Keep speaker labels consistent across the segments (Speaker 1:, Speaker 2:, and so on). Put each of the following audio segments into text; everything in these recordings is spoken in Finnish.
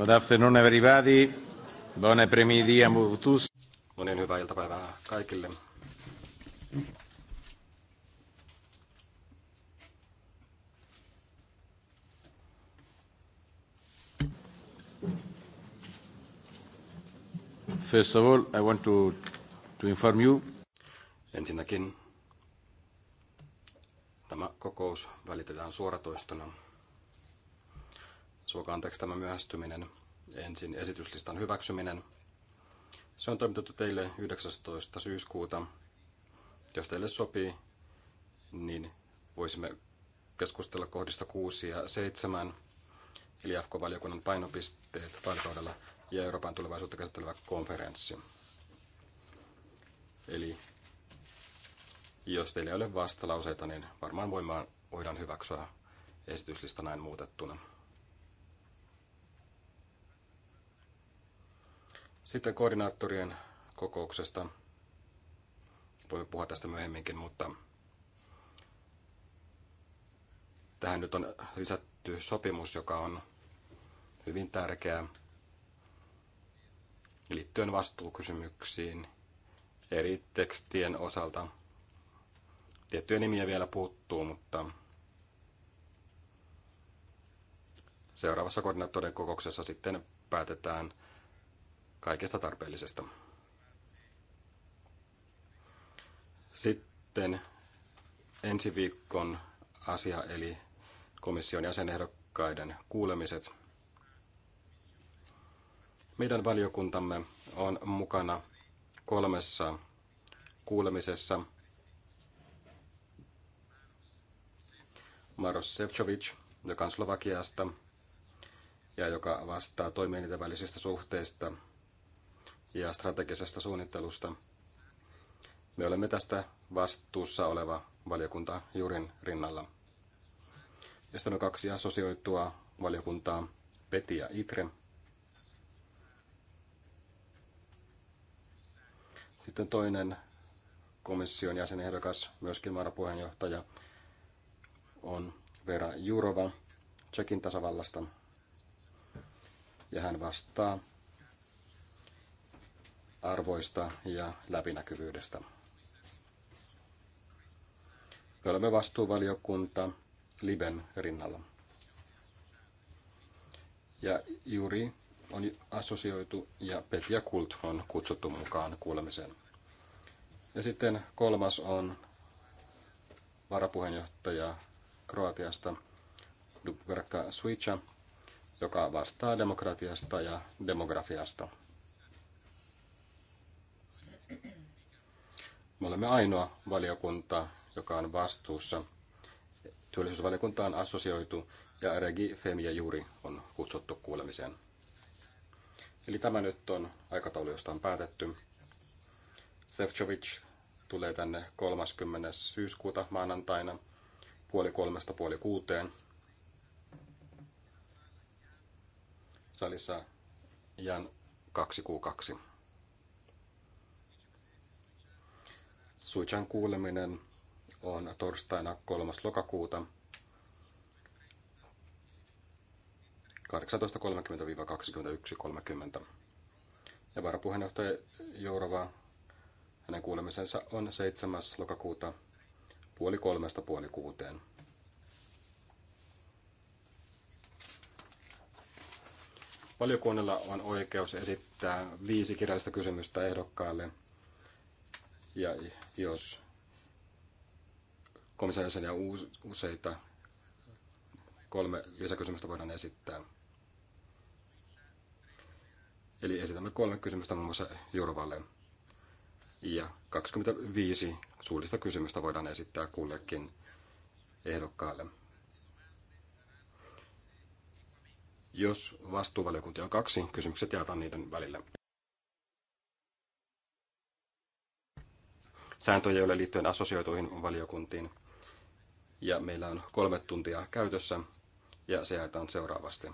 Speaker 1: Good afternoon everybody. No niin,
Speaker 2: hyvää iltapäivää kaikille. First of all, I want to, to inform you. Ensinnäkin tämä kokous välitetään suoratoistona Suokaa anteeksi tämä myöhästyminen. Ensin esityslistan hyväksyminen. Se on toimitettu teille 19. syyskuuta. Jos teille sopii, niin voisimme keskustella kohdista 6 ja 7, eli FK-valiokunnan painopisteet vaalikaudella ja Euroopan tulevaisuutta käsittelevä konferenssi. Eli jos teillä ei ole vastalauseita, niin varmaan voimaan voidaan hyväksyä esityslista näin muutettuna. Sitten koordinaattorien kokouksesta. Voimme puhua tästä myöhemminkin, mutta tähän nyt on lisätty sopimus, joka on hyvin tärkeä liittyen vastuukysymyksiin eri tekstien osalta. Tiettyjä nimiä vielä puuttuu, mutta seuraavassa koordinaattorien kokouksessa sitten päätetään kaikesta tarpeellisesta. Sitten ensi viikon asia eli komission jäsenehdokkaiden kuulemiset. Meidän valiokuntamme on mukana kolmessa kuulemisessa. Maros Sevcovic, joka on Slovakiasta ja joka vastaa toimielinten välisistä suhteista ja strategisesta suunnittelusta. Me olemme tästä vastuussa oleva valiokunta juurin rinnalla. Ja sitten on kaksi assosioitua valiokuntaa, PETI ja ITRE. Sitten toinen komission jäsenehdokas, myöskin varapuheenjohtaja, on Vera Jurova Tsekin tasavallasta. Ja hän vastaa arvoista ja läpinäkyvyydestä. Me olemme vastuuvaliokunta Liben rinnalla. Ja juuri on assosioitu ja Petja Kult on kutsuttu mukaan kuulemiseen. Ja sitten kolmas on varapuheenjohtaja Kroatiasta Dubravka Suica, joka vastaa demokratiasta ja demografiasta – Me olemme ainoa valiokunta, joka on vastuussa. Työllisyysvaliokunta on assosioitu ja Regi, femia Juuri on kutsuttu kuulemiseen. Eli tämä nyt on aikataulu, josta on päätetty. Sefcovic tulee tänne 30. syyskuuta maanantaina puoli kolmesta puoli kuuteen. Salissa Jan 2 kuukaksi. 2. Suichan kuuleminen on torstaina 3. lokakuuta 18.30-21.30. Ja varapuheenjohtaja Jourova, hänen kuulemisensa on 7. lokakuuta puoli kolmesta puoli kuuteen. Valiokunnalla on oikeus esittää viisi kirjallista kysymystä ehdokkaalle ja jos komissaarissa ja useita kolme lisäkysymystä voidaan esittää. Eli esitämme kolme kysymystä muun muassa Jurvalle. Ja 25 suullista kysymystä voidaan esittää kullekin ehdokkaalle. Jos vastuuvaliokuntia on kaksi, kysymykset jaetaan niiden välillä. sääntöjä, joille liittyen assosioituihin valiokuntiin. Ja meillä on kolme tuntia käytössä ja se jaetaan seuraavasti.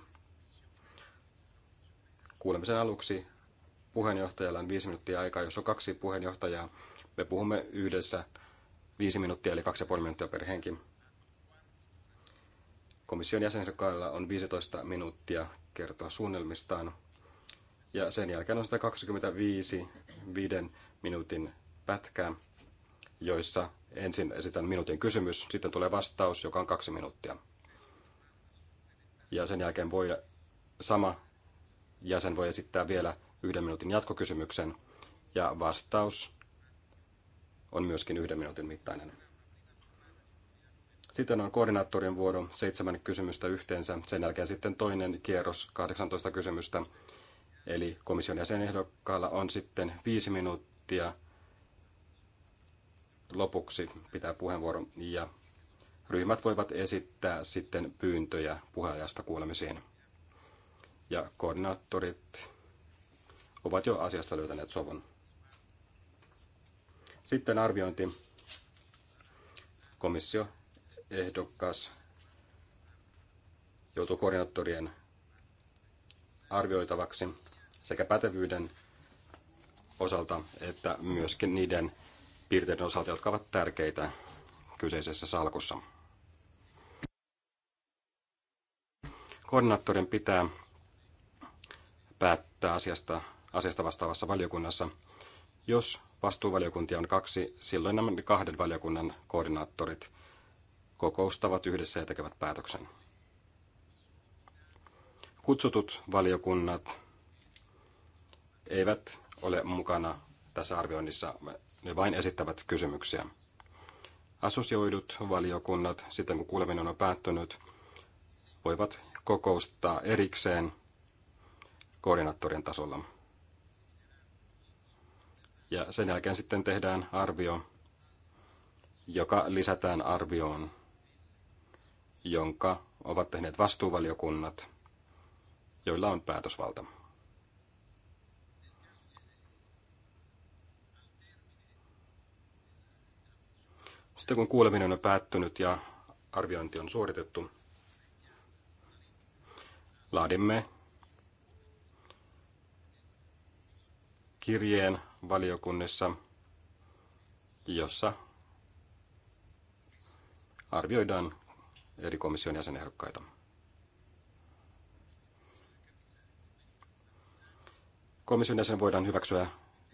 Speaker 2: Kuulemisen aluksi puheenjohtajalla on viisi minuuttia aikaa. Jos on kaksi puheenjohtajaa, me puhumme yhdessä viisi minuuttia, eli kaksi ja puoli minuuttia per henki. Komission jäsenrykkailla on 15 minuuttia kertoa suunnilmistaan. Ja sen jälkeen on 125 viiden minuutin pätkää, joissa ensin esitän minuutin kysymys, sitten tulee vastaus, joka on kaksi minuuttia. Ja sen jälkeen voi sama jäsen voi esittää vielä yhden minuutin jatkokysymyksen, ja vastaus on myöskin yhden minuutin mittainen. Sitten on koordinaattorin vuoro, seitsemän kysymystä yhteensä, sen jälkeen sitten toinen kierros, 18 kysymystä, eli komission jäsenehdokkaalla on sitten viisi minuuttia – lopuksi pitää puheenvuoron ja ryhmät voivat esittää sitten pyyntöjä puheajasta kuulemisiin. Ja koordinaattorit ovat jo asiasta löytäneet sovun. Sitten arviointi. Komissio ehdokas joutuu koordinaattorien arvioitavaksi sekä pätevyyden osalta että myöskin niiden piirteiden osalta, jotka ovat tärkeitä kyseisessä salkussa. Koordinaattorin pitää päättää asiasta, asiasta vastaavassa valiokunnassa. Jos vastuuvaliokuntia on kaksi, silloin nämä kahden valiokunnan koordinaattorit kokoustavat yhdessä ja tekevät päätöksen. Kutsutut valiokunnat eivät ole mukana tässä arvioinnissa. Ne vain esittävät kysymyksiä. Assosioidut valiokunnat, sitten kun kuuleminen on päättynyt, voivat kokoustaa erikseen koordinaattorien tasolla. Ja sen jälkeen sitten tehdään arvio, joka lisätään arvioon, jonka ovat tehneet vastuuvaliokunnat, joilla on päätösvalta. Sitten kun kuuleminen on päättynyt ja arviointi on suoritettu, laadimme kirjeen valiokunnissa, jossa arvioidaan eri komission jäsenehdokkaita. Komission jäsen voidaan hyväksyä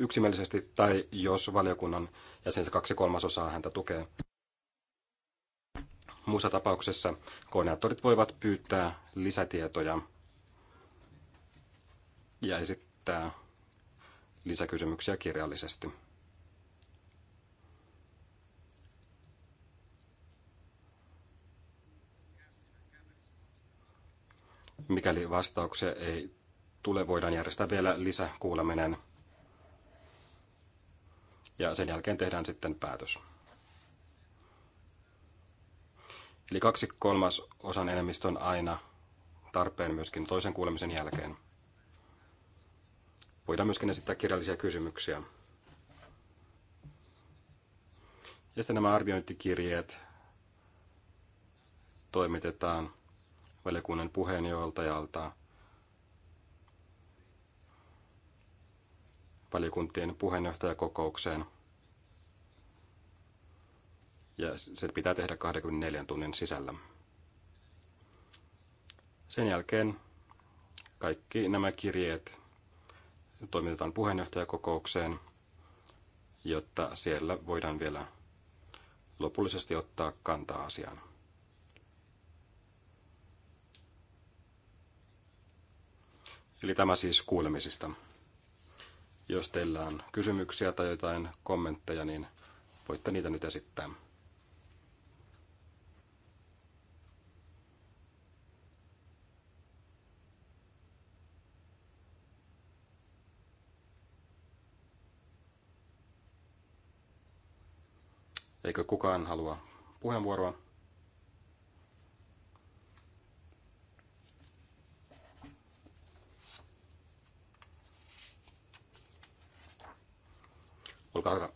Speaker 2: yksimielisesti tai jos valiokunnan jäsensä kaksi kolmasosaa häntä tukee. Muussa tapauksessa koordinaattorit voivat pyytää lisätietoja ja esittää lisäkysymyksiä kirjallisesti. Mikäli vastauksia ei tule, voidaan järjestää vielä lisäkuuleminen ja sen jälkeen tehdään sitten päätös. Eli kaksi kolmas osan enemmistö on aina tarpeen myöskin toisen kuulemisen jälkeen. Voidaan myöskin esittää kirjallisia kysymyksiä. Ja sitten nämä arviointikirjeet toimitetaan valiokunnan puheenjohtajalta valiokuntien puheenjohtajakokoukseen. Ja se pitää tehdä 24 tunnin sisällä. Sen jälkeen kaikki nämä kirjeet toimitetaan puheenjohtajakokoukseen, jotta siellä voidaan vielä lopullisesti ottaa kantaa asiaan. Eli tämä siis kuulemisista. Jos teillä on kysymyksiä tai jotain kommentteja, niin voitte niitä nyt esittää. Eikö kukaan halua puheenvuoroa? Olkaa hyvä.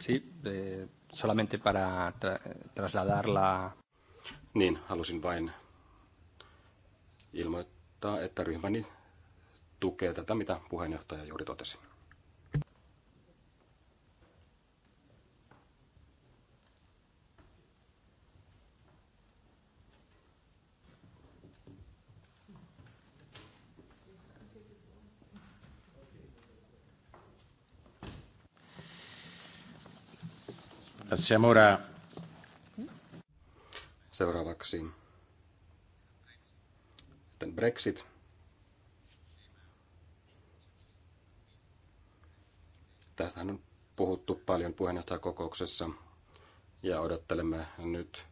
Speaker 2: Sí, eh, solamente para tra trasladar la... Niin, halusin vain ilmoittaa, että ryhmäni tukee tätä, mitä puheenjohtaja juuri totesi.
Speaker 1: Passiamo ora.
Speaker 2: Seuraavaksi. Sitten Brexit. Tästähän on puhuttu paljon puheenjohtajakokouksessa ja odottelemme nyt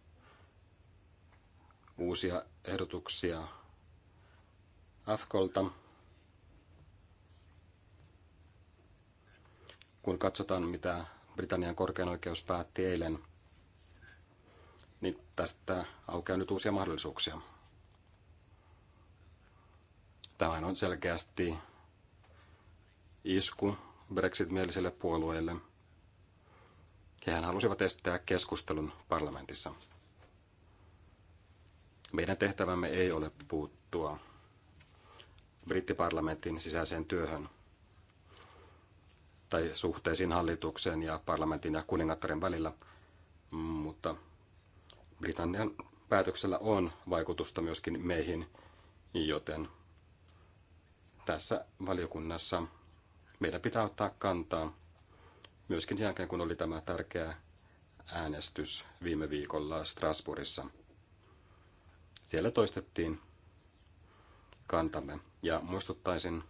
Speaker 2: uusia ehdotuksia AFKolta. Kun katsotaan, mitä Britannian korkein oikeus päätti eilen, niin tästä aukeaa nyt uusia mahdollisuuksia. Tämä on selkeästi isku Brexit-mieliselle puolueelle. Hehän halusivat estää keskustelun parlamentissa. Meidän tehtävämme ei ole puuttua brittiparlamentin sisäiseen työhön – tai suhteisiin hallituksen ja parlamentin ja kuningattaren välillä, mutta Britannian päätöksellä on vaikutusta myöskin meihin, joten tässä valiokunnassa meidän pitää ottaa kantaa myöskin sen jälkeen, kun oli tämä tärkeä äänestys viime viikolla Strasbourgissa. Siellä toistettiin kantamme ja muistuttaisin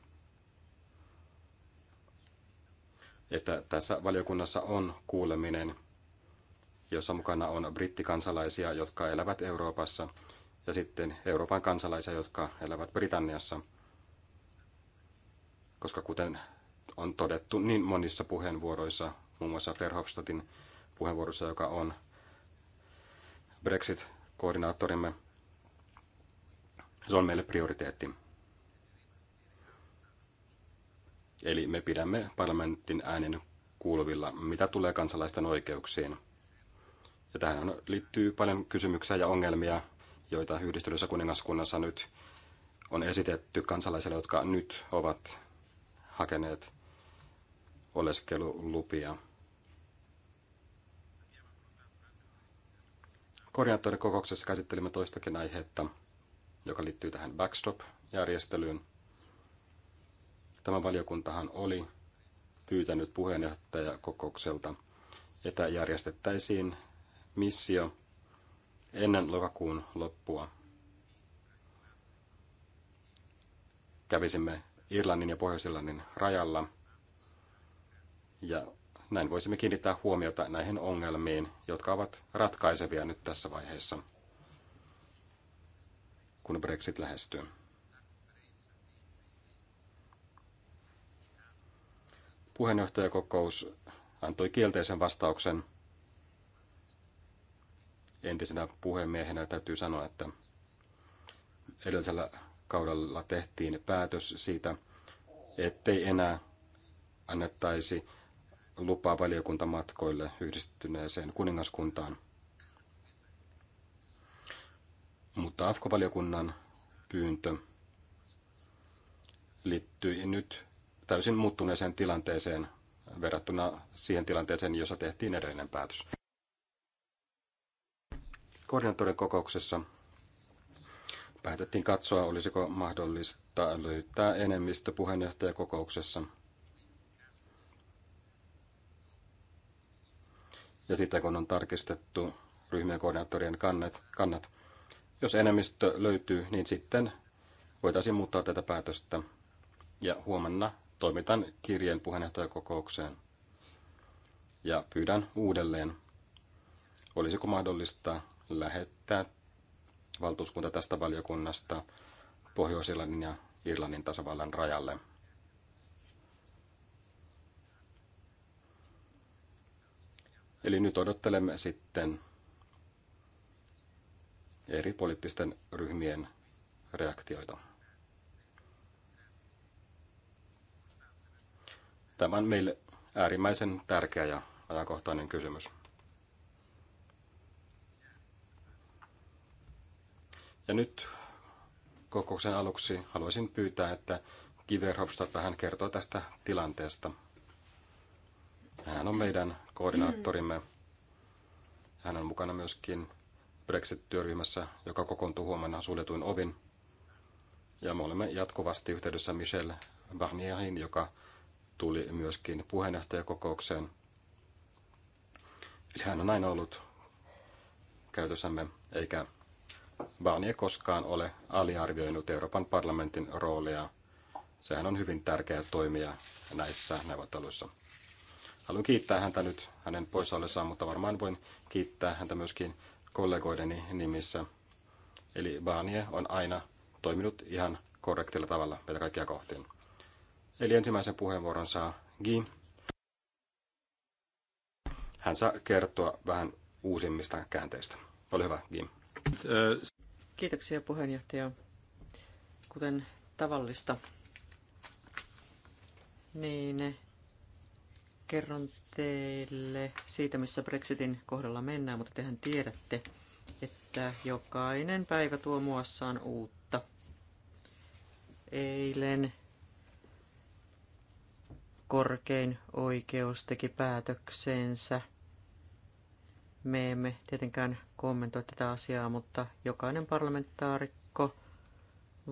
Speaker 2: että tässä valiokunnassa on kuuleminen, jossa mukana on brittikansalaisia, jotka elävät Euroopassa, ja sitten Euroopan kansalaisia, jotka elävät Britanniassa. Koska kuten on todettu niin monissa puheenvuoroissa, muun muassa Verhofstadtin puheenvuorossa, joka on Brexit-koordinaattorimme, se on meille prioriteetti. Eli me pidämme parlamentin äänen kuuluvilla, mitä tulee kansalaisten oikeuksiin. Ja tähän liittyy paljon kysymyksiä ja ongelmia, joita yhdistyneessä kuningaskunnassa nyt on esitetty kansalaisille, jotka nyt ovat hakeneet oleskelulupia. Koordinaattorikokouksessa käsittelimme toistakin aihetta, joka liittyy tähän backstop-järjestelyyn – Tämä valiokuntahan oli pyytänyt puheenjohtajakokoukselta, että järjestettäisiin missio ennen lokakuun loppua. Kävisimme Irlannin ja Pohjois-Irlannin rajalla ja näin voisimme kiinnittää huomiota näihin ongelmiin, jotka ovat ratkaisevia nyt tässä vaiheessa, kun Brexit lähestyy. puheenjohtajakokous antoi kielteisen vastauksen. Entisenä puhemiehenä täytyy sanoa, että edellisellä kaudella tehtiin päätös siitä, ettei enää annettaisi lupaa valiokuntamatkoille yhdistyneeseen kuningaskuntaan. Mutta AFKO-valiokunnan pyyntö liittyi nyt täysin muuttuneeseen tilanteeseen verrattuna siihen tilanteeseen, jossa tehtiin edellinen päätös. Koordinaattorin kokouksessa päätettiin katsoa, olisiko mahdollista löytää enemmistö puheenjohtajakokouksessa. Ja sitten kun on tarkistettu ryhmien koordinaattorien kannat, kannat, jos enemmistö löytyy, niin sitten voitaisiin muuttaa tätä päätöstä. Ja huomenna toimitan kirjeen puheenjohtajakokoukseen ja pyydän uudelleen, olisiko mahdollista lähettää valtuuskunta tästä valiokunnasta pohjois ja Irlannin tasavallan rajalle. Eli nyt odottelemme sitten eri poliittisten ryhmien reaktioita. Tämä on meille äärimmäisen tärkeä ja ajankohtainen kysymys. Ja nyt kokouksen aluksi haluaisin pyytää, että Kiverhofstad vähän kertoo tästä tilanteesta. Hän on meidän koordinaattorimme. Hän on mukana myöskin Brexit-työryhmässä, joka kokoontuu huomenna suljetuin ovin. Ja me olemme jatkuvasti yhteydessä Michel Barnierin, joka tuli myöskin puheenjohtajakokoukseen. Eli hän on aina ollut käytössämme, eikä Baani ei koskaan ole aliarvioinut Euroopan parlamentin roolia. Sehän on hyvin tärkeä toimija näissä neuvotteluissa. Haluan kiittää häntä nyt hänen poissaolessaan, mutta varmaan voin kiittää häntä myöskin kollegoideni nimissä. Eli Baanie on aina toiminut ihan korrektilla tavalla meitä kaikkia kohtiin. Eli ensimmäisen puheenvuoron saa Gi. Hän saa kertoa vähän uusimmista käänteistä. Ole hyvä, Gi.
Speaker 3: Kiitoksia puheenjohtaja. Kuten tavallista, niin kerron teille siitä, missä Brexitin kohdalla mennään, mutta tehän tiedätte, että jokainen päivä tuo muassaan uutta. Eilen korkein oikeus teki päätöksensä. Me emme tietenkään kommentoi tätä asiaa, mutta jokainen parlamentaarikko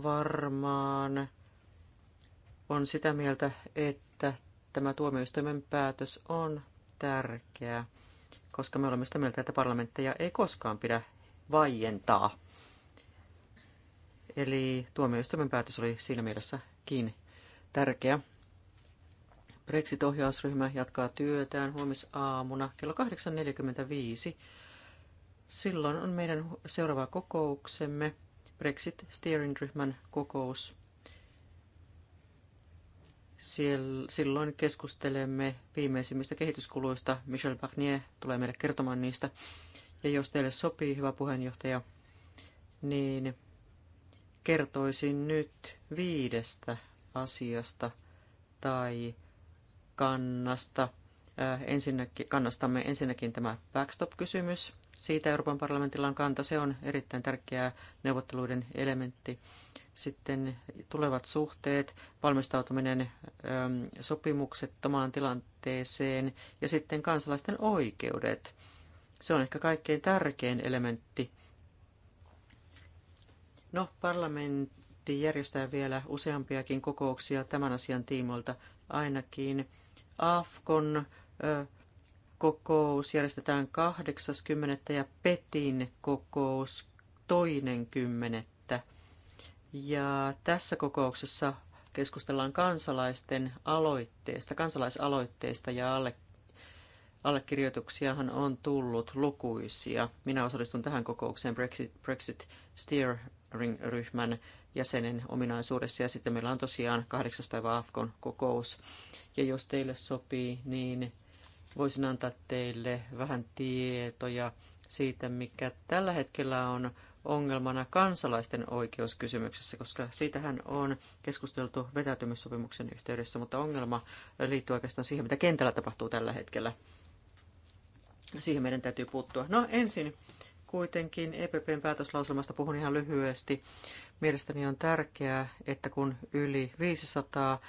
Speaker 3: varmaan on sitä mieltä, että tämä tuomioistuimen päätös on tärkeä, koska me olemme sitä mieltä, että parlamentteja ei koskaan pidä vaientaa. Eli tuomioistuimen päätös oli siinä mielessäkin tärkeä. Brexit-ohjausryhmä jatkaa työtään huomisaamuna kello 8.45. Silloin on meidän seuraava kokouksemme, Brexit Steering-ryhmän kokous. Siel, silloin keskustelemme viimeisimmistä kehityskuluista. Michel Barnier tulee meille kertomaan niistä. Ja jos teille sopii, hyvä puheenjohtaja, niin kertoisin nyt viidestä asiasta tai kannasta. Ensinnäkin, kannastamme ensinnäkin tämä backstop-kysymys. Siitä Euroopan parlamentilla on kanta. Se on erittäin tärkeä neuvotteluiden elementti. Sitten tulevat suhteet, valmistautuminen sopimuksettomaan tilanteeseen ja sitten kansalaisten oikeudet. Se on ehkä kaikkein tärkein elementti. No, parlamentti järjestää vielä useampiakin kokouksia tämän asian tiimoilta ainakin Afkon kokous järjestetään 80. ja Petin kokous toinen kymmenettä. Ja tässä kokouksessa keskustellaan kansalaisten aloitteesta, kansalaisaloitteesta ja alle, allekirjoituksiahan on tullut lukuisia. Minä osallistun tähän kokoukseen Brexit, Brexit Steering-ryhmän jäsenen ominaisuudessa. Ja sitten meillä on tosiaan kahdeksas päivä Afkon kokous. Ja jos teille sopii, niin voisin antaa teille vähän tietoja siitä, mikä tällä hetkellä on ongelmana kansalaisten oikeuskysymyksessä, koska siitähän on keskusteltu vetäytymissopimuksen yhteydessä, mutta ongelma liittyy oikeastaan siihen, mitä kentällä tapahtuu tällä hetkellä. Siihen meidän täytyy puuttua. No ensin Kuitenkin EPPn päätöslauselmasta puhun ihan lyhyesti. Mielestäni on tärkeää, että kun yli 500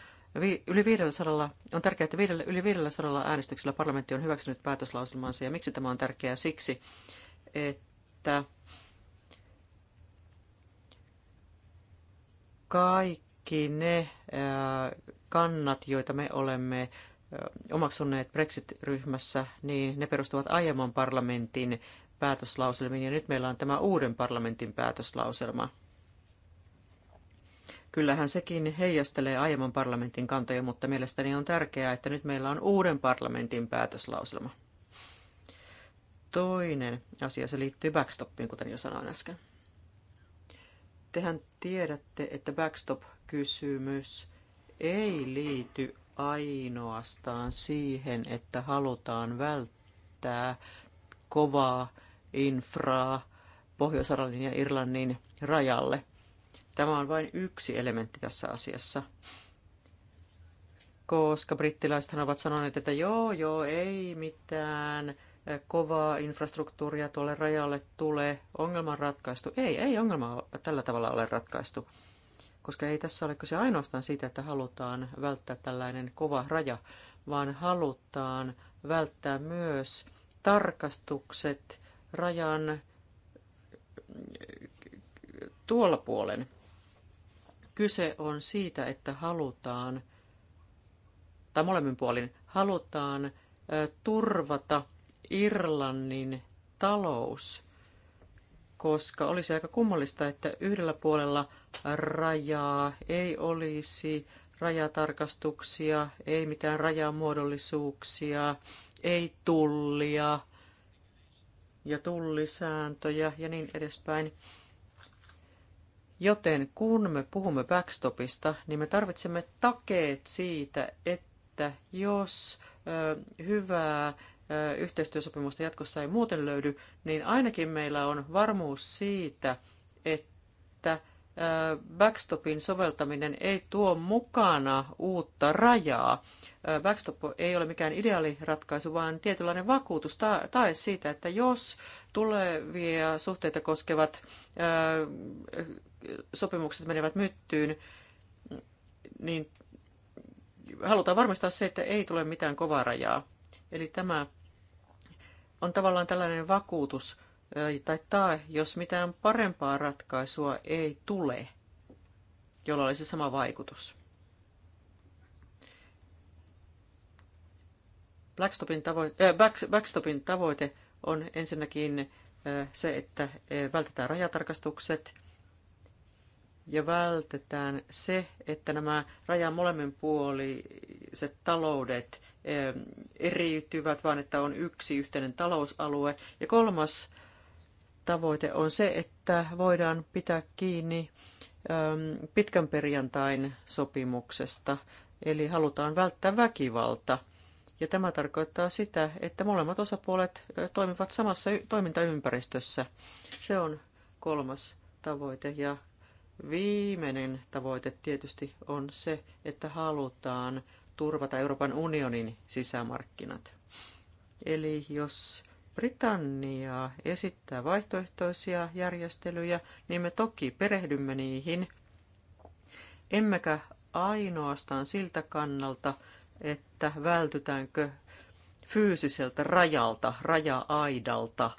Speaker 3: Yli 500, on tärkeää, että yli 500 äänestyksellä parlamentti on hyväksynyt päätöslauselmansa. Ja miksi tämä on tärkeää? Siksi, että kaikki ne kannat, joita me olemme omaksuneet Brexit-ryhmässä, niin ne perustuvat aiemman parlamentin päätöslauselmiin, ja nyt meillä on tämä uuden parlamentin päätöslauselma. Kyllähän sekin heijastelee aiemman parlamentin kantoja, mutta mielestäni on tärkeää, että nyt meillä on uuden parlamentin päätöslauselma. Toinen asia, se liittyy backstoppiin, kuten jo sanoin äsken. Tehän tiedätte, että backstop-kysymys ei liity ainoastaan siihen, että halutaan välttää kovaa infraa pohjois ja Irlannin rajalle. Tämä on vain yksi elementti tässä asiassa koska brittiläisethän ovat sanoneet, että joo, joo, ei mitään kovaa infrastruktuuria tuolle rajalle tule, ongelma on ratkaistu. Ei, ei ongelma tällä tavalla ole ratkaistu, koska ei tässä ole kyse ainoastaan siitä, että halutaan välttää tällainen kova raja, vaan halutaan välttää myös tarkastukset rajan tuolla puolen. Kyse on siitä, että halutaan, tai molemmin puolin, halutaan turvata Irlannin talous, koska olisi aika kummallista, että yhdellä puolella rajaa ei olisi rajatarkastuksia, ei mitään rajamuodollisuuksia, ei tullia, ja tullisääntöjä ja niin edespäin. Joten kun me puhumme backstopista, niin me tarvitsemme takeet siitä, että jos ö, hyvää ö, yhteistyösopimusta jatkossa ei muuten löydy, niin ainakin meillä on varmuus siitä, että backstopin soveltaminen ei tuo mukana uutta rajaa. Backstop ei ole mikään ideaaliratkaisu, vaan tietynlainen vakuutus tae siitä, että jos tulevia suhteita koskevat sopimukset menevät myttyyn, niin halutaan varmistaa se, että ei tule mitään kovaa rajaa. Eli tämä on tavallaan tällainen vakuutus tai taa, jos mitään parempaa ratkaisua ei tule, jolla olisi sama vaikutus. Backstopin tavoite, äh, back, backstopin tavoite on ensinnäkin äh, se, että äh, vältetään rajatarkastukset ja vältetään se, että nämä rajan molemminpuoliset taloudet äh, eriytyvät, vaan että on yksi yhteinen talousalue. Ja kolmas tavoite on se, että voidaan pitää kiinni pitkän perjantain sopimuksesta, eli halutaan välttää väkivalta. Ja tämä tarkoittaa sitä, että molemmat osapuolet toimivat samassa toimintaympäristössä. Se on kolmas tavoite. Ja viimeinen tavoite tietysti on se, että halutaan turvata Euroopan unionin sisämarkkinat. Eli jos Britannia esittää vaihtoehtoisia järjestelyjä, niin me toki perehdymme niihin, emmekä ainoastaan siltä kannalta, että vältytäänkö fyysiseltä rajalta, raja-aidalta,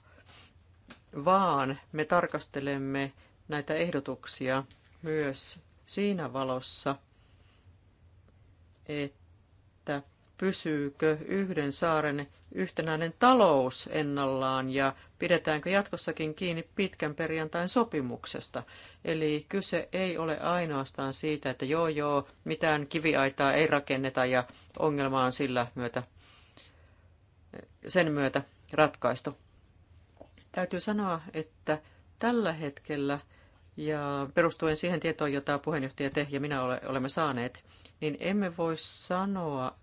Speaker 3: vaan me tarkastelemme näitä ehdotuksia myös siinä valossa, että pysyykö yhden saaren yhtenäinen talous ennallaan ja pidetäänkö jatkossakin kiinni pitkän perjantain sopimuksesta. Eli kyse ei ole ainoastaan siitä, että joo joo, mitään kiviaitaa ei rakenneta ja ongelma on sillä myötä, sen myötä ratkaistu. Täytyy sanoa, että tällä hetkellä ja perustuen siihen tietoon, jota puheenjohtaja te ja minä olemme saaneet, niin emme voi sanoa,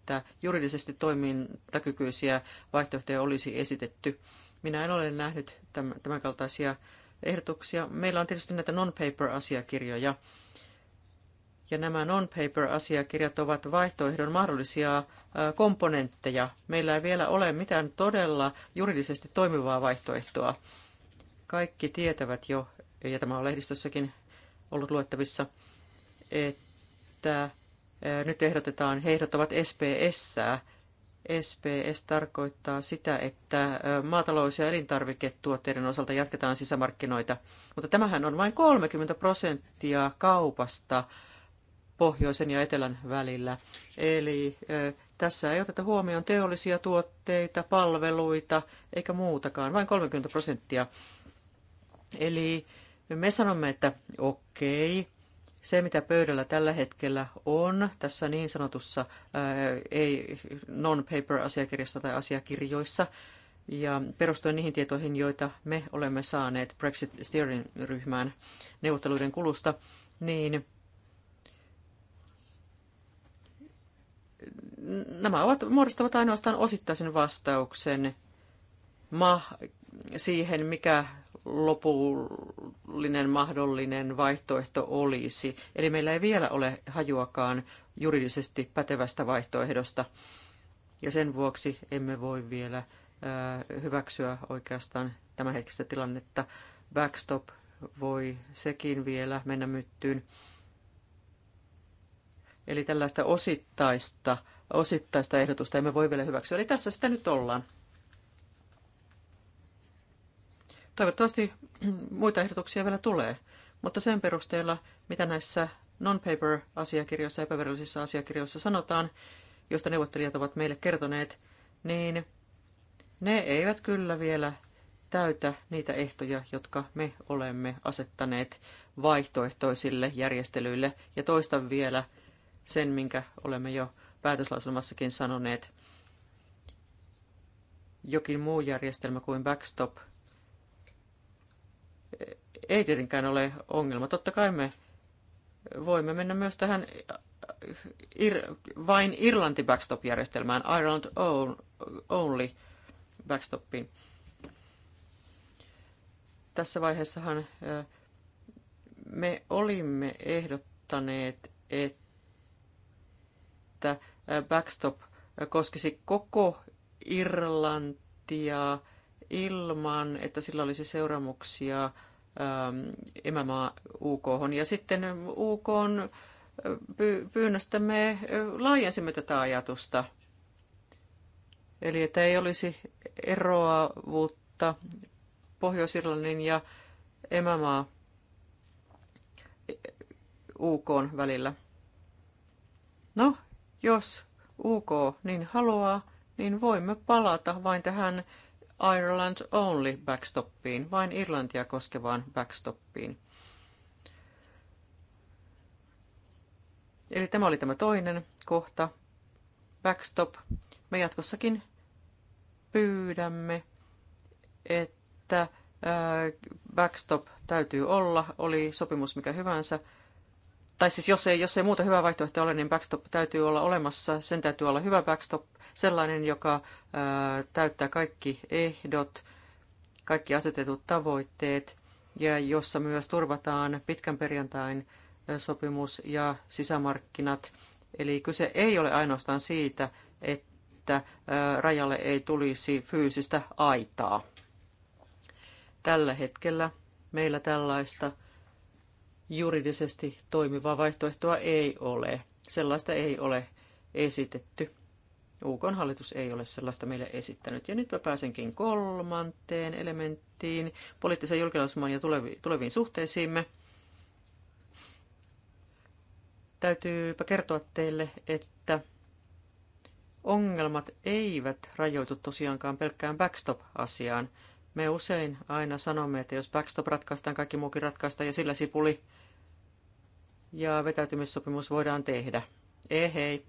Speaker 3: että juridisesti toimintakykyisiä vaihtoehtoja olisi esitetty. Minä en ole nähnyt tämänkaltaisia ehdotuksia. Meillä on tietysti näitä non-paper-asiakirjoja, ja nämä non-paper-asiakirjat ovat vaihtoehdon mahdollisia komponentteja. Meillä ei vielä ole mitään todella juridisesti toimivaa vaihtoehtoa. Kaikki tietävät jo, ja tämä on lehdistössäkin ollut luettavissa, että nyt ehdotetaan, he ehdottavat SPS. SPS tarkoittaa sitä, että maatalous- ja elintarviketuotteiden osalta jatketaan sisämarkkinoita, mutta tämähän on vain 30 prosenttia kaupasta pohjoisen ja etelän välillä. Eli tässä ei oteta huomioon teollisia tuotteita, palveluita eikä muutakaan, vain 30 prosenttia. Eli me sanomme, että okei, okay, se, mitä pöydällä tällä hetkellä on tässä niin sanotussa ei non-paper-asiakirjassa tai asiakirjoissa, ja perustuen niihin tietoihin, joita me olemme saaneet Brexit Steering-ryhmään neuvotteluiden kulusta, niin nämä ovat, muodostavat ainoastaan osittaisen vastauksen ma- siihen, mikä lopullinen mahdollinen vaihtoehto olisi. Eli meillä ei vielä ole hajuakaan juridisesti pätevästä vaihtoehdosta. Ja sen vuoksi emme voi vielä hyväksyä oikeastaan tämänhetkistä tilannetta. Backstop voi sekin vielä mennä myttyyn. Eli tällaista osittaista, osittaista ehdotusta emme voi vielä hyväksyä. Eli tässä sitä nyt ollaan. Toivottavasti muita ehdotuksia vielä tulee, mutta sen perusteella, mitä näissä non-paper-asiakirjoissa ja epävirallisissa asiakirjoissa sanotaan, joista neuvottelijat ovat meille kertoneet, niin ne eivät kyllä vielä täytä niitä ehtoja, jotka me olemme asettaneet vaihtoehtoisille järjestelyille. Ja toistan vielä sen, minkä olemme jo päätöslauselmassakin sanoneet. Jokin muu järjestelmä kuin backstop ei tietenkään ole ongelma. Totta kai me voimme mennä myös tähän ir, vain Irlanti backstop-järjestelmään, Ireland only backstopiin. Tässä vaiheessahan me olimme ehdottaneet, että backstop koskisi koko Irlantia ilman, että sillä olisi seuraamuksia emämaa ähm, UK. Ja sitten UK äh, pyynnöstä me äh, laajensimme tätä ajatusta. Eli että ei olisi eroavuutta Pohjois-Irlannin ja emämaa UK välillä. No, jos UK niin haluaa, niin voimme palata vain tähän Ireland Only backstoppiin, vain Irlantia koskevaan backstoppiin. Eli tämä oli tämä toinen kohta, backstop. Me jatkossakin pyydämme, että backstop täytyy olla, oli sopimus mikä hyvänsä, tai siis jos ei, jos ei muuta hyvä vaihtoehto ole, niin backstop täytyy olla olemassa. Sen täytyy olla hyvä backstop, sellainen, joka ää, täyttää kaikki ehdot, kaikki asetetut tavoitteet, ja jossa myös turvataan pitkän perjantain sopimus ja sisämarkkinat. Eli kyse ei ole ainoastaan siitä, että ää, rajalle ei tulisi fyysistä aitaa. Tällä hetkellä meillä tällaista juridisesti toimivaa vaihtoehtoa ei ole. Sellaista ei ole esitetty. UKon hallitus ei ole sellaista meille esittänyt. Ja nyt mä pääsenkin kolmanteen elementtiin, poliittisen julkilausumaan ja tuleviin suhteisiimme. Täytyypä kertoa teille, että ongelmat eivät rajoitu tosiaankaan pelkkään backstop-asiaan. Me usein aina sanomme, että jos backstop ratkaistaan, kaikki muukin ratkaistaan ja sillä sipuli – ja vetäytymissopimus voidaan tehdä. Ehei, eh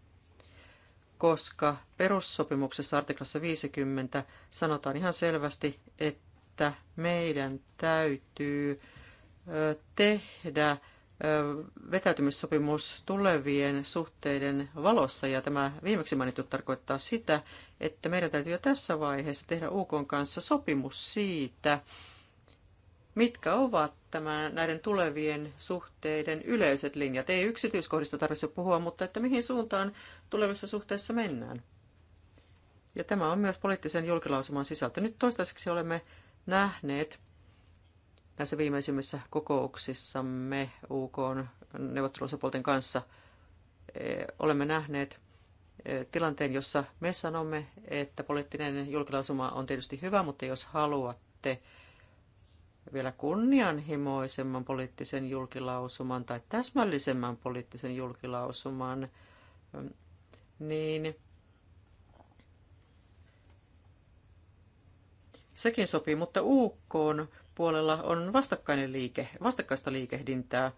Speaker 3: koska perussopimuksessa artiklassa 50 sanotaan ihan selvästi, että meidän täytyy tehdä vetäytymissopimus tulevien suhteiden valossa, ja tämä viimeksi mainittu tarkoittaa sitä, että meidän täytyy jo tässä vaiheessa tehdä UK kanssa sopimus siitä, Mitkä ovat tämän, näiden tulevien suhteiden yleiset linjat? Ei yksityiskohdista tarvitse puhua, mutta että mihin suuntaan tulevissa suhteissa mennään. Ja tämä on myös poliittisen julkilausuman sisältö. Nyt toistaiseksi olemme nähneet näissä viimeisimmissä kokouksissamme UK neuvotteluosapuolten kanssa e, olemme nähneet e, tilanteen, jossa me sanomme, että poliittinen julkilausuma on tietysti hyvä, mutta jos haluatte vielä kunnianhimoisemman poliittisen julkilausuman tai täsmällisemmän poliittisen julkilausuman, mm, niin sekin sopii, mutta UK puolella on vastakkainen liike, vastakkaista liikehdintää.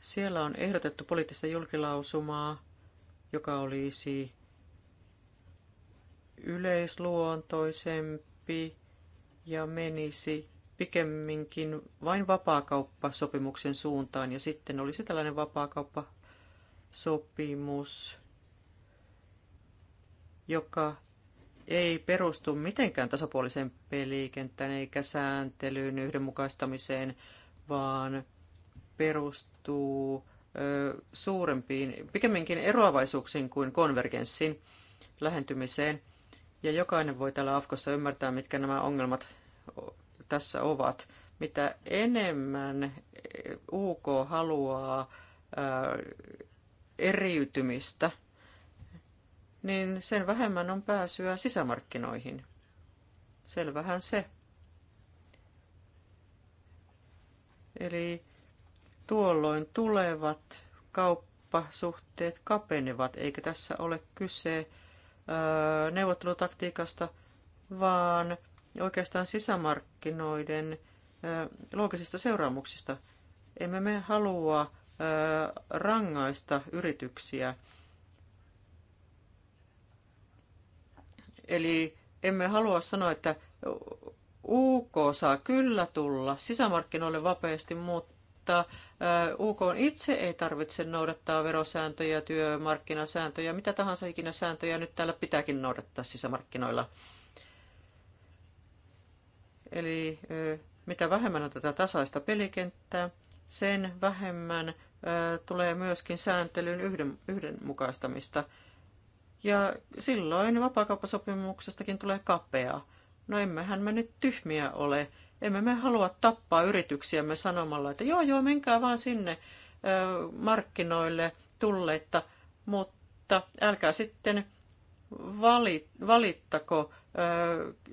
Speaker 3: Siellä on ehdotettu poliittista julkilausumaa, joka olisi yleisluontoisempi ja menisi pikemminkin vain vapaakauppasopimuksen suuntaan ja sitten olisi tällainen vapaakauppasopimus, joka ei perustu mitenkään tasapuoliseen pelikenttään eikä sääntelyyn yhdenmukaistamiseen, vaan perustuu ö, suurempiin, pikemminkin eroavaisuuksiin kuin konvergenssin lähentymiseen. Ja jokainen voi täällä Afkossa ymmärtää, mitkä nämä ongelmat tässä ovat. Mitä enemmän UK haluaa eriytymistä, niin sen vähemmän on pääsyä sisämarkkinoihin. Selvähän se. Eli tuolloin tulevat kauppasuhteet kapenevat, eikä tässä ole kyse neuvottelutaktiikasta, vaan oikeastaan sisämarkkinoiden loogisista seuraamuksista. Emme me halua rangaista yrityksiä. Eli emme halua sanoa, että UK saa kyllä tulla sisämarkkinoille vapeasti, mutta UK itse ei tarvitse noudattaa verosääntöjä, työmarkkinasääntöjä, mitä tahansa ikinä sääntöjä nyt täällä pitääkin noudattaa sisämarkkinoilla. Eli mitä vähemmän on tätä tasaista pelikenttää, sen vähemmän tulee myöskin sääntelyn yhden, yhdenmukaistamista. Ja silloin vapaakauppasopimuksestakin tulee kapeaa. No emmehän me nyt tyhmiä ole. Emme me halua tappaa yrityksiämme sanomalla, että joo joo, menkää vaan sinne markkinoille tulleita, mutta älkää sitten valittako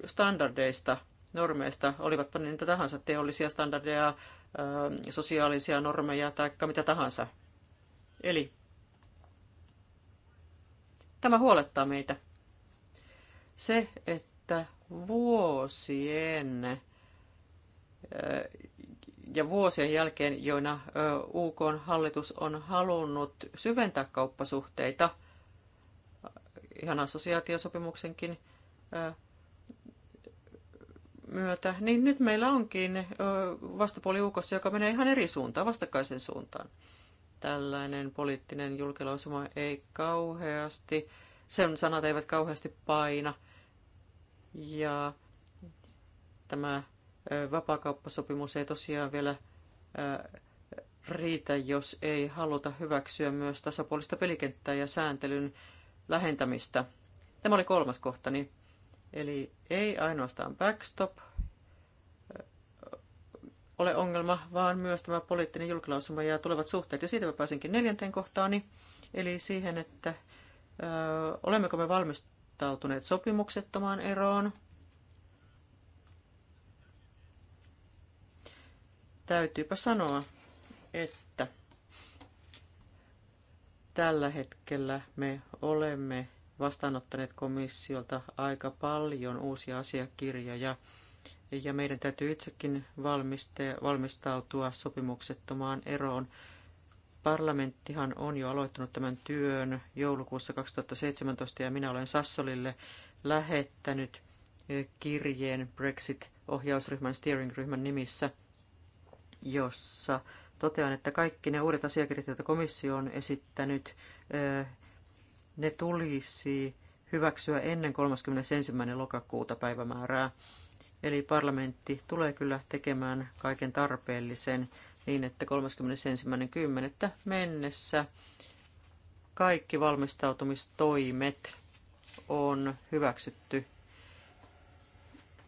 Speaker 3: standardeista normeista, olivatpa ne niitä tahansa, teollisia standardeja, sosiaalisia normeja tai mitä tahansa. Eli tämä huolettaa meitä. Se, että vuosien ja vuosien jälkeen, joina UK hallitus on halunnut syventää kauppasuhteita, ihan assosiaatiosopimuksenkin myötä, niin nyt meillä onkin vastapuoliukossa, joka menee ihan eri suuntaan, vastakkaisen suuntaan. Tällainen poliittinen julkilausuma ei kauheasti, sen sanat eivät kauheasti paina. Ja tämä vapaakauppasopimus ei tosiaan vielä riitä, jos ei haluta hyväksyä myös tasapuolista pelikenttää ja sääntelyn lähentämistä. Tämä oli kolmas kohtani. Eli ei ainoastaan backstop, ole ongelma, vaan myös tämä poliittinen julkilausuma ja tulevat suhteet. Ja siitä mä pääsinkin neljänteen kohtaani, eli siihen, että ö, olemmeko me valmistautuneet sopimuksettomaan eroon. Täytyypä sanoa, että tällä hetkellä me olemme vastaanottaneet komissiolta aika paljon uusia asiakirjoja – ja meidän täytyy itsekin valmistautua sopimuksettomaan eroon. Parlamenttihan on jo aloittanut tämän työn joulukuussa 2017 ja minä olen Sassolille lähettänyt eh, kirjeen Brexit-ohjausryhmän steering-ryhmän nimissä, jossa totean, että kaikki ne uudet asiakirjat, joita komissio on esittänyt, eh, ne tulisi hyväksyä ennen 31. lokakuuta päivämäärää. Eli parlamentti tulee kyllä tekemään kaiken tarpeellisen niin, että 31.10. mennessä kaikki valmistautumistoimet on hyväksytty.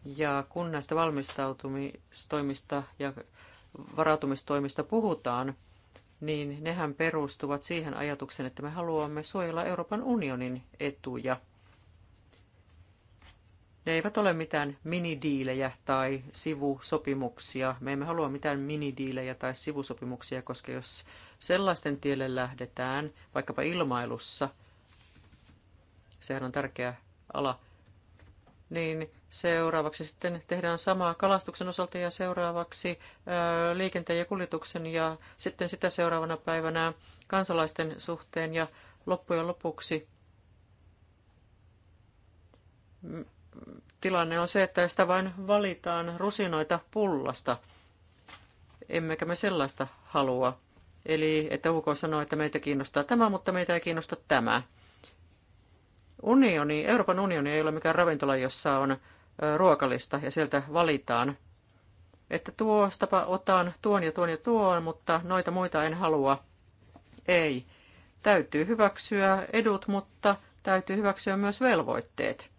Speaker 3: Ja kun näistä valmistautumistoimista ja varautumistoimista puhutaan, niin nehän perustuvat siihen ajatukseen, että me haluamme suojella Euroopan unionin etuja. Ne eivät ole mitään minidiilejä tai sivusopimuksia. Me emme halua mitään minidiilejä tai sivusopimuksia, koska jos sellaisten tielle lähdetään, vaikkapa ilmailussa, sehän on tärkeä ala, niin seuraavaksi sitten tehdään samaa kalastuksen osalta ja seuraavaksi liikenteen ja kuljetuksen ja sitten sitä seuraavana päivänä kansalaisten suhteen ja loppujen lopuksi tilanne on se, että sitä vain valitaan rusinoita pullasta. Emmekä me sellaista halua. Eli että UK sanoo, että meitä kiinnostaa tämä, mutta meitä ei kiinnosta tämä. Unioni, Euroopan unioni ei ole mikään ravintola, jossa on ruokalista ja sieltä valitaan, että tuostapa otan tuon ja tuon ja tuon, mutta noita muita en halua. Ei. Täytyy hyväksyä edut, mutta täytyy hyväksyä myös velvoitteet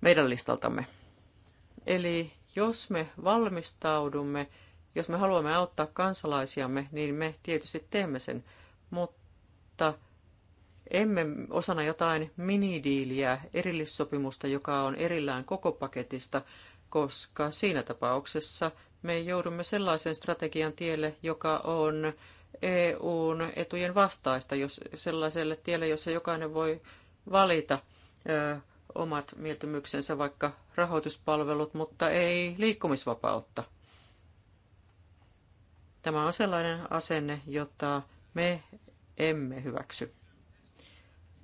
Speaker 3: meidän listaltamme. Eli jos me valmistaudumme, jos me haluamme auttaa kansalaisiamme, niin me tietysti teemme sen, mutta emme osana jotain minidiiliä, erillissopimusta, joka on erillään koko paketista, koska siinä tapauksessa me joudumme sellaisen strategian tielle, joka on EUn etujen vastaista, jos sellaiselle tielle, jossa jokainen voi valita omat mieltymyksensä, vaikka rahoituspalvelut, mutta ei liikkumisvapautta. Tämä on sellainen asenne, jota me emme hyväksy.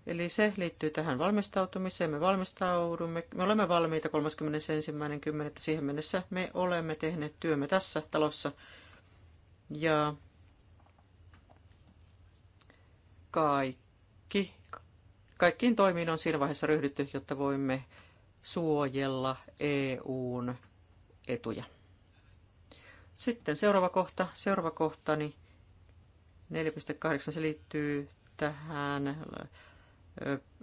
Speaker 3: Eli se liittyy tähän valmistautumiseen. Me valmistaudumme, me olemme valmiita 31.10. siihen mennessä. Me olemme tehneet työmme tässä talossa. Ja kaikki Kaikkiin toimiin on siinä vaiheessa ryhdytty, jotta voimme suojella EUn etuja. Sitten seuraava kohta. Seuraava kohtani 4.8. Se liittyy tähän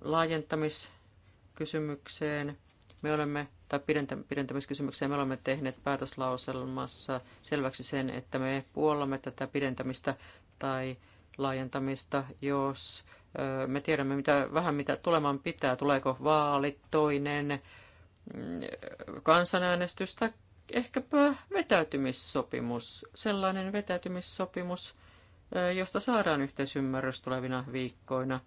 Speaker 3: laajentamiskysymykseen. Me olemme, tai pidentämiskysymykseen me olemme tehneet päätöslauselmassa selväksi sen, että me puollamme tätä pidentämistä tai laajentamista, jos me tiedämme mitä, vähän mitä tuleman pitää, tuleeko vaalit, toinen mm, kansanäänestys tai ehkäpä vetäytymissopimus, sellainen vetäytymissopimus, josta saadaan yhteisymmärrys tulevina viikkoina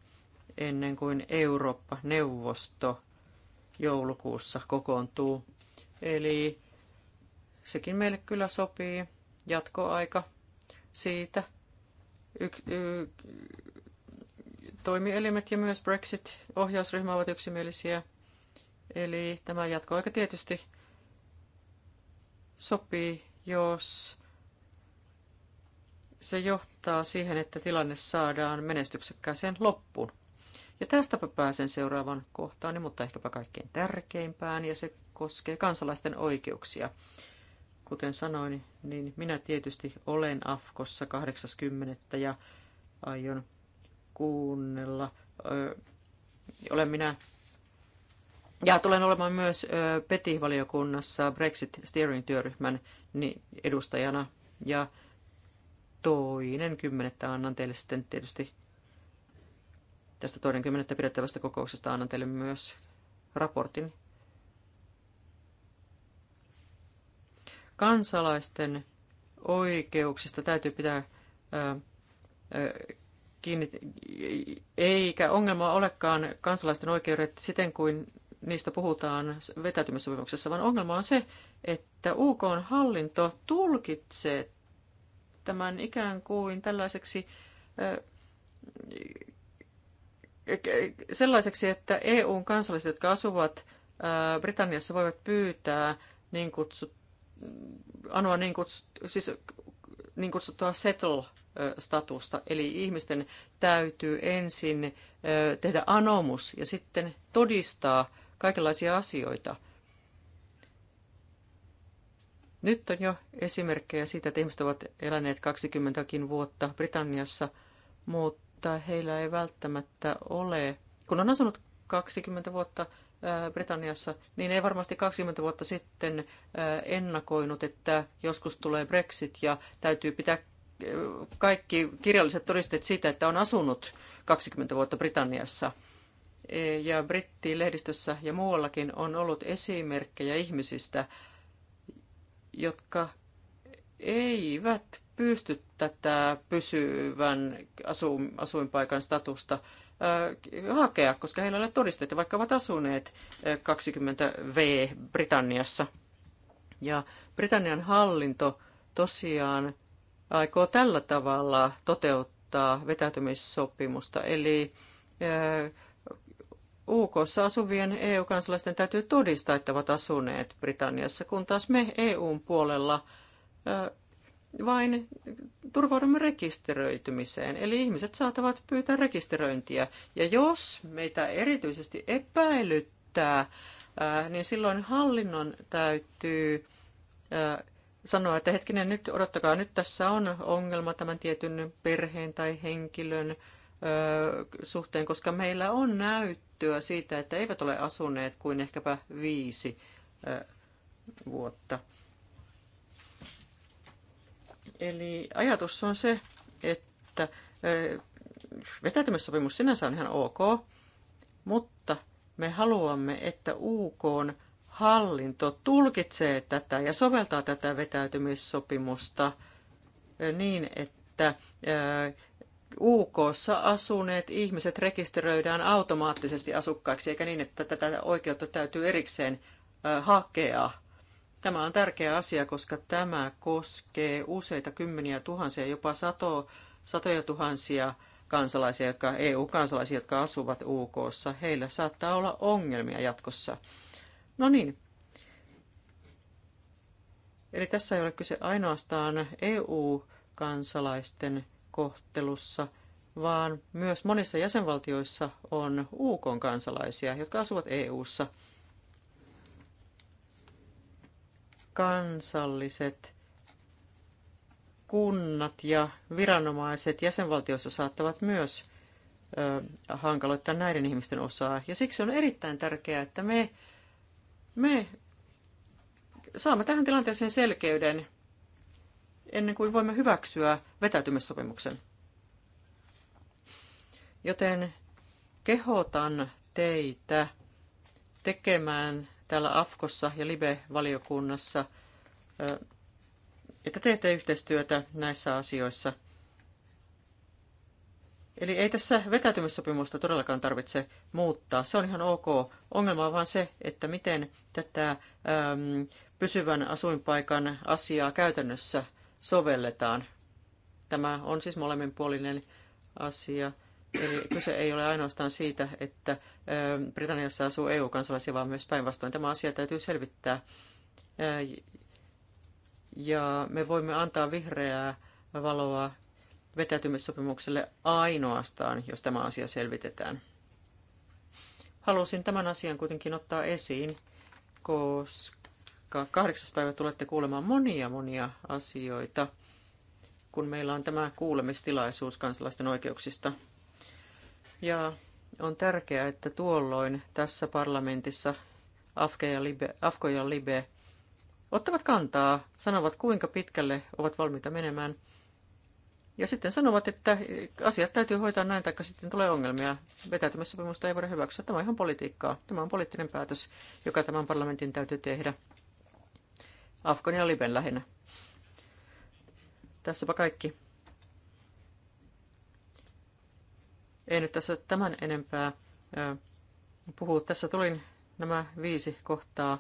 Speaker 3: ennen kuin Eurooppa-neuvosto joulukuussa kokoontuu. Eli sekin meille kyllä sopii jatkoaika siitä. Y- y- toimielimet ja myös Brexit-ohjausryhmä ovat yksimielisiä. Eli tämä jatkoaika tietysti sopii, jos se johtaa siihen, että tilanne saadaan menestyksekkääseen loppuun. Ja tästäpä pääsen seuraavan kohtaan, niin, mutta ehkäpä kaikkein tärkeimpään, ja se koskee kansalaisten oikeuksia. Kuten sanoin, niin minä tietysti olen Afkossa 80. ja aion kuunnella. Olen minä ja tulen olemaan myös PETI-valiokunnassa Brexit Steering-työryhmän edustajana. Ja toinen kymmenettä annan teille sitten tietysti tästä toinen kymmenettä pidettävästä kokouksesta annan teille myös raportin. Kansalaisten oikeuksista täytyy pitää ää, ää, kiinni, eikä ongelma olekaan kansalaisten oikeudet siten kuin niistä puhutaan vetäytymissopimuksessa, vaan ongelma on se, että UK hallinto tulkitsee tämän ikään kuin tällaiseksi sellaiseksi, että EUn kansalaiset, jotka asuvat Britanniassa, voivat pyytää niin kutsut, anoa niin kutsut, siis niin kutsuttua settle statusta. Eli ihmisten täytyy ensin tehdä anomus ja sitten todistaa kaikenlaisia asioita. Nyt on jo esimerkkejä siitä, että ihmiset ovat eläneet 20kin vuotta Britanniassa, mutta heillä ei välttämättä ole, kun on asunut 20 vuotta Britanniassa, niin ei varmasti 20 vuotta sitten ennakoinut, että joskus tulee Brexit ja täytyy pitää kaikki kirjalliset todisteet siitä, että on asunut 20 vuotta Britanniassa. E, ja brittilehdistössä ja muuallakin on ollut esimerkkejä ihmisistä, jotka eivät pysty tätä pysyvän asuinpaikan statusta hakea, koska heillä ei ole todisteita, vaikka ovat asuneet 20V Britanniassa. Ja Britannian hallinto tosiaan aikoo tällä tavalla toteuttaa vetäytymissopimusta. Eli eh, UKssa asuvien EU-kansalaisten täytyy todistaa, että ovat asuneet Britanniassa, kun taas me EUn puolella eh, vain turvaudumme rekisteröitymiseen. Eli ihmiset saatavat pyytää rekisteröintiä. Ja jos meitä erityisesti epäilyttää, eh, niin silloin hallinnon täytyy sanoa, että hetkinen, nyt odottakaa, nyt tässä on ongelma tämän tietyn perheen tai henkilön suhteen, koska meillä on näyttöä siitä, että eivät ole asuneet kuin ehkäpä viisi vuotta. Eli ajatus on se, että vetäytymissopimus sinänsä on ihan ok, mutta me haluamme, että UK on hallinto tulkitsee tätä ja soveltaa tätä vetäytymissopimusta eh, niin, että eh, UK asuneet ihmiset rekisteröidään automaattisesti asukkaiksi, eikä niin, että tätä oikeutta täytyy erikseen eh, hakea. Tämä on tärkeä asia, koska tämä koskee useita kymmeniä tuhansia, jopa sato, satoja tuhansia kansalaisia, jotka EU-kansalaisia, jotka asuvat UKssa. Heillä saattaa olla ongelmia jatkossa No niin. Eli tässä ei ole kyse ainoastaan EU-kansalaisten kohtelussa, vaan myös monissa jäsenvaltioissa on UK-kansalaisia, jotka asuvat EU:ssa. Kansalliset kunnat ja viranomaiset jäsenvaltioissa saattavat myös ö, hankaloittaa näiden ihmisten osaa. Ja siksi on erittäin tärkeää, että me me saamme tähän tilanteeseen selkeyden ennen kuin voimme hyväksyä vetäytymissopimuksen. Joten kehotan teitä tekemään täällä AFKossa ja LIBE-valiokunnassa, että teette yhteistyötä näissä asioissa – Eli ei tässä vetäytymissopimusta todellakaan tarvitse muuttaa. Se on ihan ok. Ongelma on vaan se, että miten tätä äm, pysyvän asuinpaikan asiaa käytännössä sovelletaan. Tämä on siis molemminpuolinen asia. Eli kyse ei ole ainoastaan siitä, että ähm, Britanniassa asuu EU-kansalaisia, vaan myös päinvastoin. Tämä asia täytyy selvittää. Äh, ja me voimme antaa vihreää valoa vetäytymissopimukselle ainoastaan, jos tämä asia selvitetään. Halusin tämän asian kuitenkin ottaa esiin, koska kahdeksas päivä tulette kuulemaan monia monia asioita, kun meillä on tämä kuulemistilaisuus kansalaisten oikeuksista. Ja on tärkeää, että tuolloin tässä parlamentissa Afke ja Libe, Afko ja Libe ottavat kantaa, sanovat kuinka pitkälle ovat valmiita menemään – ja sitten sanovat, että asiat täytyy hoitaa näin, taikka sitten tulee ongelmia. Vetäytymissopimusta ei voida hyväksyä. Tämä on ihan politiikkaa. Tämä on poliittinen päätös, joka tämän parlamentin täytyy tehdä. Afgania ja Liben lähinnä. Tässäpä kaikki. Ei nyt tässä tämän enempää puhu. Tässä tulin nämä viisi kohtaa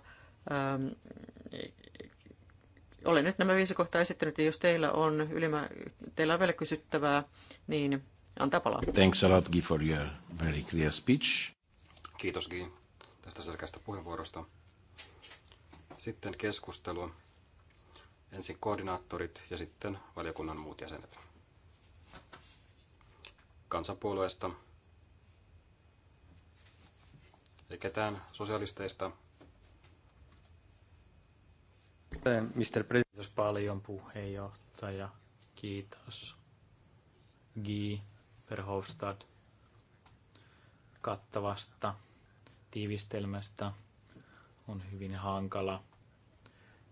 Speaker 3: olen nyt nämä viisi kohtaa esittänyt, ja jos teillä on, ylimä, teillä on vielä kysyttävää, niin antaa
Speaker 1: palaa. Thanks a lot, Guy, for your very clear speech.
Speaker 2: Kiitos, Guy, tästä selkeästä puheenvuorosta. Sitten keskustelu. Ensin koordinaattorit ja sitten valiokunnan muut jäsenet. Kansanpuolueesta ei ketään sosialisteista – Mr. President. Kiitos
Speaker 4: paljon puheenjohtaja. Kiitos. G. Verhofstadt kattavasta tiivistelmästä on hyvin hankala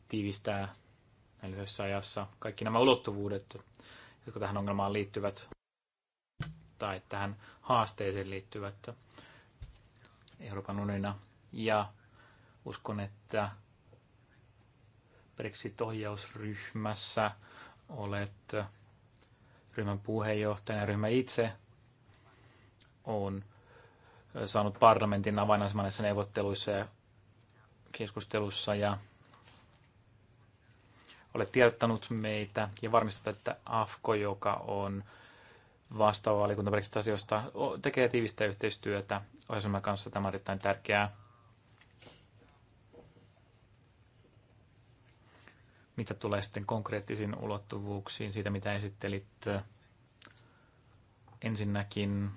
Speaker 4: tiivistää näin lyhyessä ajassa kaikki nämä ulottuvuudet, jotka tähän ongelmaan liittyvät tai tähän haasteeseen liittyvät Euroopan unionina. Ja uskon, että Brexit-ohjausryhmässä olet ryhmän puheenjohtajana. Ryhmä itse on saanut parlamentin avainaseman näissä neuvotteluissa ja keskustelussa ja olet tiedottanut meitä ja varmistat, että AFKO, joka on vastaava valiokunta Brexit-asioista, tekee tiivistä yhteistyötä ohjelman kanssa. Tämä on erittäin tärkeää. Mitä tulee sitten konkreettisiin ulottuvuuksiin siitä, mitä esittelit ensinnäkin,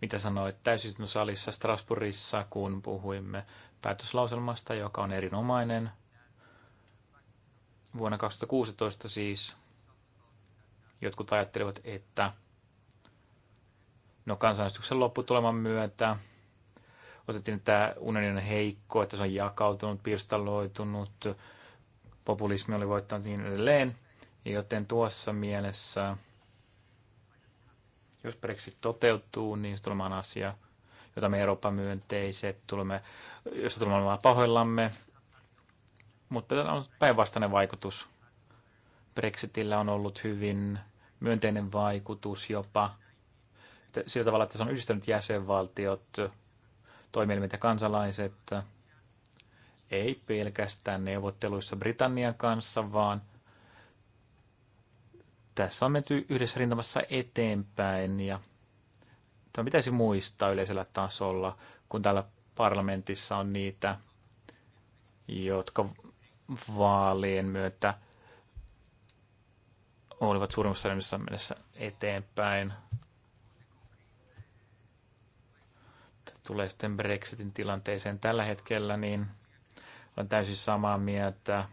Speaker 4: mitä sanoit täysistuntosalissa Strasbourgissa, kun puhuimme päätöslauselmasta, joka on erinomainen. Vuonna 2016 siis jotkut ajattelivat, että no kansanäänestyksen lopputuleman myötä otettiin, että unioni on heikko, että se on jakautunut, pirstaloitunut, populismi oli voittanut niin edelleen. Joten tuossa mielessä, jos Brexit toteutuu, niin se tulee asia, jota me Euroopan myönteiset tulemme, josta tulemme olemaan pahoillamme. Mutta tämä on päinvastainen vaikutus. Brexitillä on ollut hyvin myönteinen vaikutus jopa sillä tavalla, että se on yhdistänyt jäsenvaltiot toimielimet ja kansalaiset, ei pelkästään neuvotteluissa Britannian kanssa, vaan tässä on menty yhdessä rintamassa eteenpäin ja tämä pitäisi muistaa yleisellä tasolla, kun täällä parlamentissa on niitä, jotka vaalien myötä olivat suurimmassa mennessä eteenpäin. tulee sitten Brexitin tilanteeseen tällä hetkellä, niin olen täysin samaa mieltä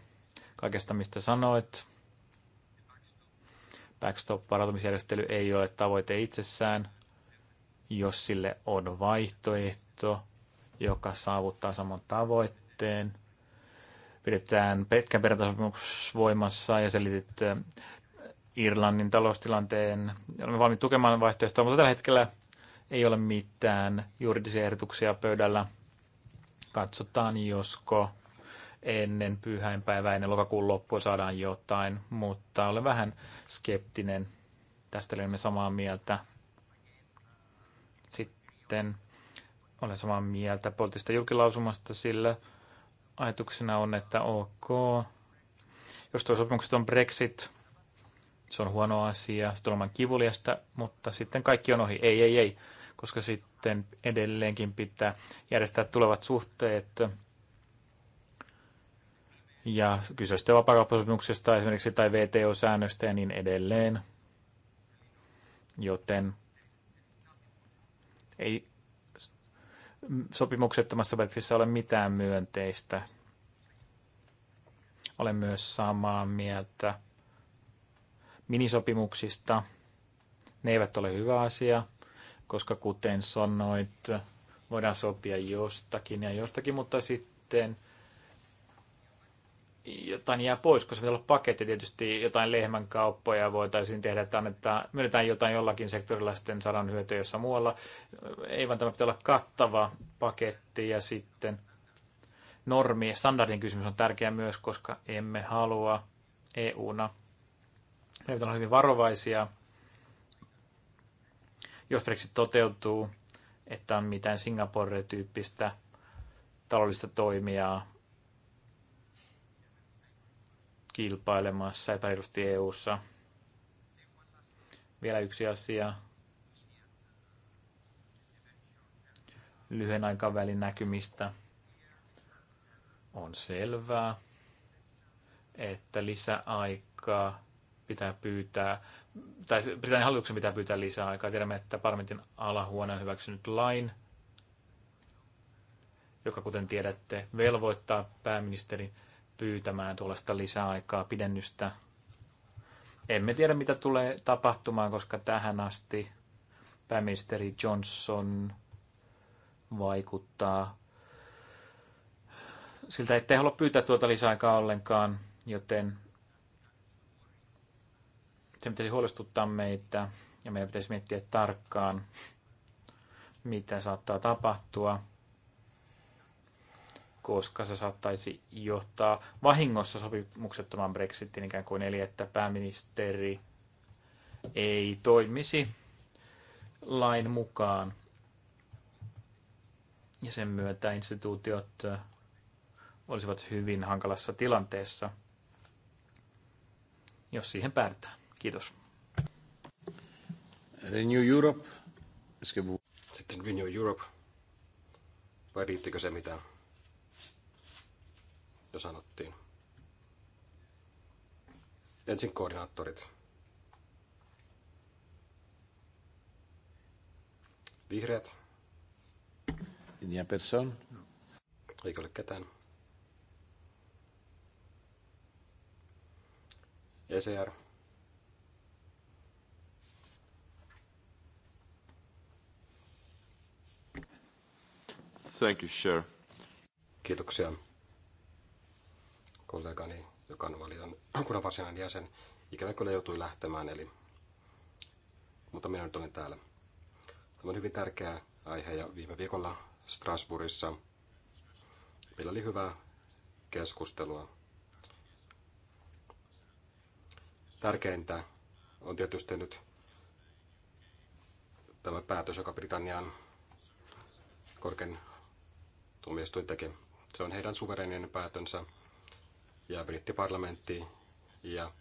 Speaker 4: kaikesta, mistä sanoit. Backstop-varautumisjärjestely ei ole tavoite itsessään, jos sille on vaihtoehto, joka saavuttaa saman tavoitteen. Pidetään pitkän perjantasopimus voimassa ja selitit äh, Irlannin taloustilanteen. Olemme valmiit tukemaan vaihtoehtoa, mutta tällä hetkellä ei ole mitään juridisia ehdotuksia pöydällä. Katsotaan, josko ennen pyhäinpäivää, ennen lokakuun loppua saadaan jotain, mutta olen vähän skeptinen. Tästä olemme samaa mieltä. Sitten olen samaa mieltä poliittisesta julkilausumasta, sillä ajatuksena on, että ok, jos tuo sopimukset on Brexit, se on huono asia, se on kivuliasta, mutta sitten kaikki on ohi. Ei, ei, ei koska sitten edelleenkin pitää järjestää tulevat suhteet. Ja kyseistä vapaakauppasopimuksesta esimerkiksi tai VTO-säännöstä ja niin edelleen. Joten ei sopimuksettomassa Brexitissä ole mitään myönteistä. Olen myös samaa mieltä minisopimuksista. Ne eivät ole hyvä asia koska kuten sanoit, voidaan sopia jostakin ja jostakin, mutta sitten jotain jää pois, koska se on paketti. Tietysti jotain lehmän kauppoja voitaisiin tehdä, että annetaan, myönnetään jotain jollakin sektorilla, sitten saadaan hyötyä jossain muualla. Ei vaan tämä pitää olla kattava paketti ja sitten normi, standardin kysymys on tärkeä myös, koska emme halua EUna. Meidän pitää olla hyvin varovaisia jos Brexit toteutuu, että on mitään Singapore-tyyppistä taloudellista toimijaa kilpailemassa epäilusti EU-ssa. Vielä yksi asia. Lyhyen aikavälin näkymistä on selvää, että lisäaikaa pitää pyytää tai Britannian hallituksen pitää pyytää lisää aikaa. Tiedämme, että parlamentin alahuone on hyväksynyt lain, joka kuten tiedätte velvoittaa pääministerin pyytämään tuollaista lisäaikaa, pidennystä. Emme tiedä, mitä tulee tapahtumaan, koska tähän asti pääministeri Johnson vaikuttaa siltä, ettei halua pyytää tuota lisäaikaa ollenkaan, joten se pitäisi huolestuttaa meitä ja meidän pitäisi miettiä tarkkaan, mitä saattaa tapahtua, koska se saattaisi johtaa vahingossa sopimuksettoman Brexitin ikään kuin, eli että pääministeri ei toimisi lain mukaan. Ja sen myötä instituutiot olisivat hyvin hankalassa tilanteessa, jos siihen päädytään. Kiitos.
Speaker 2: Renew Europe. Sitten Renew Europe. Vai riittikö se mitä Jo sanottiin. Ensin koordinaattorit. Vihreät.
Speaker 1: Inia person. Eikö ole ketään?
Speaker 2: ECR. Thank you, Chair. Kiitoksia kollegani, joka on valiokunnan varsinainen jäsen. Ikävä kyllä joutui lähtemään, eli... mutta minä nyt olen täällä. Tämä on hyvin tärkeä aihe ja viime viikolla Strasbourgissa meillä oli hyvää keskustelua. Tärkeintä on tietysti nyt tämä päätös, joka Britannian korkein tuomioistuin teki. Se on heidän suvereninen päätönsä ja brittiparlamentti ja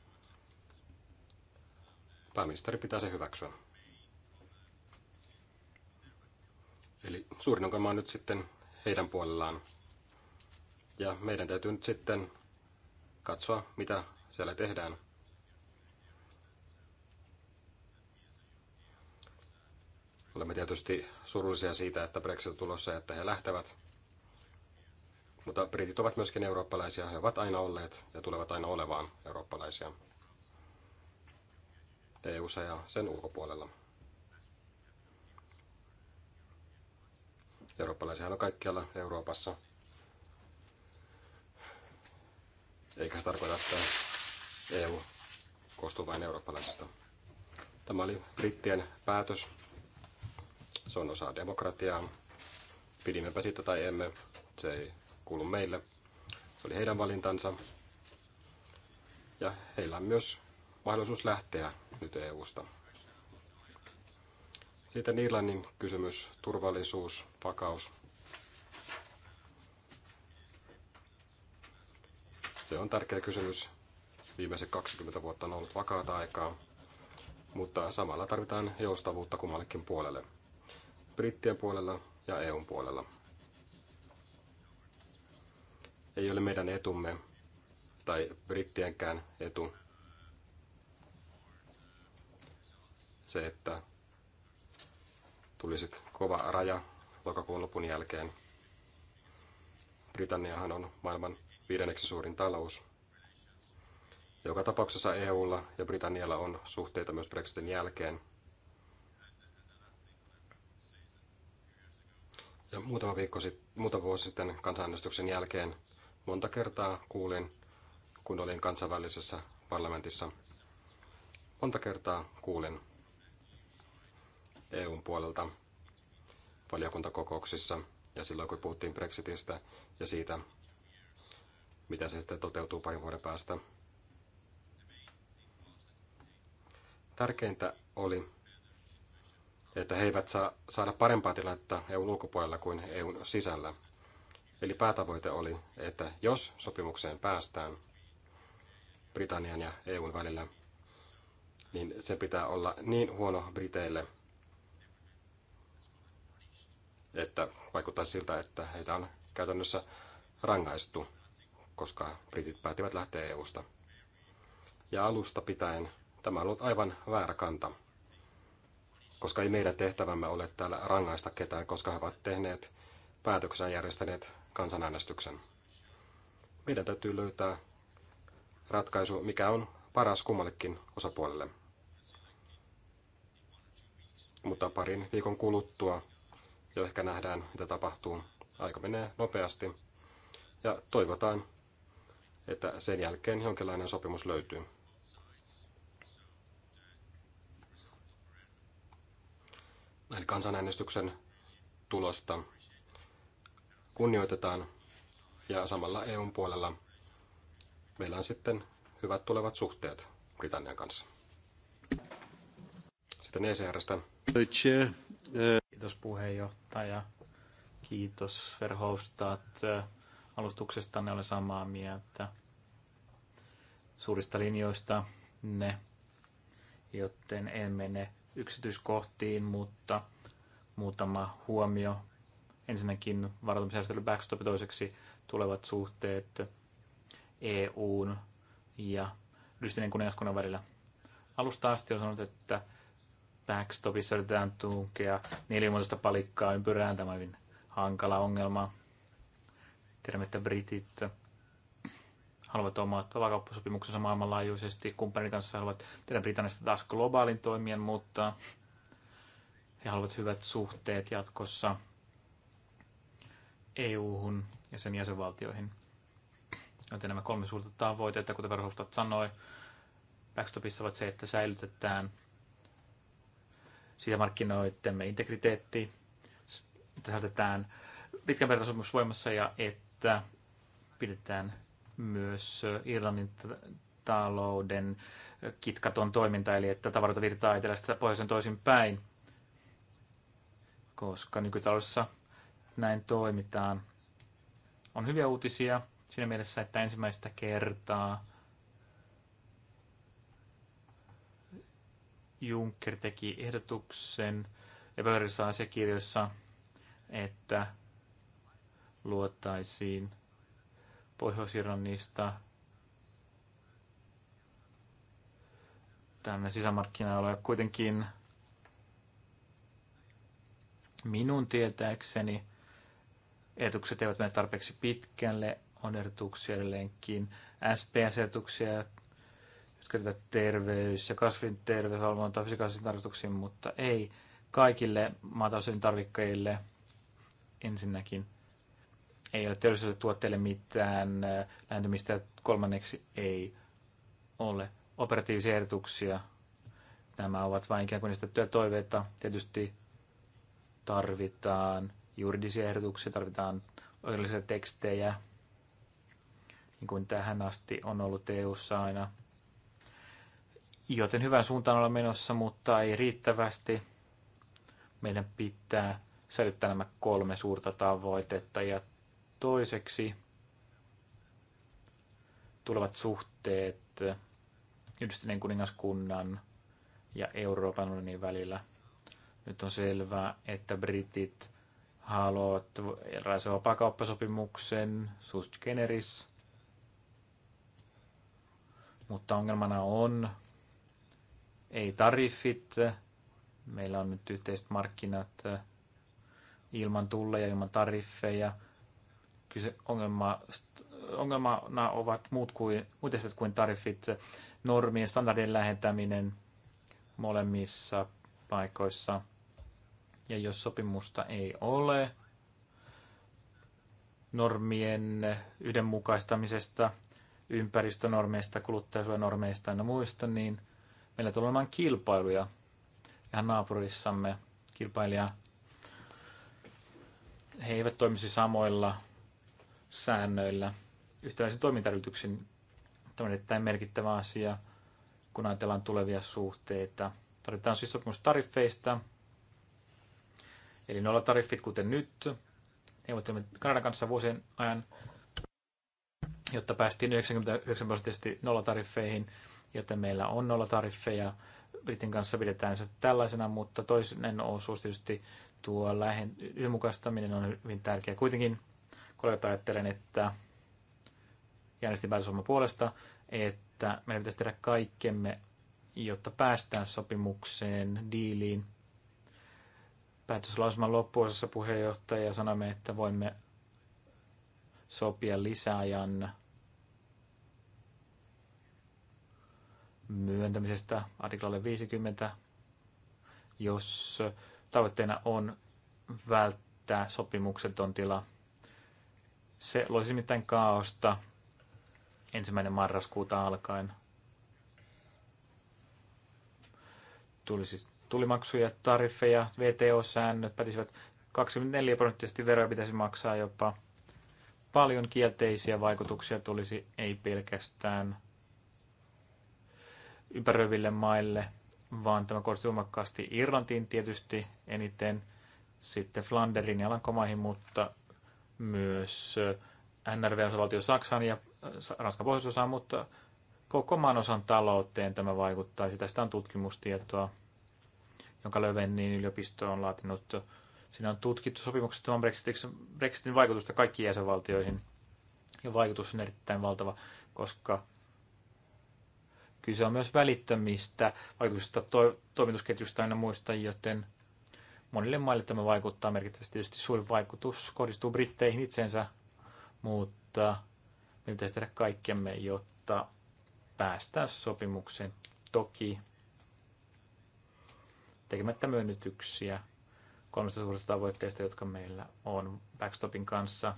Speaker 2: pääministeri pitää se hyväksyä. Eli suurin ongelma on nyt sitten heidän puolellaan. Ja meidän täytyy nyt sitten katsoa, mitä siellä tehdään. Olemme tietysti surullisia siitä, että Brexit on tulossa, että he lähtevät. Mutta britit ovat myöskin eurooppalaisia, he ovat aina olleet ja tulevat aina olevaan eurooppalaisia. eu ja sen ulkopuolella. Eurooppalaisia on kaikkialla Euroopassa. Eikä se tarkoita, että EU koostuu vain eurooppalaisista. Tämä oli brittien päätös. Se on osa demokratiaa. Pidimmepä sitä tai emme, se ei kuulu meille. Se oli heidän valintansa. Ja heillä on myös mahdollisuus lähteä nyt EU-sta. Sitten Irlannin kysymys, turvallisuus, vakaus. Se on tärkeä kysymys. Viimeiset 20 vuotta on ollut vakaata aikaa, mutta samalla tarvitaan joustavuutta kummallekin puolelle. Brittien puolella ja EUn puolella ei ole meidän etumme tai brittienkään etu. Se, että tulisi kova raja lokakuun lopun jälkeen. Britanniahan on maailman viidenneksi suurin talous. Joka tapauksessa EUlla ja Britannialla on suhteita myös Brexitin jälkeen. Ja muutama, viikko sit, muutama vuosi sitten kansanäänestyksen jälkeen monta kertaa kuulin, kun olin kansainvälisessä parlamentissa, monta kertaa kuulin EUn puolelta valiokuntakokouksissa ja silloin kun puhuttiin Brexitistä ja siitä, mitä se sitten toteutuu parin vuoden päästä. Tärkeintä oli, että he eivät saa saada parempaa tilannetta EUn ulkopuolella kuin EUn sisällä. Eli päätavoite oli, että jos sopimukseen päästään Britannian ja EUn välillä, niin se pitää olla niin huono Briteille, että vaikuttaa siltä, että heitä on käytännössä rangaistu, koska britit päätivät lähteä EUsta. Ja alusta pitäen tämä on ollut aivan väärä kanta, koska ei meidän tehtävämme ole täällä rangaista ketään, koska he ovat tehneet päätöksen järjestäneet kansanäänestyksen. Meidän täytyy löytää ratkaisu, mikä on paras kummallekin osapuolelle. Mutta parin viikon kuluttua jo ehkä nähdään, mitä tapahtuu. Aika menee nopeasti ja toivotaan, että sen jälkeen jonkinlainen sopimus löytyy. Eli kansanäänestyksen tulosta kunnioitetaan ja samalla EUn puolella meillä on sitten hyvät tulevat suhteet Britannian kanssa. Sitten ECRstä.
Speaker 4: Kiitos puheenjohtaja. Kiitos Verhofstadt äh, alustuksesta. Ne olen samaa mieltä suurista linjoista ne, joten en mene yksityiskohtiin, mutta muutama huomio Ensinnäkin varautumisjärjestely backstop toiseksi tulevat suhteet EUn ja Yhdistyneen kuningaskunnan välillä. Alusta asti on sanonut, että backstopissa yritetään tukea nelimuotoista palikkaa ympyrään. Tämä on hyvin hankala ongelma. Tiedämme, että britit haluavat omat vakauppasopimuksensa maailmanlaajuisesti. Kumppanin kanssa haluavat tehdä Britannista taas globaalin toimien, mutta he haluavat hyvät suhteet jatkossa EU-hun ja sen jäsenvaltioihin. Joten nämä kolme suurta tavoitetta, kuten Verhofstadt sanoi, backstopissa ovat se, että säilytetään sisämarkkinoidemme integriteetti, että säilytetään pitkän päivän sopimus voimassa ja että pidetään myös Irlannin talouden kitkaton toiminta, eli että tavaroita virtaa etelästä pohjoisen toisin päin, koska nykytaloudessa näin toimitaan. On hyviä uutisia siinä mielessä, että ensimmäistä kertaa Juncker teki ehdotuksen epävirallisissa asiakirjoissa, että luotaisiin Pohjois-Irlannista tänne sisämarkkinoille. Kuitenkin minun tietääkseni ehdotukset eivät mene tarpeeksi pitkälle, on ehdotuksia edelleenkin, SPS-ehdotuksia, jotka liittyvät terveys- ja kasvinterveysvalvontaan, fysikaalisiin tarkoituksiin, mutta ei kaikille tarvikkeille ensinnäkin. Ei ole teollisille tuotteille mitään äh, lähentymistä kolmanneksi ei ole operatiivisia ehdotuksia. Nämä ovat vain ikään kuin niistä työtoiveita. Tietysti tarvitaan juridisia ehdotuksia, tarvitaan oikeudellisia tekstejä, niin kuin tähän asti on ollut eu aina. Joten hyvän suuntaan olla menossa, mutta ei riittävästi. Meidän pitää säilyttää nämä kolme suurta tavoitetta ja toiseksi tulevat suhteet Yhdistyneen kuningaskunnan ja Euroopan unionin välillä. Nyt on selvää, että britit haluavat erilaisen vapaakauppasopimuksen, sus generis. Mutta ongelmana on ei tariffit, meillä on nyt yhteiset markkinat äh, ilman tulleja, ilman tariffeja. Kyse ongelma, ongelmana ovat muut kuin, muut kuin tariffit, normien standardien lähentäminen molemmissa paikoissa – ja jos sopimusta ei ole normien yhdenmukaistamisesta, ympäristönormeista, kuluttajasuojanormeista ja muista, niin meillä tulee olemaan kilpailuja ihan naapurissamme. Kilpailija, he eivät toimisi samoilla säännöillä yhtäläisen toimintaryhtyksen. Tämä on erittäin merkittävä asia, kun ajatellaan tulevia suhteita. Tarvitaan siis sopimus tariffeista, Eli nollatariffit, kuten nyt, neuvottelimme Kanadan kanssa vuosien ajan, jotta päästiin 99 prosenttisesti nollatariffeihin, joten meillä on nollatariffeja. Britin kanssa pidetään se tällaisena, mutta toinen osuus tietysti tuo lähen yhdenmukaistaminen on hyvin tärkeä. Kuitenkin kollegat ajattelen, että järjestin päätösohjelman puolesta, että meidän pitäisi tehdä kaikkemme, jotta päästään sopimukseen, diiliin, päätöslausuman loppuosassa puheenjohtaja sanoi, että voimme sopia lisäajan myöntämisestä artiklalle 50, jos tavoitteena on välttää sopimukseton tila. Se loisi mitään kaaosta ensimmäinen marraskuuta alkaen. Tulisi tullimaksuja, tariffeja, VTO-säännöt pätisivät 24 prosenttisesti veroja pitäisi maksaa jopa. Paljon kielteisiä vaikutuksia tulisi ei pelkästään ympäröiville maille, vaan tämä kohdistuu voimakkaasti Irlantiin tietysti eniten, sitten Flanderin ja Lankomaihin, mutta myös äh, NRV-osavaltio Saksaan ja äh, Ranskan pohjoisosaan, mutta koko maan osan talouteen tämä vaikuttaa. Tästä on tutkimustietoa jonka Lövenin niin yliopisto on laatinut. Siinä on tutkittu sopimuksettoman Brexitin vaikutusta kaikkiin jäsenvaltioihin. Ja vaikutus on erittäin valtava, koska kyse on myös välittömistä vaikutuksista to- toimitusketjusta aina muista, joten monille maille tämä vaikuttaa merkittävästi. Tietysti suuri vaikutus kohdistuu britteihin itsensä, mutta me pitäisi tehdä kaikkemme, jotta päästään sopimukseen. Toki tekemättä myönnytyksiä kolmesta suuresta tavoitteesta, jotka meillä on backstopin kanssa.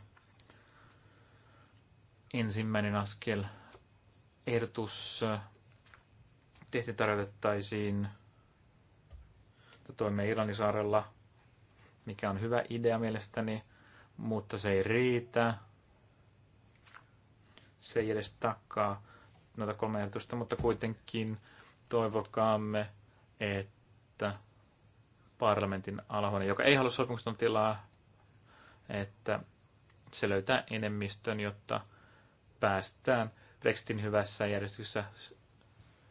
Speaker 4: Ensimmäinen askel ehdotus tehtiin tarjotettaisiin toimia saarella, mikä on hyvä idea mielestäni, mutta se ei riitä. Se ei edes takaa noita kolme ehdotusta, mutta kuitenkin toivokaamme, että että parlamentin alhoinen, joka ei halua sopimuksen tilaa, että se löytää enemmistön, jotta päästään Brexitin hyvässä järjestyksessä.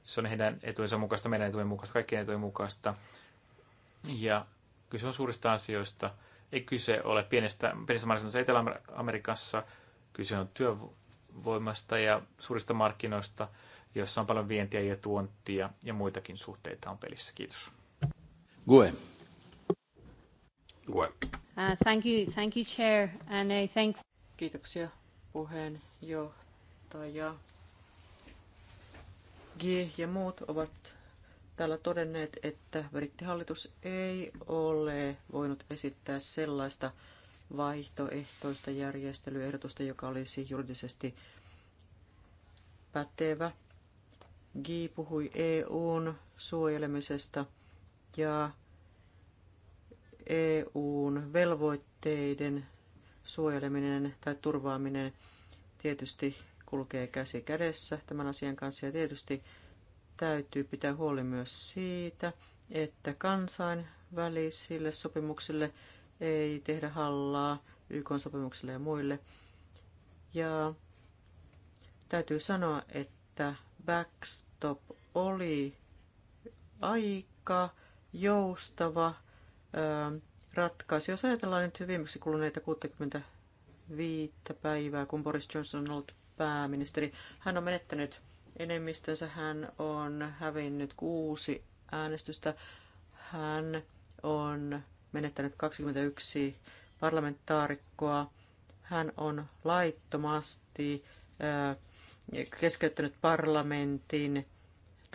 Speaker 4: Se on heidän etuinsa mukaista, meidän etujen mukaista, kaikkien etujen mukaista. Ja kyse on suurista asioista. Ei kyse ole pienestä, pienestä markkinoista Etelä-Amerikassa. Kyse on työvoimasta ja suurista markkinoista, jossa on paljon vientiä ja tuontia ja muitakin suhteita on pelissä. Kiitos.
Speaker 1: Gue.
Speaker 3: Gue. Uh,
Speaker 1: thank you, thank you, Chair, and I thank...
Speaker 3: Kiitoksia puheenjohtaja. G ja muut ovat täällä todenneet, että brittihallitus ei ole voinut esittää sellaista vaihtoehtoista järjestelyehdotusta, joka olisi juridisesti pätevä. G puhui EUn suojelemisesta – ja EUn velvoitteiden suojeleminen tai turvaaminen tietysti kulkee käsi kädessä tämän asian kanssa ja tietysti täytyy pitää huoli myös siitä, että kansainvälisille sopimuksille ei tehdä hallaa YK-sopimuksille ja muille. Ja täytyy sanoa, että backstop oli aika joustava ratkaisu. Jos ajatellaan nyt viimeksi kuluneita 65 päivää, kun Boris Johnson on ollut pääministeri, hän on menettänyt enemmistönsä, hän on hävinnyt kuusi äänestystä, hän on menettänyt 21 parlamentaarikkoa, hän on laittomasti keskeyttänyt parlamentin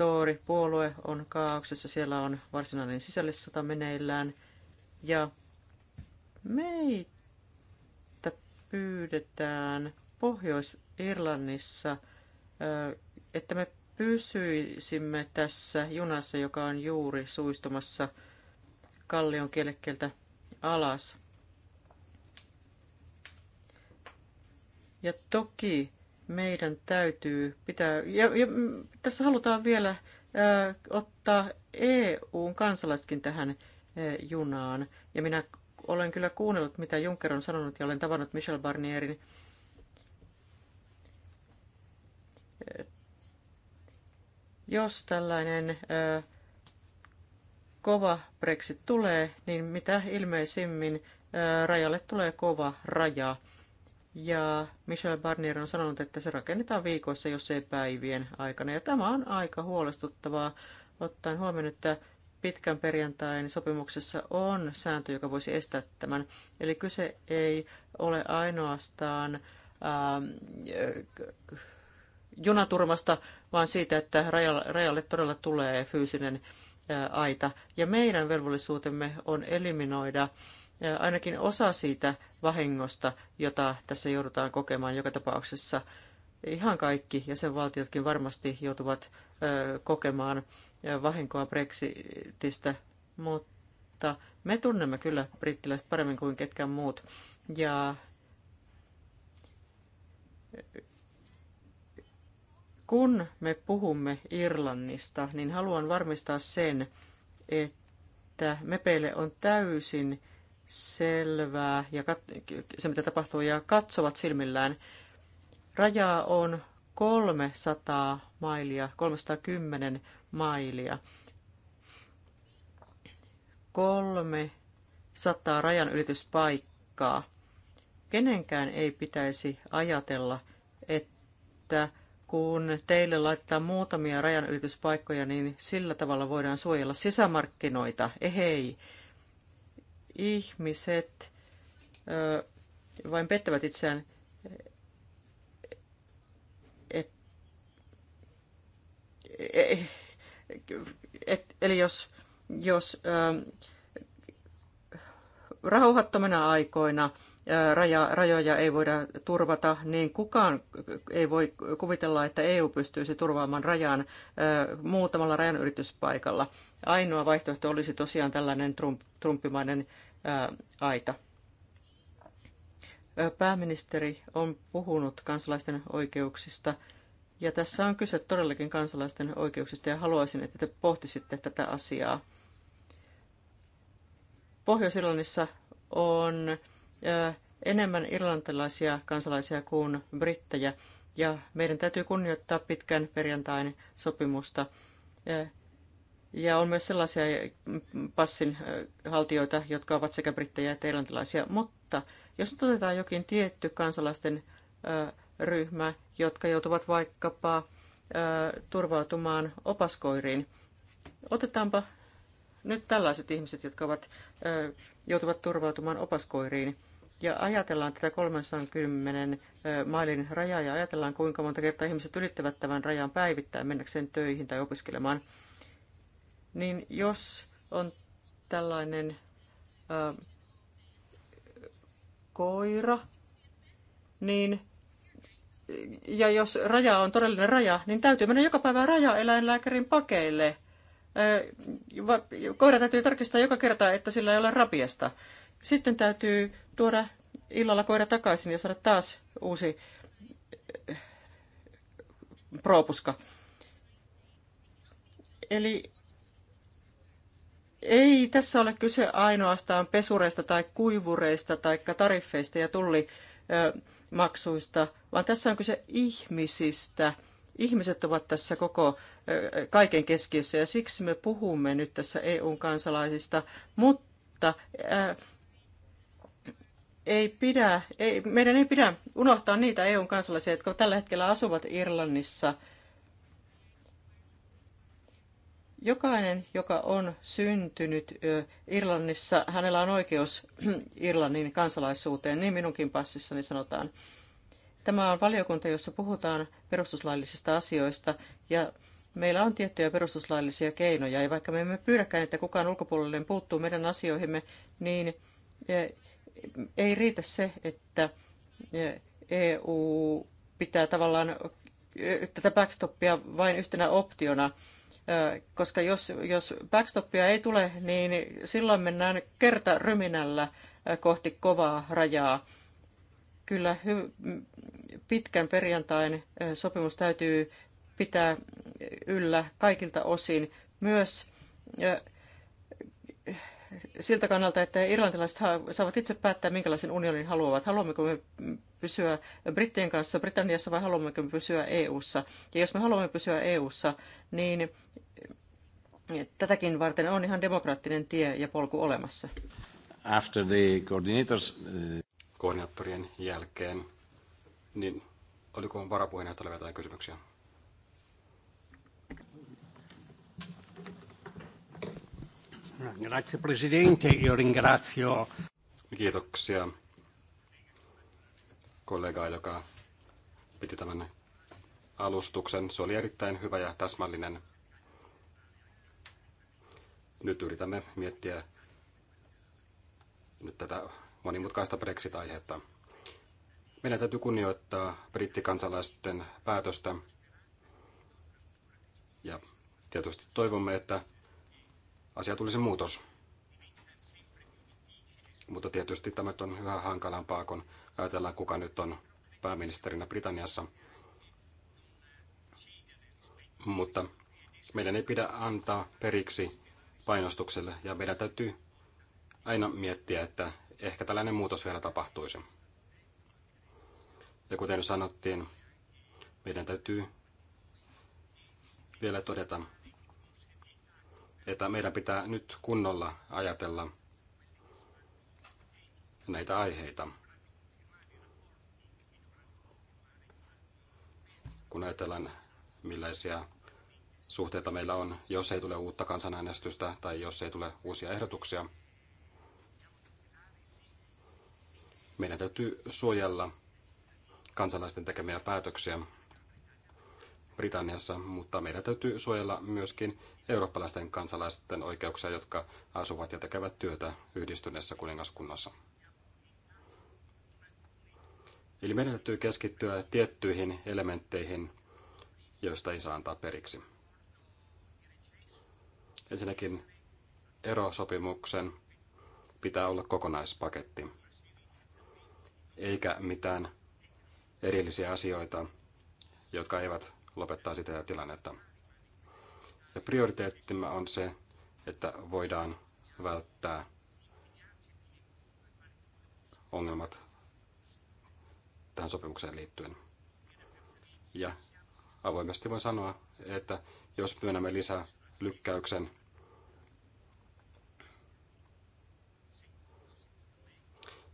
Speaker 3: Tori puolue on kaauksessa, siellä on varsinainen sisällissota meneillään ja meitä pyydetään Pohjois-Irlannissa, että me pysyisimme tässä junassa, joka on juuri suistumassa kallion kielekkeeltä alas. Ja toki meidän täytyy pitää, ja, ja tässä halutaan vielä ä, ottaa EUn kansalaiskin tähän ä, junaan. Ja minä olen kyllä kuunnellut, mitä Juncker on sanonut, ja olen tavannut Michel Barnierin. Jos tällainen ä, kova Brexit tulee, niin mitä ilmeisimmin ä, rajalle tulee kova raja. Ja Michel Barnier on sanonut, että se rakennetaan viikoissa, jos ei päivien aikana. Ja tämä on aika huolestuttavaa, ottaen huomioon, että pitkän perjantain sopimuksessa on sääntö, joka voisi estää tämän. Eli kyse ei ole ainoastaan ähm, junaturmasta, vaan siitä, että rajalle, todella tulee fyysinen äh, aita. Ja meidän velvollisuutemme on eliminoida äh, ainakin osa siitä vahingosta, jota tässä joudutaan kokemaan joka tapauksessa. Ihan kaikki jäsenvaltiotkin varmasti joutuvat kokemaan vahinkoa Brexitistä, mutta me tunnemme kyllä brittiläiset paremmin kuin ketkään muut. Ja kun me puhumme Irlannista, niin haluan varmistaa sen, että mepeille on täysin selvää ja kat- se, mitä tapahtuu, ja katsovat silmillään. Rajaa on 300 mailia, 310 mailia. 300 rajan ylityspaikkaa. Kenenkään ei pitäisi ajatella, että kun teille laittaa muutamia rajan ylityspaikkoja, niin sillä tavalla voidaan suojella sisämarkkinoita. Ehei ihmiset ö, vain pettävät itseään, et, e, e, et, eli jos, jos ö, rauhattomina aikoina – raja, rajoja ei voida turvata, niin kukaan ei voi kuvitella, että EU pystyisi turvaamaan rajan muutamalla rajan yrityspaikalla. Ainoa vaihtoehto olisi tosiaan tällainen trump, trumpimainen aita. Pääministeri on puhunut kansalaisten oikeuksista. Ja tässä on kyse todellakin kansalaisten oikeuksista ja haluaisin, että te pohtisitte tätä asiaa. Pohjois-Irlannissa on enemmän irlantilaisia kansalaisia kuin brittejä, ja meidän täytyy kunnioittaa pitkän perjantain sopimusta. Ja on myös sellaisia passin haltijoita, jotka ovat sekä brittejä että irlantilaisia. Mutta jos nyt otetaan jokin tietty kansalaisten ryhmä, jotka joutuvat vaikkapa turvautumaan opaskoiriin, otetaanpa nyt tällaiset ihmiset, jotka ovat, joutuvat turvautumaan opaskoiriin – ja ajatellaan tätä 310 mailin rajaa ja ajatellaan, kuinka monta kertaa ihmiset ylittävät tämän rajan päivittäin mennäkseen töihin tai opiskelemaan, niin jos on tällainen ää, koira, niin ja jos raja on todellinen raja, niin täytyy mennä joka päivä rajaeläinlääkärin pakeille. Koira täytyy tarkistaa joka kerta, että sillä ei ole rapiasta. Sitten täytyy tuoda illalla koira takaisin ja saada taas uusi eh, propuska. Eli ei tässä ole kyse ainoastaan pesureista tai kuivureista tai tariffeista ja tullimaksuista, vaan tässä on kyse ihmisistä. Ihmiset ovat tässä koko eh, kaiken keskiössä ja siksi me puhumme nyt tässä EUn kansalaisista, mutta eh, ei pidä, ei, meidän ei pidä unohtaa niitä EUn kansalaisia, jotka tällä hetkellä asuvat Irlannissa. Jokainen, joka on syntynyt Irlannissa, hänellä on oikeus Irlannin kansalaisuuteen, niin minunkin passissani sanotaan. Tämä on valiokunta, jossa puhutaan perustuslaillisista asioista ja meillä on tiettyjä perustuslaillisia keinoja. Ja vaikka me emme pyydäkään, että kukaan ulkopuolelle puuttuu meidän asioihimme, niin ei riitä se, että EU e pitää tavallaan e, tätä backstoppia vain yhtenä optiona, e, koska jos, jos backstoppia ei tule, niin silloin mennään kerta ryminällä kohti kovaa rajaa. Kyllä pitkän perjantain sopimus täytyy pitää yllä kaikilta osin, myös siltä kannalta, että irlantilaiset saavat itse päättää, minkälaisen unionin haluavat. Haluammeko me pysyä Brittien kanssa Britanniassa vai haluammeko me pysyä EU:ssa? Ja jos me haluamme pysyä EU:ssa, niin tätäkin varten on ihan demokraattinen tie ja polku olemassa.
Speaker 2: After the coordinators, eh, Koordinaattorien jälkeen, niin oliko varapuheenjohtajalla jotain kysymyksiä? Grazie presidente, io ringrazio. Kiitoksia kollegaa, joka piti tämän alustuksen. Se oli erittäin hyvä ja täsmällinen. Nyt yritämme miettiä nyt tätä monimutkaista Brexit-aihetta. Meidän täytyy kunnioittaa brittikansalaisten päätöstä ja tietysti toivomme, että asia tulisi muutos. Mutta tietysti tämä on yhä hankalampaa, kun ajatellaan, kuka nyt on pääministerinä Britanniassa. Mutta meidän ei pidä antaa periksi painostukselle ja meidän täytyy aina miettiä, että ehkä tällainen muutos vielä tapahtuisi. Ja kuten sanottiin, meidän täytyy vielä todeta, että meidän pitää nyt kunnolla ajatella näitä aiheita. Kun ajatellaan, millaisia suhteita meillä on, jos ei tule uutta kansanäänestystä tai jos ei tule uusia ehdotuksia, meidän täytyy suojella kansalaisten tekemiä päätöksiä Britanniassa, mutta meidän täytyy suojella myöskin eurooppalaisten kansalaisten oikeuksia, jotka asuvat ja tekevät työtä yhdistyneessä kuningaskunnassa. Eli meidän täytyy keskittyä tiettyihin elementteihin, joista ei saa antaa periksi. Ensinnäkin erosopimuksen pitää olla kokonaispaketti, eikä mitään erillisiä asioita, jotka eivät lopettaa sitä tilannetta. Ja prioriteettimme on se, että voidaan välttää ongelmat tähän sopimukseen liittyen. Ja avoimesti voin sanoa, että jos myönnämme lisää lykkäyksen,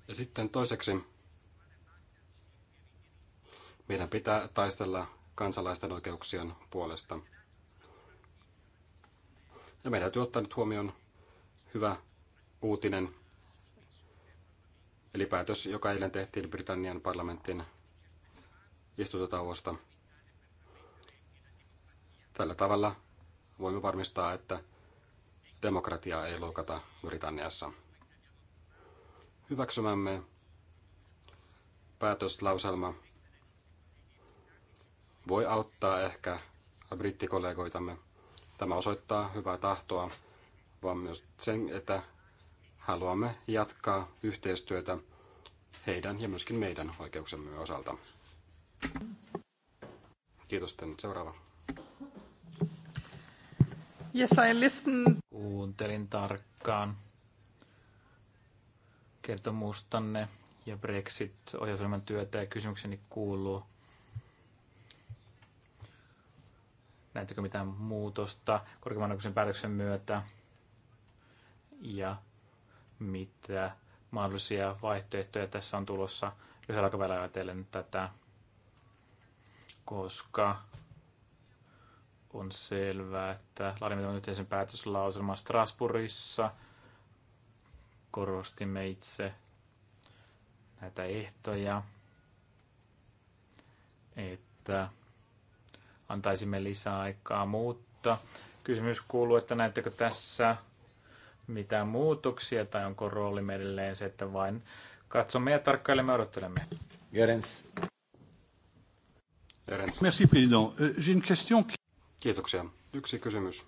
Speaker 2: Ja sitten toiseksi meidän pitää taistella kansalaisten oikeuksien puolesta. Ja meidän täytyy ottaa nyt huomioon hyvä uutinen, eli päätös, joka eilen tehtiin Britannian parlamentin istuntotauosta. Tällä tavalla voimme varmistaa, että demokratiaa ei loukata Britanniassa. Hyväksymämme päätöslauselma voi auttaa ehkä brittikollegoitamme. Tämä osoittaa hyvää tahtoa, vaan myös sen, että haluamme jatkaa yhteistyötä heidän ja myöskin meidän oikeuksemme osalta. Kiitos tänne. Seuraava.
Speaker 4: Yes, I listen. Kuuntelin tarkkaan kertomustanne ja Brexit-ohjausryhmän työtä ja kysymykseni kuuluu, Näettekö mitään muutosta korkeimman oikeuden päätöksen myötä? Ja mitä mahdollisia vaihtoehtoja tässä on tulossa lyhyellä aikavälillä ajatellen tätä, koska on selvää, että laadimme yhteisen päätöslauselman Strasbourgissa. Korostimme itse näitä ehtoja, että antaisimme lisää aikaa, mutta kysymys kuuluu, että näettekö tässä mitään muutoksia tai onko rooli edelleen se, että vain katsomme ja tarkkailemme ja odottelemme.
Speaker 2: Jerens. Jerens. Merci, président. Euh, j'ai une question. Kiitoksia. Yksi kysymys,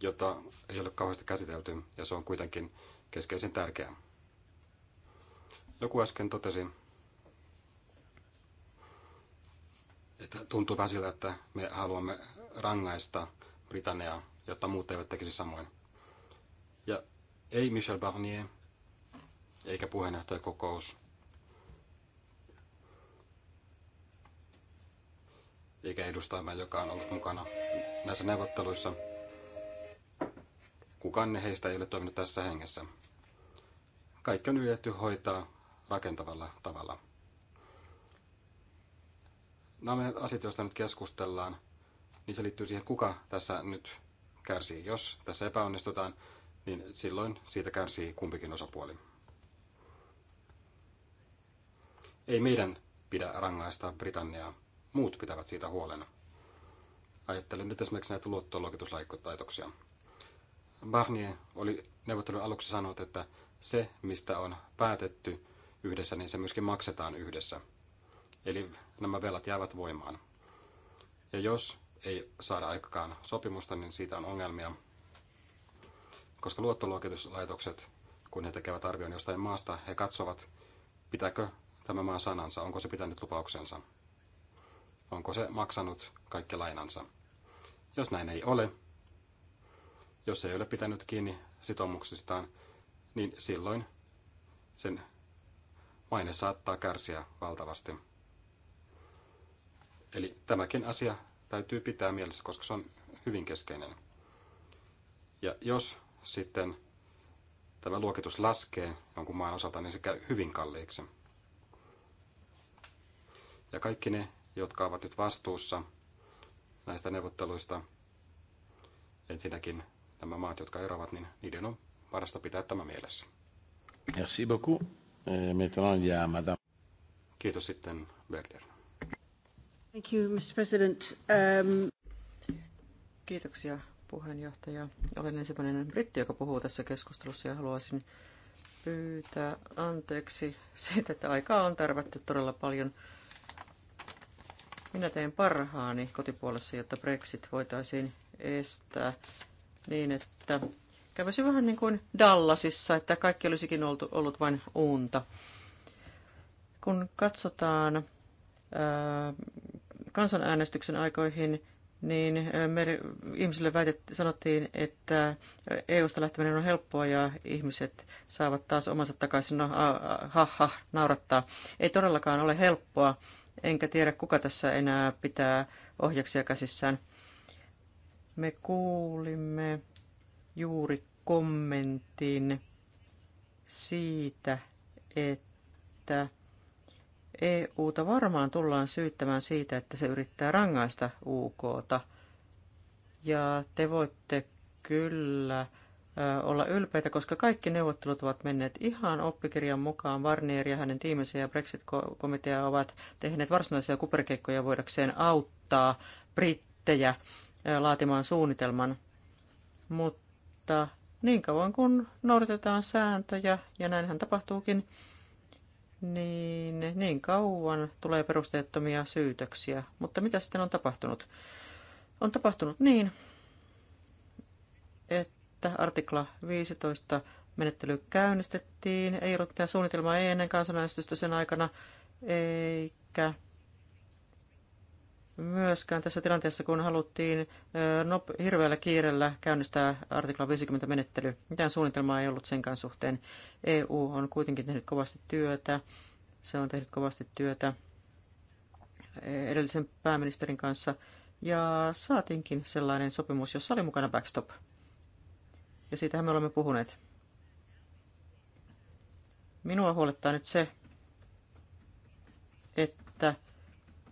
Speaker 2: jota ei ole kauheasti käsitelty ja se on kuitenkin keskeisen tärkeä. Joku äsken totesi, että tuntuu vähän siltä, että me haluamme rangaista Britanniaa, jotta muut eivät tekisi samoin. Ja ei Michel Barnier, eikä puheenjohtajakokous, eikä edustajamme, joka on ollut mukana näissä neuvotteluissa. Kukaan heistä ei ole toiminut tässä hengessä. Kaikki on yritetty hoitaa rakentavalla tavalla nämä asiat, joista nyt keskustellaan, niin se liittyy siihen, kuka tässä nyt kärsii. Jos tässä epäonnistutaan, niin silloin siitä kärsii kumpikin osapuoli. Ei meidän pidä rangaista Britanniaa, muut pitävät siitä huolena. Ajattelen nyt esimerkiksi näitä luottoluokituslaitoksia. Barnier oli neuvottelun aluksi sanonut, että se, mistä on päätetty yhdessä, niin se myöskin maksetaan yhdessä – Eli nämä velat jäävät voimaan. Ja jos ei saada aikaan sopimusta, niin siitä on ongelmia, koska luottoluokituslaitokset, kun he tekevät arvion jostain maasta, he katsovat, pitääkö tämä maa sanansa, onko se pitänyt lupauksensa, onko se maksanut kaikki lainansa. Jos näin ei ole, jos ei ole pitänyt kiinni sitoumuksistaan, niin silloin sen maine saattaa kärsiä valtavasti. Eli tämäkin asia täytyy pitää mielessä, koska se on hyvin keskeinen. Ja jos sitten tämä luokitus laskee jonkun maan osalta, niin se käy hyvin kalliiksi. Ja kaikki ne, jotka ovat nyt vastuussa näistä neuvotteluista, ensinnäkin nämä maat, jotka eroavat, niin niiden on parasta pitää tämä mielessä.
Speaker 1: Merci beaucoup. Maintenant, il y a Kiitos sitten, Werder.
Speaker 3: Thank you, Mr. President. Um... Kiitoksia puheenjohtaja. Olen ensimmäinen britti, joka puhuu tässä keskustelussa ja haluaisin pyytää anteeksi siitä, että aikaa on tarvittu todella paljon. Minä teen parhaani kotipuolessa, jotta Brexit voitaisiin estää niin, että kävisi vähän niin kuin Dallasissa, että kaikki olisikin ollut, ollut vain unta. Kun katsotaan ää, kansanäänestyksen aikoihin, niin meille, ihmisille väitet, sanottiin, että EUsta lähteminen on helppoa ja ihmiset saavat taas omansa takaisin. No, ha, ha, naurattaa. Ei todellakaan ole helppoa, enkä tiedä kuka tässä enää pitää ohjaksia käsissään. Me kuulimme juuri kommentin siitä, että EUta varmaan tullaan syyttämään siitä, että se yrittää rangaista UKta. Ja te voitte kyllä olla ylpeitä, koska kaikki neuvottelut ovat menneet ihan oppikirjan mukaan. Varnier ja hänen tiimensä ja Brexit-komitea ovat tehneet varsinaisia kuperkeikkoja voidakseen auttaa brittejä laatimaan suunnitelman. Mutta niin kauan kun noudatetaan sääntöjä, ja näinhän tapahtuukin, niin niin kauan tulee perusteettomia syytöksiä. Mutta mitä sitten on tapahtunut? On tapahtunut niin, että artikla 15 menettely käynnistettiin. Ei ollut mitään suunnitelmaa ei ennen kansanäänestystä sen aikana, eikä myöskään tässä tilanteessa, kun haluttiin nop- hirveällä kiirellä käynnistää artikla 50 menettely. Mitään suunnitelmaa ei ollut senkään suhteen. EU on kuitenkin tehnyt kovasti työtä. Se on tehnyt kovasti työtä edellisen pääministerin kanssa. Ja saatiinkin sellainen sopimus, jossa oli mukana backstop. Ja siitähän me olemme puhuneet. Minua huolettaa nyt se, että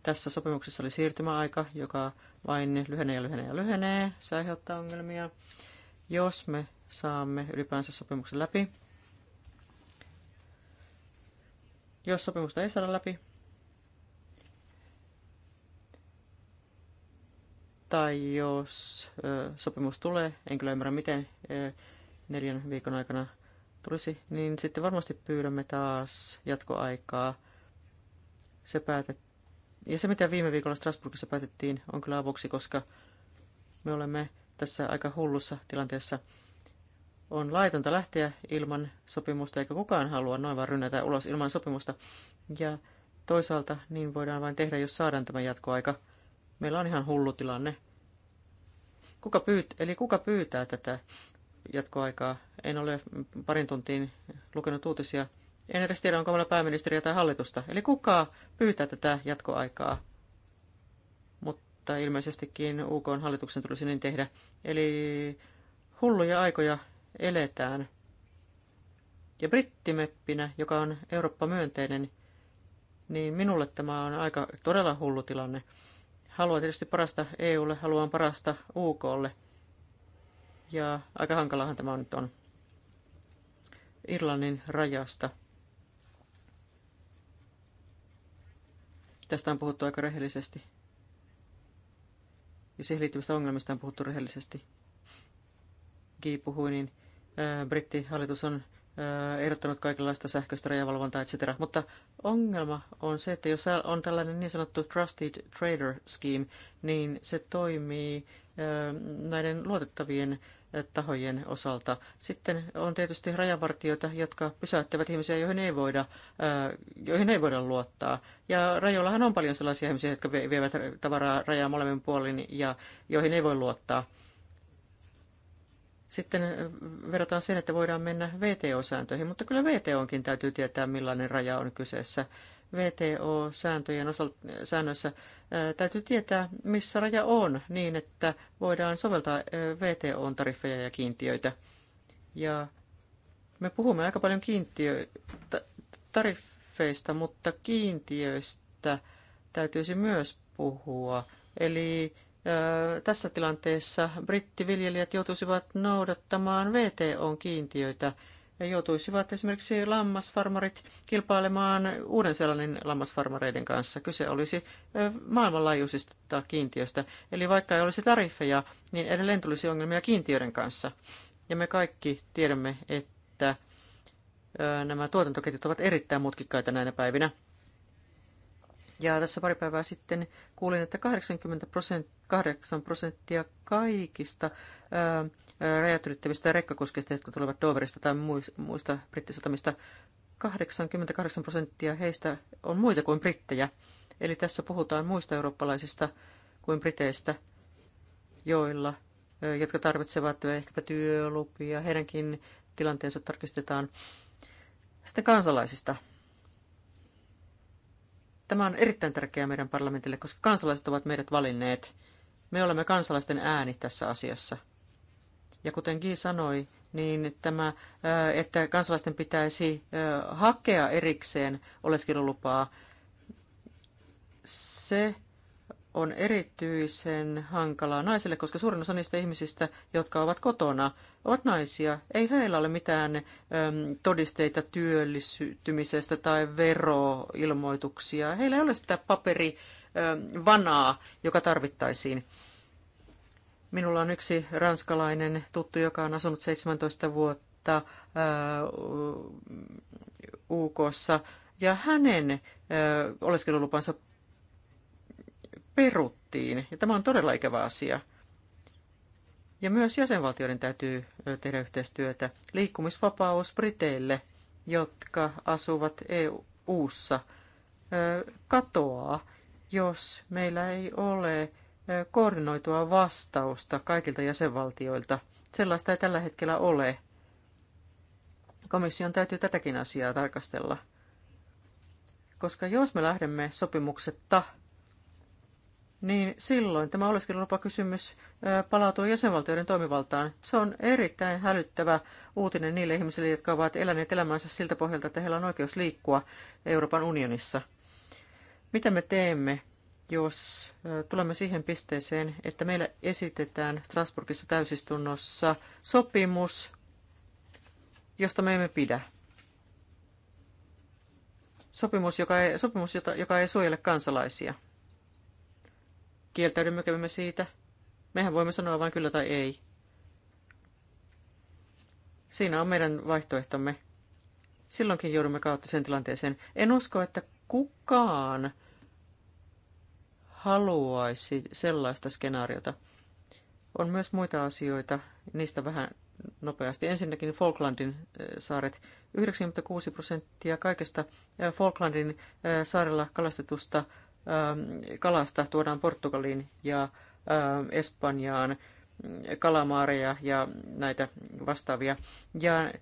Speaker 3: tässä sopimuksessa oli siirtymäaika, joka vain lyhenee ja lyhenee ja lyhenee. Se aiheuttaa ongelmia. Jos me saamme ylipäänsä sopimuksen läpi, jos sopimusta ei saada läpi, tai jos ö, sopimus tulee, en kyllä ymmärrä miten ö, neljän viikon aikana tulisi, niin sitten varmasti pyydämme taas jatkoaikaa. Se päätetään. Ja se, mitä viime viikolla Strasbourgissa päätettiin, on kyllä avuksi, koska me olemme tässä aika hullussa tilanteessa. On laitonta lähteä ilman sopimusta, eikä kukaan halua noin vaan rynnätä ulos ilman sopimusta. Ja toisaalta niin voidaan vain tehdä, jos saadaan tämä jatkoaika. Meillä on ihan hullu tilanne. Kuka pyyt- eli kuka pyytää tätä jatkoaikaa? En ole parin tuntiin lukenut uutisia en edes tiedä, onko meillä pääministeriä tai hallitusta. Eli kuka pyytää tätä jatkoaikaa? Mutta ilmeisestikin UK hallituksen tulisi niin tehdä. Eli hulluja aikoja eletään. Ja brittimeppinä, joka on Eurooppa-myönteinen, niin minulle tämä on aika todella hullu tilanne. Haluan tietysti parasta EUlle, haluan parasta UKlle. Ja aika hankalahan tämä nyt on. Irlannin rajasta – Tästä on puhuttu aika rehellisesti. Ja siihen liittyvistä ongelmista on puhuttu rehellisesti. Gi puhui, niin ää, brittihallitus on ää, ehdottanut kaikenlaista sähköistä rajavalvontaa, etc. Mutta ongelma on se, että jos on tällainen niin sanottu Trusted Trader Scheme, niin se toimii ää, näiden luotettavien tahojen osalta. Sitten on tietysti rajavartijoita, jotka pysäyttävät ihmisiä, joihin ei voida, äh, joihin ei voida luottaa. Ja rajoillahan on paljon sellaisia ihmisiä, jotka vievät tavaraa rajaa molemmin puolin ja joihin ei voi luottaa. Sitten verrataan sen, että voidaan mennä VTO-sääntöihin, mutta kyllä VTOnkin täytyy tietää, millainen raja on kyseessä. VTO-sääntöjen osalta, säännöissä Täytyy tietää, missä raja on, niin että voidaan soveltaa VTO-tariffeja ja kiintiöitä. Ja me puhumme aika paljon kiintiö, tariffeista, mutta kiintiöistä täytyisi myös puhua. Eli tässä tilanteessa brittiviljelijät joutuisivat noudattamaan VTOn kiintiöitä – joutuisivat esimerkiksi lammasfarmarit kilpailemaan uuden sellainen lammasfarmareiden kanssa. Kyse olisi maailmanlaajuisista kiintiöstä. Eli vaikka ei olisi tariffeja, niin edelleen tulisi ongelmia kiintiöiden kanssa. Ja me kaikki tiedämme, että nämä tuotantoketjut ovat erittäin mutkikkaita näinä päivinä. Ja tässä pari päivää sitten kuulin, että 80 prosenttia, 8 prosenttia kaikista rajat ylittävistä rekkakuskeista, jotka tulevat Doverista tai muista brittisatamista. 88 prosenttia heistä on muita kuin brittejä. Eli tässä puhutaan muista eurooppalaisista kuin briteistä, joilla, jotka tarvitsevat ehkäpä työlupia. Heidänkin tilanteensa tarkistetaan sitten kansalaisista. Tämä on erittäin tärkeää meidän parlamentille, koska kansalaiset ovat meidät valinneet. Me olemme kansalaisten ääni tässä asiassa. Ja kuten Gi sanoi, niin tämä, että kansalaisten pitäisi hakea erikseen oleskelulupaa, se on erityisen hankalaa naisille, koska suurin osa niistä ihmisistä, jotka ovat kotona, ovat naisia. Ei heillä ole mitään äm, todisteita työllistymisestä tai veroilmoituksia. Heillä ei ole sitä paperivanaa, joka tarvittaisiin. Minulla on yksi ranskalainen tuttu, joka on asunut 17 vuotta äh, UKssa, ja hänen äh, oleskelulupansa peruttiin, ja tämä on todella ikävä asia. Ja myös jäsenvaltioiden täytyy tehdä yhteistyötä. Liikkumisvapaus Briteille, jotka asuvat EU-ssa, katoaa, jos meillä ei ole koordinoitua vastausta kaikilta jäsenvaltioilta. Sellaista ei tällä hetkellä ole. Komission täytyy tätäkin asiaa tarkastella. Koska jos me lähdemme sopimuksetta, niin silloin tämä oleskelulupakysymys palautuu jäsenvaltioiden toimivaltaan. Se on erittäin hälyttävä uutinen niille ihmisille, jotka ovat eläneet elämänsä siltä pohjalta, että heillä on oikeus liikkua Euroopan unionissa. Mitä me teemme? jos tulemme siihen pisteeseen, että meillä esitetään Strasbourgissa täysistunnossa sopimus, josta me emme pidä. Sopimus, joka ei, sopimus, jota, joka ei suojele kansalaisia. Kieltäydymmekö me siitä? Mehän voimme sanoa vain kyllä tai ei. Siinä on meidän vaihtoehtomme. Silloinkin joudumme kautta sen tilanteeseen. En usko, että kukaan haluaisi sellaista skenaariota. On myös muita asioita, niistä vähän nopeasti. Ensinnäkin Falklandin äh, saaret. 96 prosenttia kaikesta äh, Falklandin äh, saarella kalastetusta ähm, kalasta tuodaan Portugaliin ja Espanjaan mm, kalamaareja ja näitä vastaavia. Ja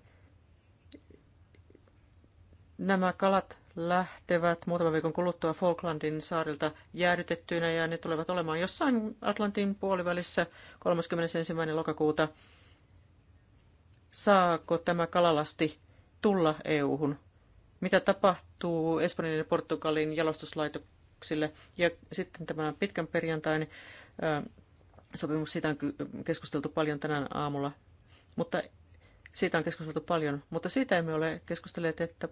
Speaker 3: nämä kalat lähtevät muutaman viikon kuluttua Falklandin saarilta jäädytettyinä ja ne tulevat olemaan jossain Atlantin puolivälissä 31. lokakuuta. Saako tämä kalalasti tulla EU-hun? Mitä tapahtuu Espanjan ja Portugalin jalostuslaitoksille? Ja sitten tämä pitkän perjantain sopimus, siitä on keskusteltu paljon tänään aamulla, mutta siitä on keskusteltu paljon, mutta siitä emme ole keskustelleet, että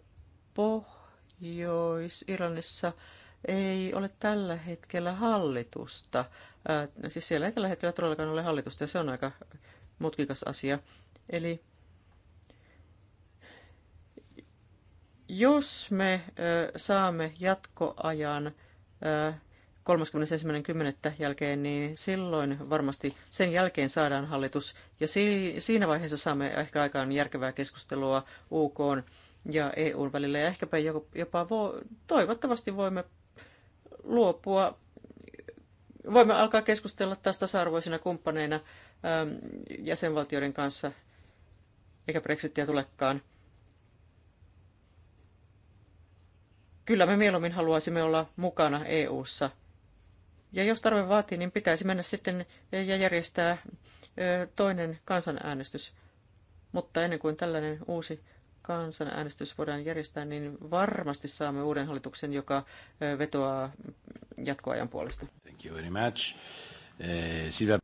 Speaker 3: poh joissa Irlannissa ei ole tällä hetkellä hallitusta. Ää, siis siellä ei tällä hetkellä todellakaan ole hallitusta ja se on aika mutkikas asia. Eli jos me ää, saamme jatkoajan ää, 31.10. jälkeen, niin silloin varmasti sen jälkeen saadaan hallitus. Ja si- siinä vaiheessa saamme ehkä aikaan järkevää keskustelua UK ja EUn välillä. Ja ehkäpä jopa vo, toivottavasti voimme luopua, voimme alkaa keskustella taas tasa-arvoisina kumppaneina äm, jäsenvaltioiden kanssa, eikä Brexitia tulekaan. Kyllä me mieluummin haluaisimme olla mukana EU:ssa. Ja jos tarve vaatii, niin pitäisi mennä sitten ja järjestää toinen kansanäänestys. Mutta ennen kuin tällainen uusi kansanäänestys voidaan järjestää, niin varmasti saamme uuden hallituksen, joka vetoaa jatkoajan puolesta.
Speaker 1: Thank you very much. Eh, Silvia...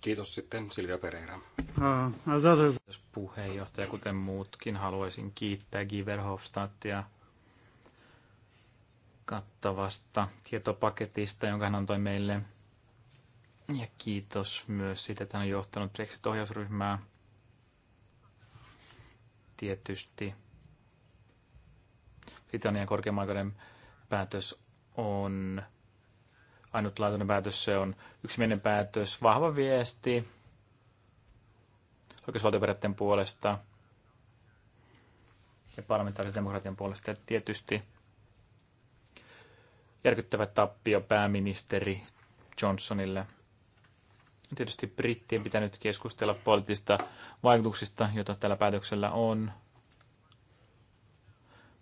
Speaker 1: Kiitos sitten Silvia Pereira.
Speaker 4: Jos ah, puheenjohtaja, kuten muutkin, haluaisin kiittää Giverhofstadtia kattavasta tietopaketista, jonka hän antoi meille. Ja kiitos myös siitä, että hän on johtanut Brexit-ohjausryhmää tietysti Britannian korkeimman päätös on ainutlaatuinen päätös, se on yksimielinen päätös, vahva viesti oikeusvaltioperiaatteen puolesta ja parlamentaarisen demokratian puolesta. Ja tietysti järkyttävä tappio pääministeri Johnsonille – Tietysti brittien pitänyt keskustella poliittisista vaikutuksista, joita tällä päätöksellä on.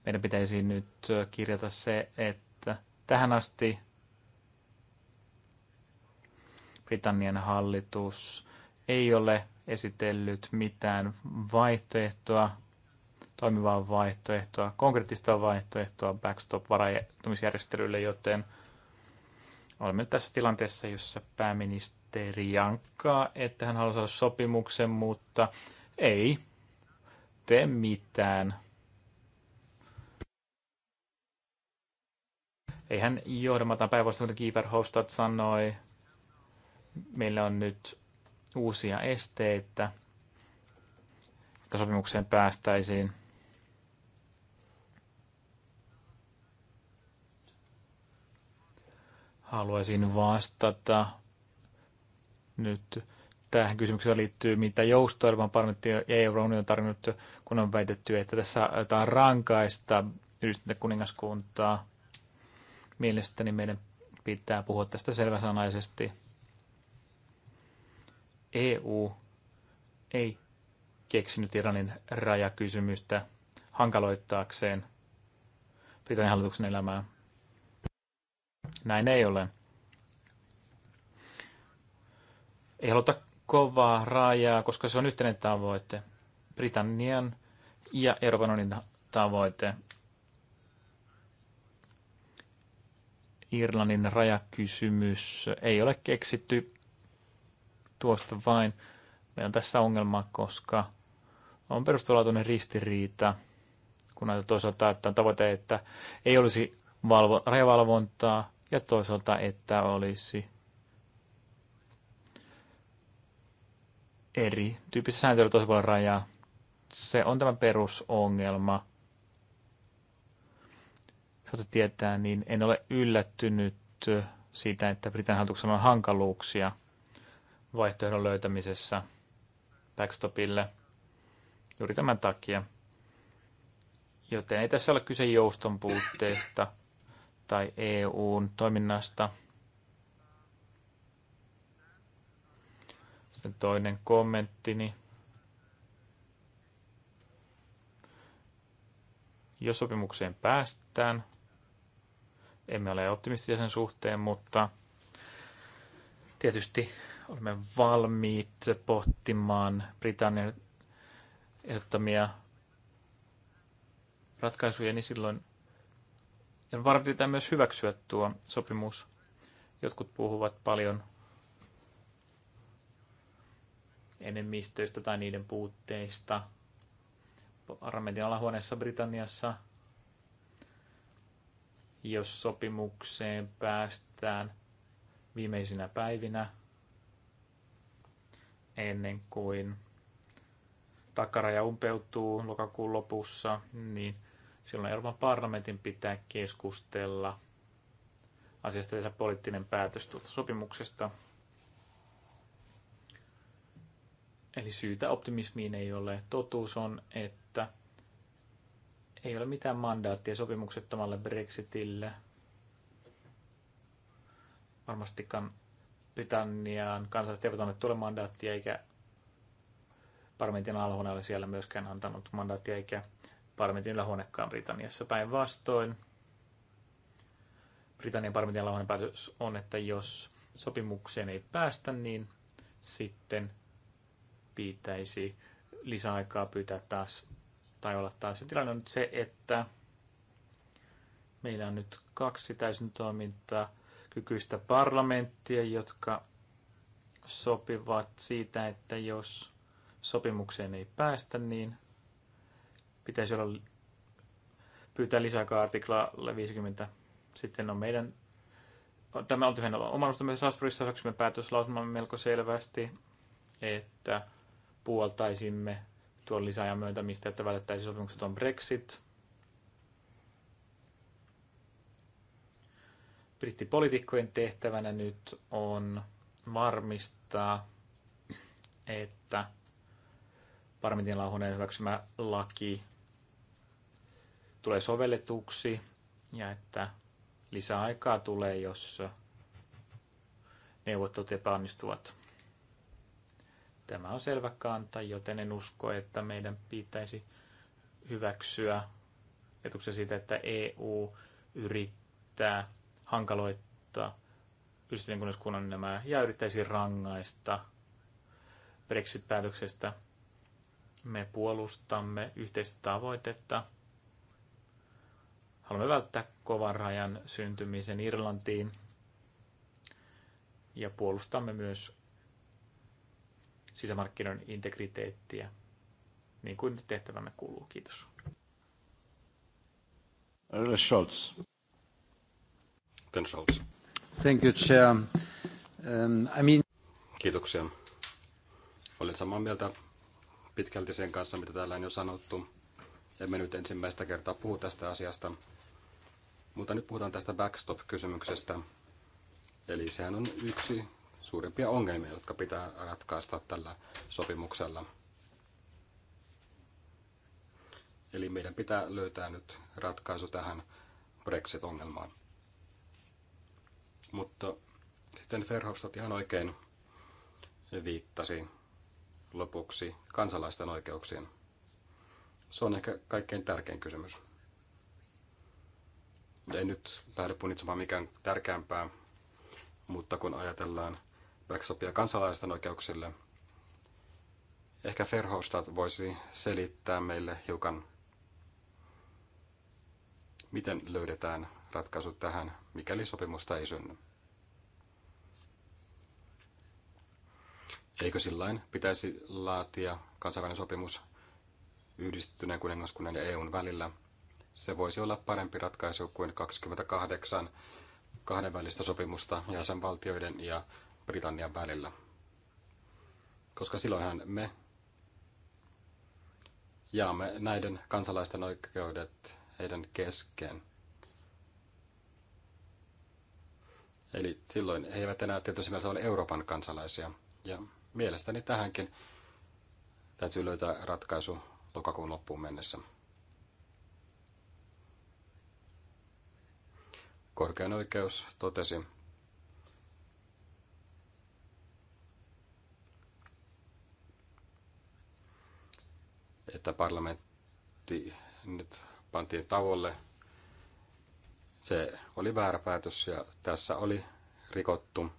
Speaker 4: Meidän pitäisi nyt kirjata se, että tähän asti Britannian hallitus ei ole esitellyt mitään vaihtoehtoa, toimivaa vaihtoehtoa, konkreettista vaihtoehtoa backstop-varautumisjärjestelylle, joten olemme tässä tilanteessa, jossa pääministeri Petteri jankkaa, että hän haluaa saada sopimuksen, mutta ei tee mitään. hän johdamataan päivästä, kuten Kiefer Hofstad sanoi, meillä on nyt uusia esteitä, että sopimukseen päästäisiin. Haluaisin vastata nyt tähän kysymykseen liittyy, mitä joustoa Euroopan parlamentti ja unioni on tarjonnut, kun on väitetty, että tässä jotain rankaista yhdistettä kuningaskuntaa. Mielestäni meidän pitää puhua tästä selväsanaisesti. EU ei keksinyt Iranin rajakysymystä hankaloittaakseen Britannian hallituksen elämää. Näin ei ole. ei haluta kovaa rajaa, koska se on yhteinen tavoite. Britannian ja Euroopan unionin tavoite. Irlannin rajakysymys ei ole keksitty tuosta vain. Meillä on tässä ongelma, koska on perustulaatuinen ristiriita, kun näitä toisaalta että on tavoite, että ei olisi valvo, rajavalvontaa ja toisaalta, että olisi eri tyyppisissä sääntelyä tosi paljon rajaa. Se on tämä perusongelma. Jos tietää, niin en ole yllättynyt siitä, että Britannian hallituksella on hankaluuksia vaihtoehdon löytämisessä backstopille juuri tämän takia. Joten ei tässä ole kyse jouston puutteesta tai EUn toiminnasta – Sitten toinen kommenttini. Jos sopimukseen päästään, emme ole optimistisia sen suhteen, mutta tietysti olemme valmiit pohtimaan Britannian ehdottamia ratkaisuja, niin silloin ja varmaan pitää myös hyväksyä tuo sopimus. Jotkut puhuvat paljon enemmistöistä tai niiden puutteista. Parlamentin alahuoneessa Britanniassa, jos sopimukseen päästään viimeisinä päivinä ennen kuin takaraja umpeutuu lokakuun lopussa, niin silloin Euroopan parlamentin pitää keskustella asiasta tehdä poliittinen päätös tuosta sopimuksesta – Eli syytä optimismiin ei ole. Totuus on, että ei ole mitään mandaattia sopimuksettomalle Brexitille. Varmastikaan Britannian kansalaiset eivät ole tule mandaattia, eikä parlamentin alhuone ole siellä myöskään antanut mandaattia, eikä parlamentin ylähuonekaan Britanniassa päinvastoin. Britannian parlamentin alhuone päätös on, että jos sopimukseen ei päästä, niin sitten – pitäisi lisäaikaa pyytää taas tai olla taas. Ja tilanne on nyt se, että meillä on nyt kaksi täysin toimintaa kykyistä parlamenttia, jotka sopivat siitä, että jos sopimukseen ei päästä, niin pitäisi olla pyytää lisäaikaa artiklalle 50. Sitten on meidän tämä on tyhjennä oman ostamme Strasbourgissa hyväksymme päätöslausuman melko selvästi, että puoltaisimme tuon lisäajan myöntämistä, että välttäisiin sopimukset on Brexit. Brittipolitiikkojen tehtävänä nyt on varmistaa, että parlamentin lauhuneen hyväksymä laki tulee sovelletuksi ja että lisäaikaa tulee, jos neuvottelut epäonnistuvat. Tämä on selvä kanta, joten en usko, että meidän pitäisi hyväksyä etuksen siitä, että EU yrittää hankaloittaa yhdistyneen kunnan nämä ja yrittäisi rangaista Brexit-päätöksestä. Me puolustamme yhteistä tavoitetta. Haluamme välttää kovan rajan syntymisen Irlantiin ja puolustamme myös sisämarkkinoiden integriteettiä, niin kuin tehtävämme kuuluu. Kiitos.
Speaker 1: Scholz. Ten Scholz. Thank you, Chair.
Speaker 2: Um, I mean... Kiitoksia. Olen samaa mieltä pitkälti sen kanssa, mitä täällä on jo sanottu. Emme nyt ensimmäistä kertaa puhu tästä asiasta, mutta nyt puhutaan tästä backstop-kysymyksestä. Eli sehän on yksi suurimpia ongelmia, jotka pitää ratkaista tällä sopimuksella. Eli meidän pitää löytää nyt ratkaisu tähän Brexit-ongelmaan. Mutta sitten Verhofstadt ihan oikein viittasi lopuksi kansalaisten oikeuksiin. Se on ehkä kaikkein tärkein kysymys. En nyt lähde punitsemaan mikään tärkeämpää, mutta kun ajatellaan backstopia kansalaisten oikeuksille. Ehkä Ferhofstadt voisi selittää meille hiukan, miten löydetään ratkaisu tähän, mikäli sopimusta ei synny. Eikö sillain pitäisi laatia kansainvälinen sopimus yhdistyneen kuningaskunnan ja EUn välillä? Se voisi olla parempi ratkaisu kuin 28 kahdenvälistä sopimusta jäsenvaltioiden ja Britannian välillä. Koska silloinhan me jaamme näiden kansalaisten oikeudet heidän kesken. Eli silloin he eivät enää tietysti mielessä ole Euroopan kansalaisia. Ja mielestäni tähänkin täytyy löytää ratkaisu lokakuun loppuun mennessä. Korkein oikeus totesi, että parlamentti nyt pantiin tavolle. Se oli väärä päätös ja tässä oli rikottu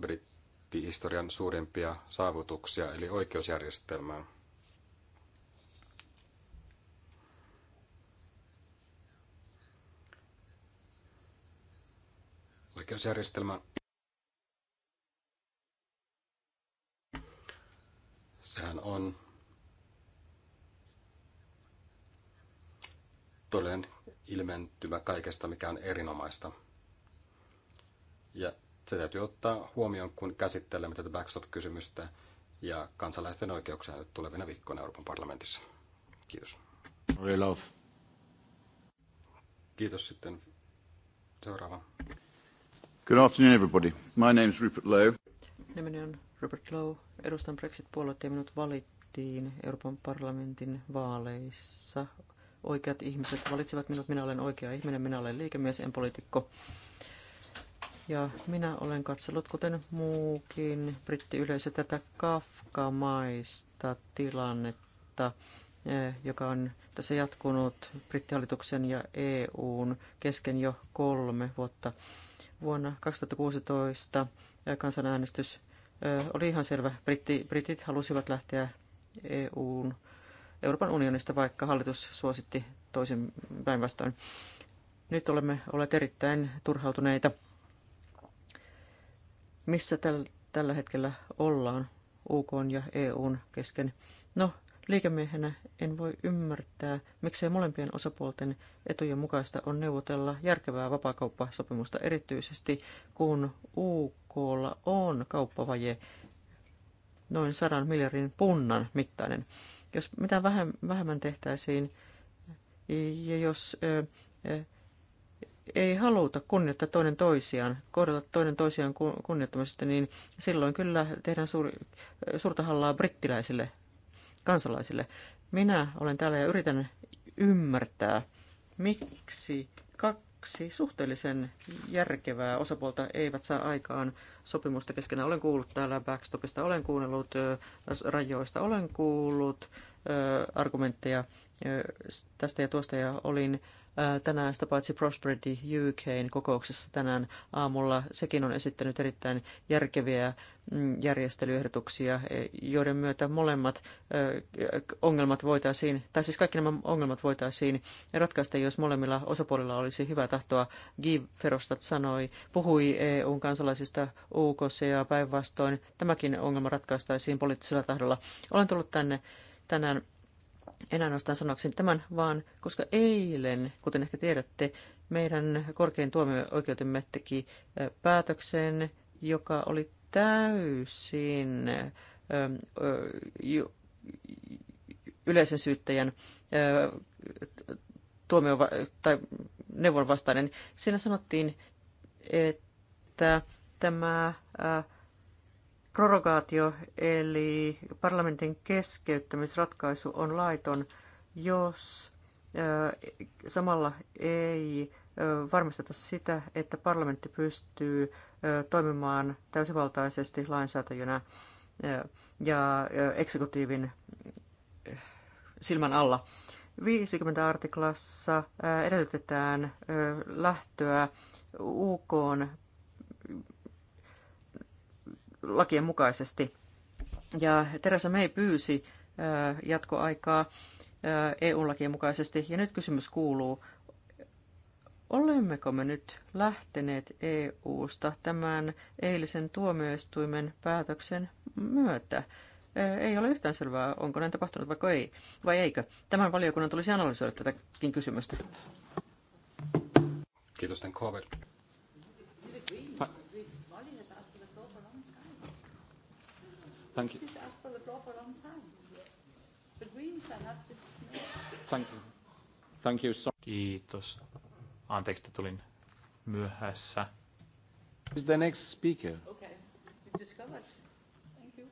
Speaker 2: brittihistorian suurimpia saavutuksia, eli oikeusjärjestelmää. Oikeusjärjestelmä Sehän on todellinen ilmentymä kaikesta, mikä on erinomaista. Ja se täytyy ottaa huomioon, kun käsittelemme tätä backstop-kysymystä ja kansalaisten oikeuksia nyt tulevina viikkoina Euroopan parlamentissa. Kiitos. We love. Kiitos sitten. Seuraava.
Speaker 1: Good afternoon everybody. My name is Rupert Lowe.
Speaker 2: Nimeni on
Speaker 3: Robert Lowe, edustan Brexit-puoluetta ja minut valittiin Euroopan parlamentin vaaleissa. Oikeat ihmiset valitsivat minut, minä olen oikea ihminen, minä olen liikemies, en poliitikko. Ja minä olen katsellut, kuten muukin brittiyleisö, tätä kafkamaista tilannetta, eh, joka on tässä jatkunut brittihallituksen ja EUn kesken jo kolme vuotta. Vuonna 2016 eh, kansanäänestys oli ihan selvä. Britti, britit halusivat lähteä EUn, Euroopan unionista, vaikka hallitus suositti toisen päinvastoin. Nyt olemme olleet erittäin turhautuneita. Missä täl, tällä hetkellä ollaan UK ja EUn kesken? No, Liikemiehenä en voi ymmärtää, miksei molempien osapuolten etujen mukaista on neuvotella järkevää vapaakauppasopimusta erityisesti, kun UKlla on kauppavaje noin 100 miljardin punnan mittainen. Jos mitä vähemmän tehtäisiin ja jos ei haluta kunnioittaa toinen toisiaan, kohdata toinen toisiaan kunnioittamista, niin silloin kyllä tehdään suuri, suurta hallaa brittiläisille kansalaisille. Minä olen täällä ja yritän ymmärtää, miksi kaksi suhteellisen järkevää osapuolta eivät saa aikaan sopimusta keskenään. Olen kuullut täällä backstopista, olen kuunnellut rajoista, olen kuullut argumentteja tästä ja tuosta ja olin tänään sitä paitsi Prosperity UKin kokouksessa tänään aamulla. Sekin on esittänyt erittäin järkeviä mm, järjestelyehdotuksia, e, joiden myötä molemmat ongelmat voitaisiin, tai siis kaikki nämä ongelmat voitaisiin ratkaista, jos molemmilla osapuolilla olisi hyvää tahtoa. Guy Ferostat sanoi, puhui EUn kansalaisista UKssa ja päinvastoin. Tämäkin ongelma ratkaistaisiin poliittisella tahdolla. Olen tullut tänne tänään en ainoastaan sanoksen tämän, vaan koska eilen, kuten ehkä tiedätte, meidän korkein tuomio-oikeutemme teki päätöksen, joka oli täysin yleisen syyttäjän tuomio tai neuvon vastainen. Siinä sanottiin, että tämä Prorogaatio eli parlamentin keskeyttämisratkaisu on laiton, jos samalla ei varmisteta sitä, että parlamentti pystyy toimimaan täysivaltaisesti lainsäätäjänä ja eksekutiivin silmän alla. 50 artiklassa edellytetään lähtöä UK lakien mukaisesti. Ja Teresa May pyysi jatkoaikaa EU-lakien mukaisesti. Ja nyt kysymys kuuluu, olemmeko me nyt lähteneet EU-sta tämän eilisen tuomioistuimen päätöksen myötä? Ei ole yhtään selvää, onko näin tapahtunut vaikka ei, vai eikö. Tämän valiokunnan tulisi analysoida tätäkin kysymystä.
Speaker 2: Kiitos, Kovel. Thank you.
Speaker 3: She's asked for the floor for a long time. The Greens are not just... Thank
Speaker 4: you. Thank you so Kiitos. Anteeksi, että tulin myöhässä. Is the next speaker?
Speaker 3: Okay. discovered. Thank you.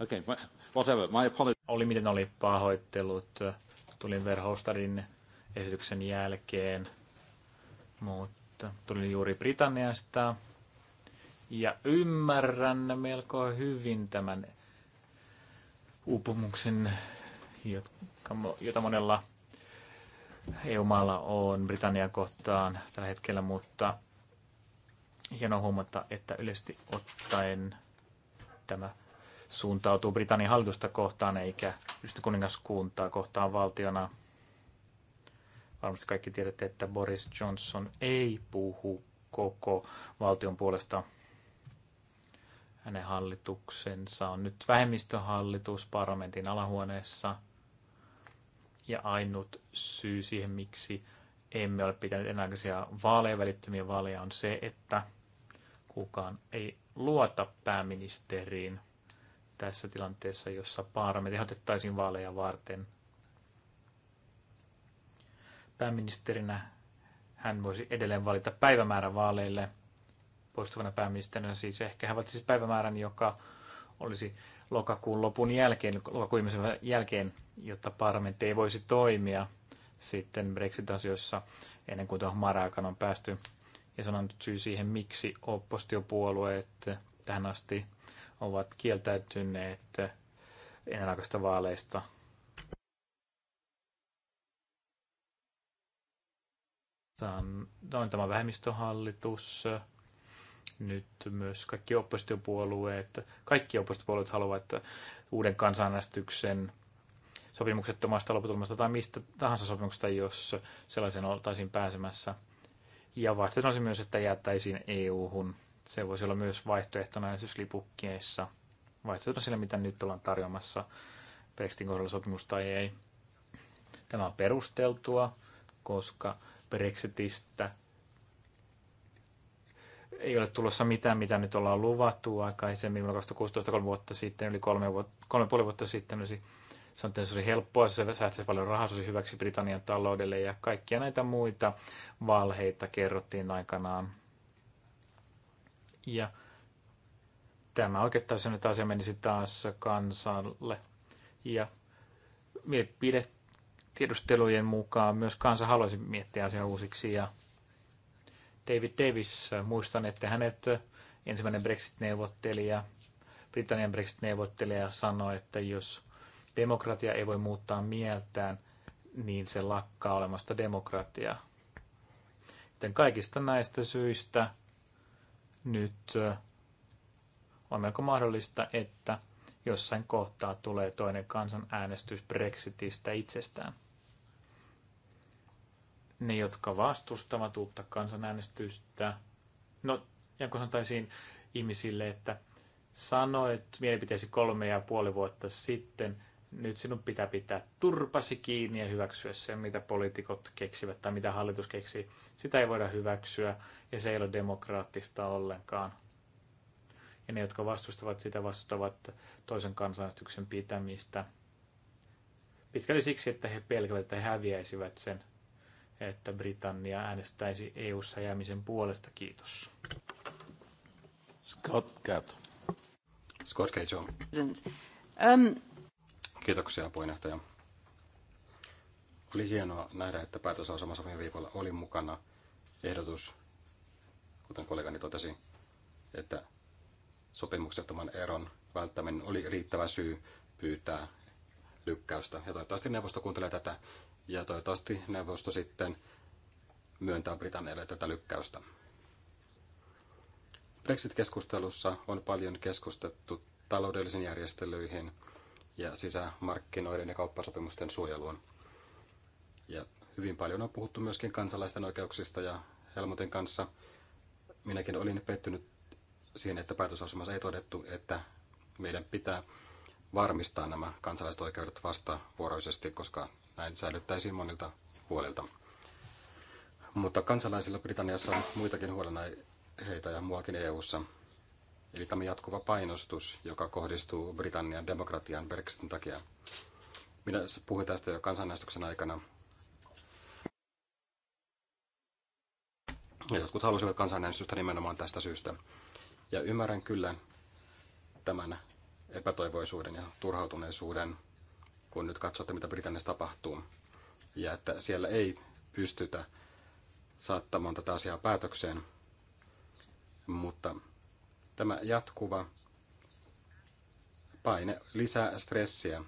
Speaker 4: Okay, whatever. My apologies. Oli miten oli pahoittelut. Tulin Verhofstadin esityksen jälkeen, mutta tulin juuri Britanniasta ja ymmärrän melko hyvin tämän uupumuksen, jota monella EU-maalla on Britannia kohtaan tällä hetkellä, mutta hienoa huomata, että yleisesti ottaen tämä suuntautuu Britannian hallitusta kohtaan eikä just kuningaskuntaa kohtaan valtiona. Varmasti kaikki tiedätte, että Boris Johnson ei puhu koko valtion puolesta hänen hallituksensa on nyt vähemmistöhallitus parlamentin alahuoneessa. Ja ainut syy siihen, miksi emme ole pitäneet ennenaikaisia vaaleja, välittömiä vaaleja, on se, että kukaan ei luota pääministeriin tässä tilanteessa, jossa parlamentti otettaisiin vaaleja varten. Pääministerinä hän voisi edelleen valita päivämäärän vaaleille – poistuvana pääministerinä. Siis ehkä hän valitsisi päivämäärän, joka olisi lokakuun lopun jälkeen, lokakuun jälkeen, jotta parlamentti ei voisi toimia sitten Brexit-asioissa ennen kuin tuohon Maraakan on päästy. Ja se on nyt syy siihen, miksi oppostiopuolueet tähän asti ovat kieltäytyneet ennenaikaisista vaaleista. on, tämä on tämä vähemmistöhallitus, nyt myös kaikki oppositiopuolueet, kaikki oppositiopuolueet haluavat uuden kansanäänestyksen sopimuksettomasta lopputulmasta tai mistä tahansa sopimuksesta, jos sellaisen oltaisiin pääsemässä. Ja vaihtoehto olisi myös, että jäättäisiin EU-hun. Se voisi olla myös vaihtoehtona äänestyslipukkeissa. Vaihtoehto sille, mitä nyt ollaan tarjoamassa Brexitin kohdalla sopimusta ei. Tämä on perusteltua, koska Brexitistä ei ole tulossa mitään, mitä nyt ollaan luvattu aikaisemmin. Vuonna 2016, kolme vuotta sitten, yli kolme, vuotta, kolme puoli vuotta sitten, olisi sanottu, että se oli helppoa, se säästäisi paljon rahaa, se oli hyväksi Britannian taloudelle ja kaikkia näitä muita valheita kerrottiin aikanaan. Ja tämä oikeastaan se nyt asia menisi taas kansalle. Ja mielipide tiedustelujen mukaan myös kansa haluaisi miettiä asiaa uusiksi ja David Davis, muistan, että hänet ensimmäinen Brexit-neuvottelija, Britannian Brexit-neuvottelija sanoi, että jos demokratia ei voi muuttaa mieltään, niin se lakkaa olemasta demokratiaa. Joten kaikista näistä syistä nyt eh, on melko mahdollista, että jossain kohtaa tulee toinen kansanäänestys Brexitistä itsestään ne, jotka vastustavat uutta kansanäänestystä. No, ja kun sanotaisiin ihmisille, että sanoit mielipiteesi kolme ja puoli vuotta sitten, nyt sinun pitää pitää turpasi kiinni ja hyväksyä se, mitä poliitikot keksivät tai mitä hallitus keksii. Sitä ei voida hyväksyä ja se ei ole demokraattista ollenkaan. Ja ne, jotka vastustavat sitä, vastustavat toisen kansanäänestyksen pitämistä. Pitkälti siksi, että he pelkävät, että he häviäisivät sen että Britannia äänestäisi EU-ssa jäämisen
Speaker 2: puolesta. Kiitos. Scott Cato. Scott Cato. Um. Kiitoksia puheenjohtaja. Oli hienoa nähdä, että päätösasemassa viime viikolla oli mukana ehdotus, kuten kollegani totesi, että sopimuksettoman eron välttäminen oli riittävä syy pyytää lykkäystä. Ja toivottavasti neuvosto kuuntelee tätä ja toivottavasti neuvosto sitten myöntää Britannialle tätä lykkäystä. Brexit-keskustelussa on paljon keskustettu taloudellisiin järjestelyihin ja sisämarkkinoiden ja kauppasopimusten suojeluun. Ja hyvin paljon on puhuttu myöskin kansalaisten oikeuksista ja Helmutin kanssa minäkin olin pettynyt siihen, että päätösasemassa ei todettu, että meidän pitää varmistaa nämä kansalaiset oikeudet vastavuoroisesti, koska näin säädettäisiin monilta huolilta. Mutta kansalaisilla Britanniassa on muitakin huolenaiheita ja muuakin EU-ssa. Eli tämä jatkuva painostus, joka kohdistuu Britannian demokratian Brexitin takia. Minä puhuin tästä jo kansanäänestyksen aikana. Ja jotkut halusivat kansanäänestystä nimenomaan tästä syystä. Ja ymmärrän kyllä tämän epätoivoisuuden ja turhautuneisuuden kun nyt katsotte, mitä Britanniassa tapahtuu. Ja että siellä ei pystytä saattamaan tätä asiaa päätökseen. Mutta tämä jatkuva paine lisää stressiä.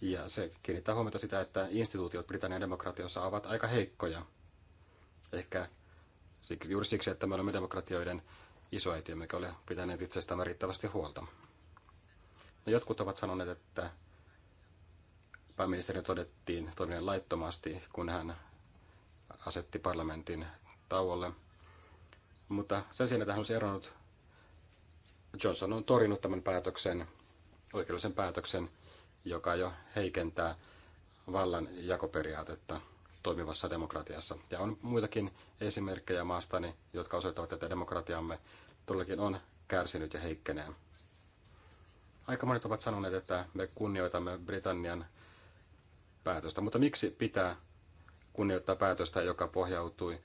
Speaker 2: Ja se kiinnittää huomiota sitä, että instituutiot Britannian demokratiossa ovat aika heikkoja. Ehkä juuri siksi, että me olemme demokratioiden isoäiti, mikä ole pitäneet itsestään riittävästi huolta. No, jotkut ovat sanoneet, että pääministeri todettiin toimineen laittomasti, kun hän asetti parlamentin tauolle. Mutta sen sijaan, että hän olisi eronnut, Johnson on torjunut tämän päätöksen, oikeudellisen päätöksen, joka jo heikentää vallan jakoperiaatetta toimivassa demokratiassa. Ja on muitakin esimerkkejä maastani, jotka osoittavat, että demokratiamme todellakin on kärsinyt ja heikkenee. Aika monet ovat sanoneet, että me kunnioitamme Britannian päätöstä, mutta miksi pitää kunnioittaa päätöstä, joka pohjautui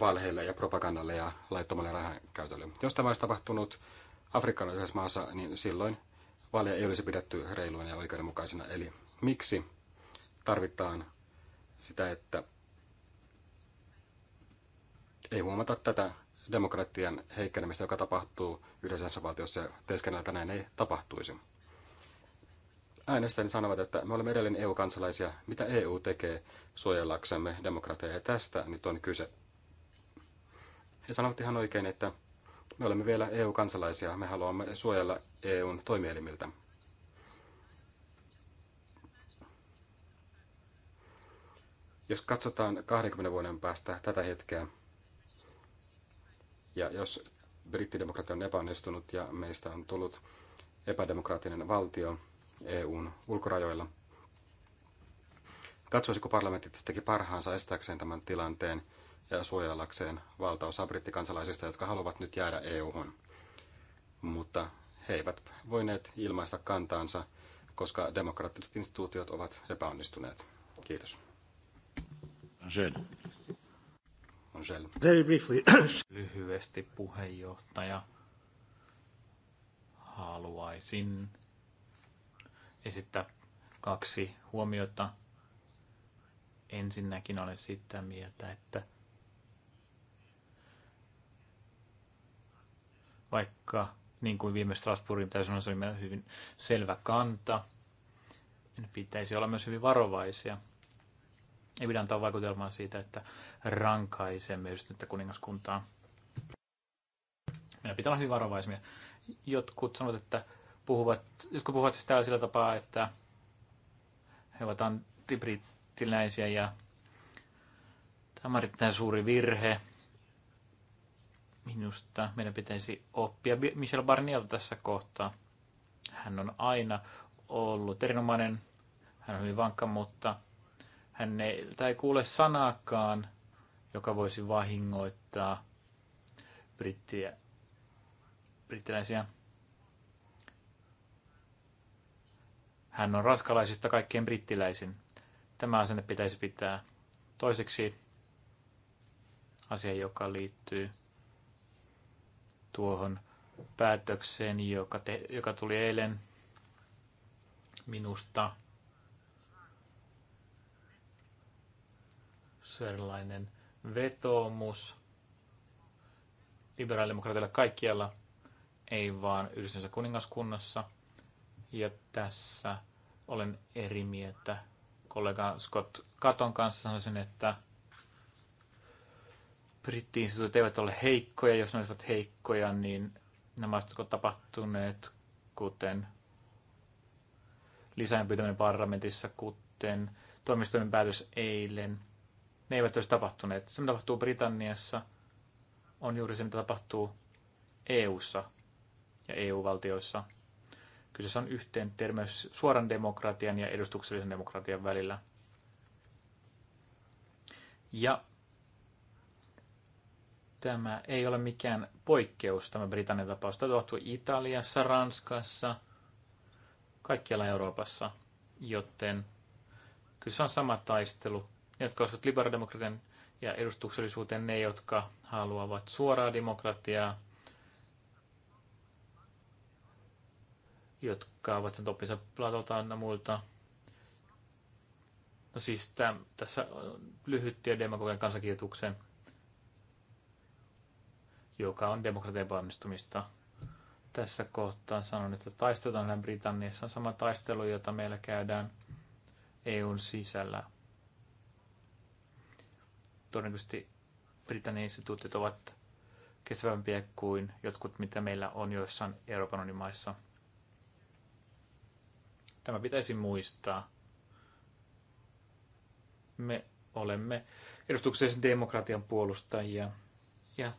Speaker 2: valheille ja propagandalle ja laittomalle rahan käytölle. Jos tämä olisi tapahtunut yhdessä maassa, niin silloin vaaleja ei olisi pidetty reiluina ja oikeudenmukaisina. Eli miksi tarvitaan sitä, että ei huomata tätä demokratian heikkenemistä, joka tapahtuu yhdessä valtiossa ja teeskennellä näin ei tapahtuisi. Äänestäjät sanovat, että me olemme edelleen EU-kansalaisia. Mitä EU tekee suojellaksemme demokratiaa? Ja tästä nyt on kyse. He sanovat ihan oikein, että me olemme vielä EU-kansalaisia. Me haluamme suojella EUn toimielimiltä. Jos katsotaan 20 vuoden päästä tätä hetkeä, ja jos brittidemokratia on epäonnistunut ja meistä on tullut epädemokraattinen valtio EUn ulkorajoilla, katsoisiko parlamentti teki parhaansa estääkseen tämän tilanteen ja suojellakseen valtaosa brittikansalaisista, jotka haluavat nyt jäädä EUhun. Mutta he eivät voineet ilmaista kantaansa, koska demokraattiset instituutiot ovat epäonnistuneet. Kiitos. Schön selvä.
Speaker 1: Very briefly. Lyhyesti
Speaker 4: puheenjohtaja. Haluaisin esittää kaksi huomiota. Ensinnäkin olen sitä mieltä, että vaikka niin kuin viime Strasbourgin täysin oli hyvin selvä kanta, niin pitäisi olla myös hyvin varovaisia – ei pidä antaa vaikutelmaa siitä, että rankaisemme yhdistynyttä kuningaskuntaa. Meidän pitää olla hyvin varovaisia. Jotkut sanovat, että puhuvat, jotkut puhuvat siis täällä sillä tapaa, että he ovat antibrittiläisiä ja tämä on erittäin suuri virhe minusta meidän pitäisi oppia Michel Barnielta tässä kohtaa. Hän on aina ollut erinomainen, hän on hyvin vankka, mutta hän ei kuule sanaakaan, joka voisi vahingoittaa brittiä, brittiläisiä. Hän on raskalaisista kaikkien brittiläisin. Tämä asenne pitäisi pitää. Toiseksi asia, joka liittyy tuohon päätökseen, joka, te, joka tuli eilen minusta sellainen vetoomus liberaalidemokraateilla kaikkialla, ei vaan yhdessä kuningaskunnassa. Ja tässä olen eri mieltä kollega Scott Katon kanssa sanoisin, että brittiinstituutit eivät ole heikkoja. Jos ne olisivat heikkoja, niin nämä olisivat tapahtuneet, kuten pyytäminen parlamentissa, kuten toimistojen päätös eilen – ne eivät olisi tapahtuneet. Se, mitä tapahtuu Britanniassa, on juuri se, mitä tapahtuu EU:ssa ja EU-valtioissa. Kyseessä on yhteen termeys suoran demokratian ja edustuksellisen demokratian välillä. Ja tämä ei ole mikään poikkeus, tämä Britannian tapaus. Tämä tapahtuu Italiassa, Ranskassa, kaikkialla Euroopassa, joten kyse on sama taistelu jotka uskovat liberaalidemokratian ja edustuksellisuuteen ne, jotka haluavat suoraa demokratiaa, jotka ovat sen oppinsa Platolta muilta. No siis tämän, tässä lyhyt ja demagogian kansankirjoitukseen, joka on demokratian varmistumista. Tässä kohtaa sanon, että taistelutaan Britanniassa on sama taistelu, jota meillä käydään EUn sisällä todennäköisesti Britannian instituutit ovat kestävämpiä kuin jotkut, mitä meillä on joissain Euroopan unimaissa. Tämä pitäisi muistaa. Me olemme edustuksellisen demokratian puolustajia ja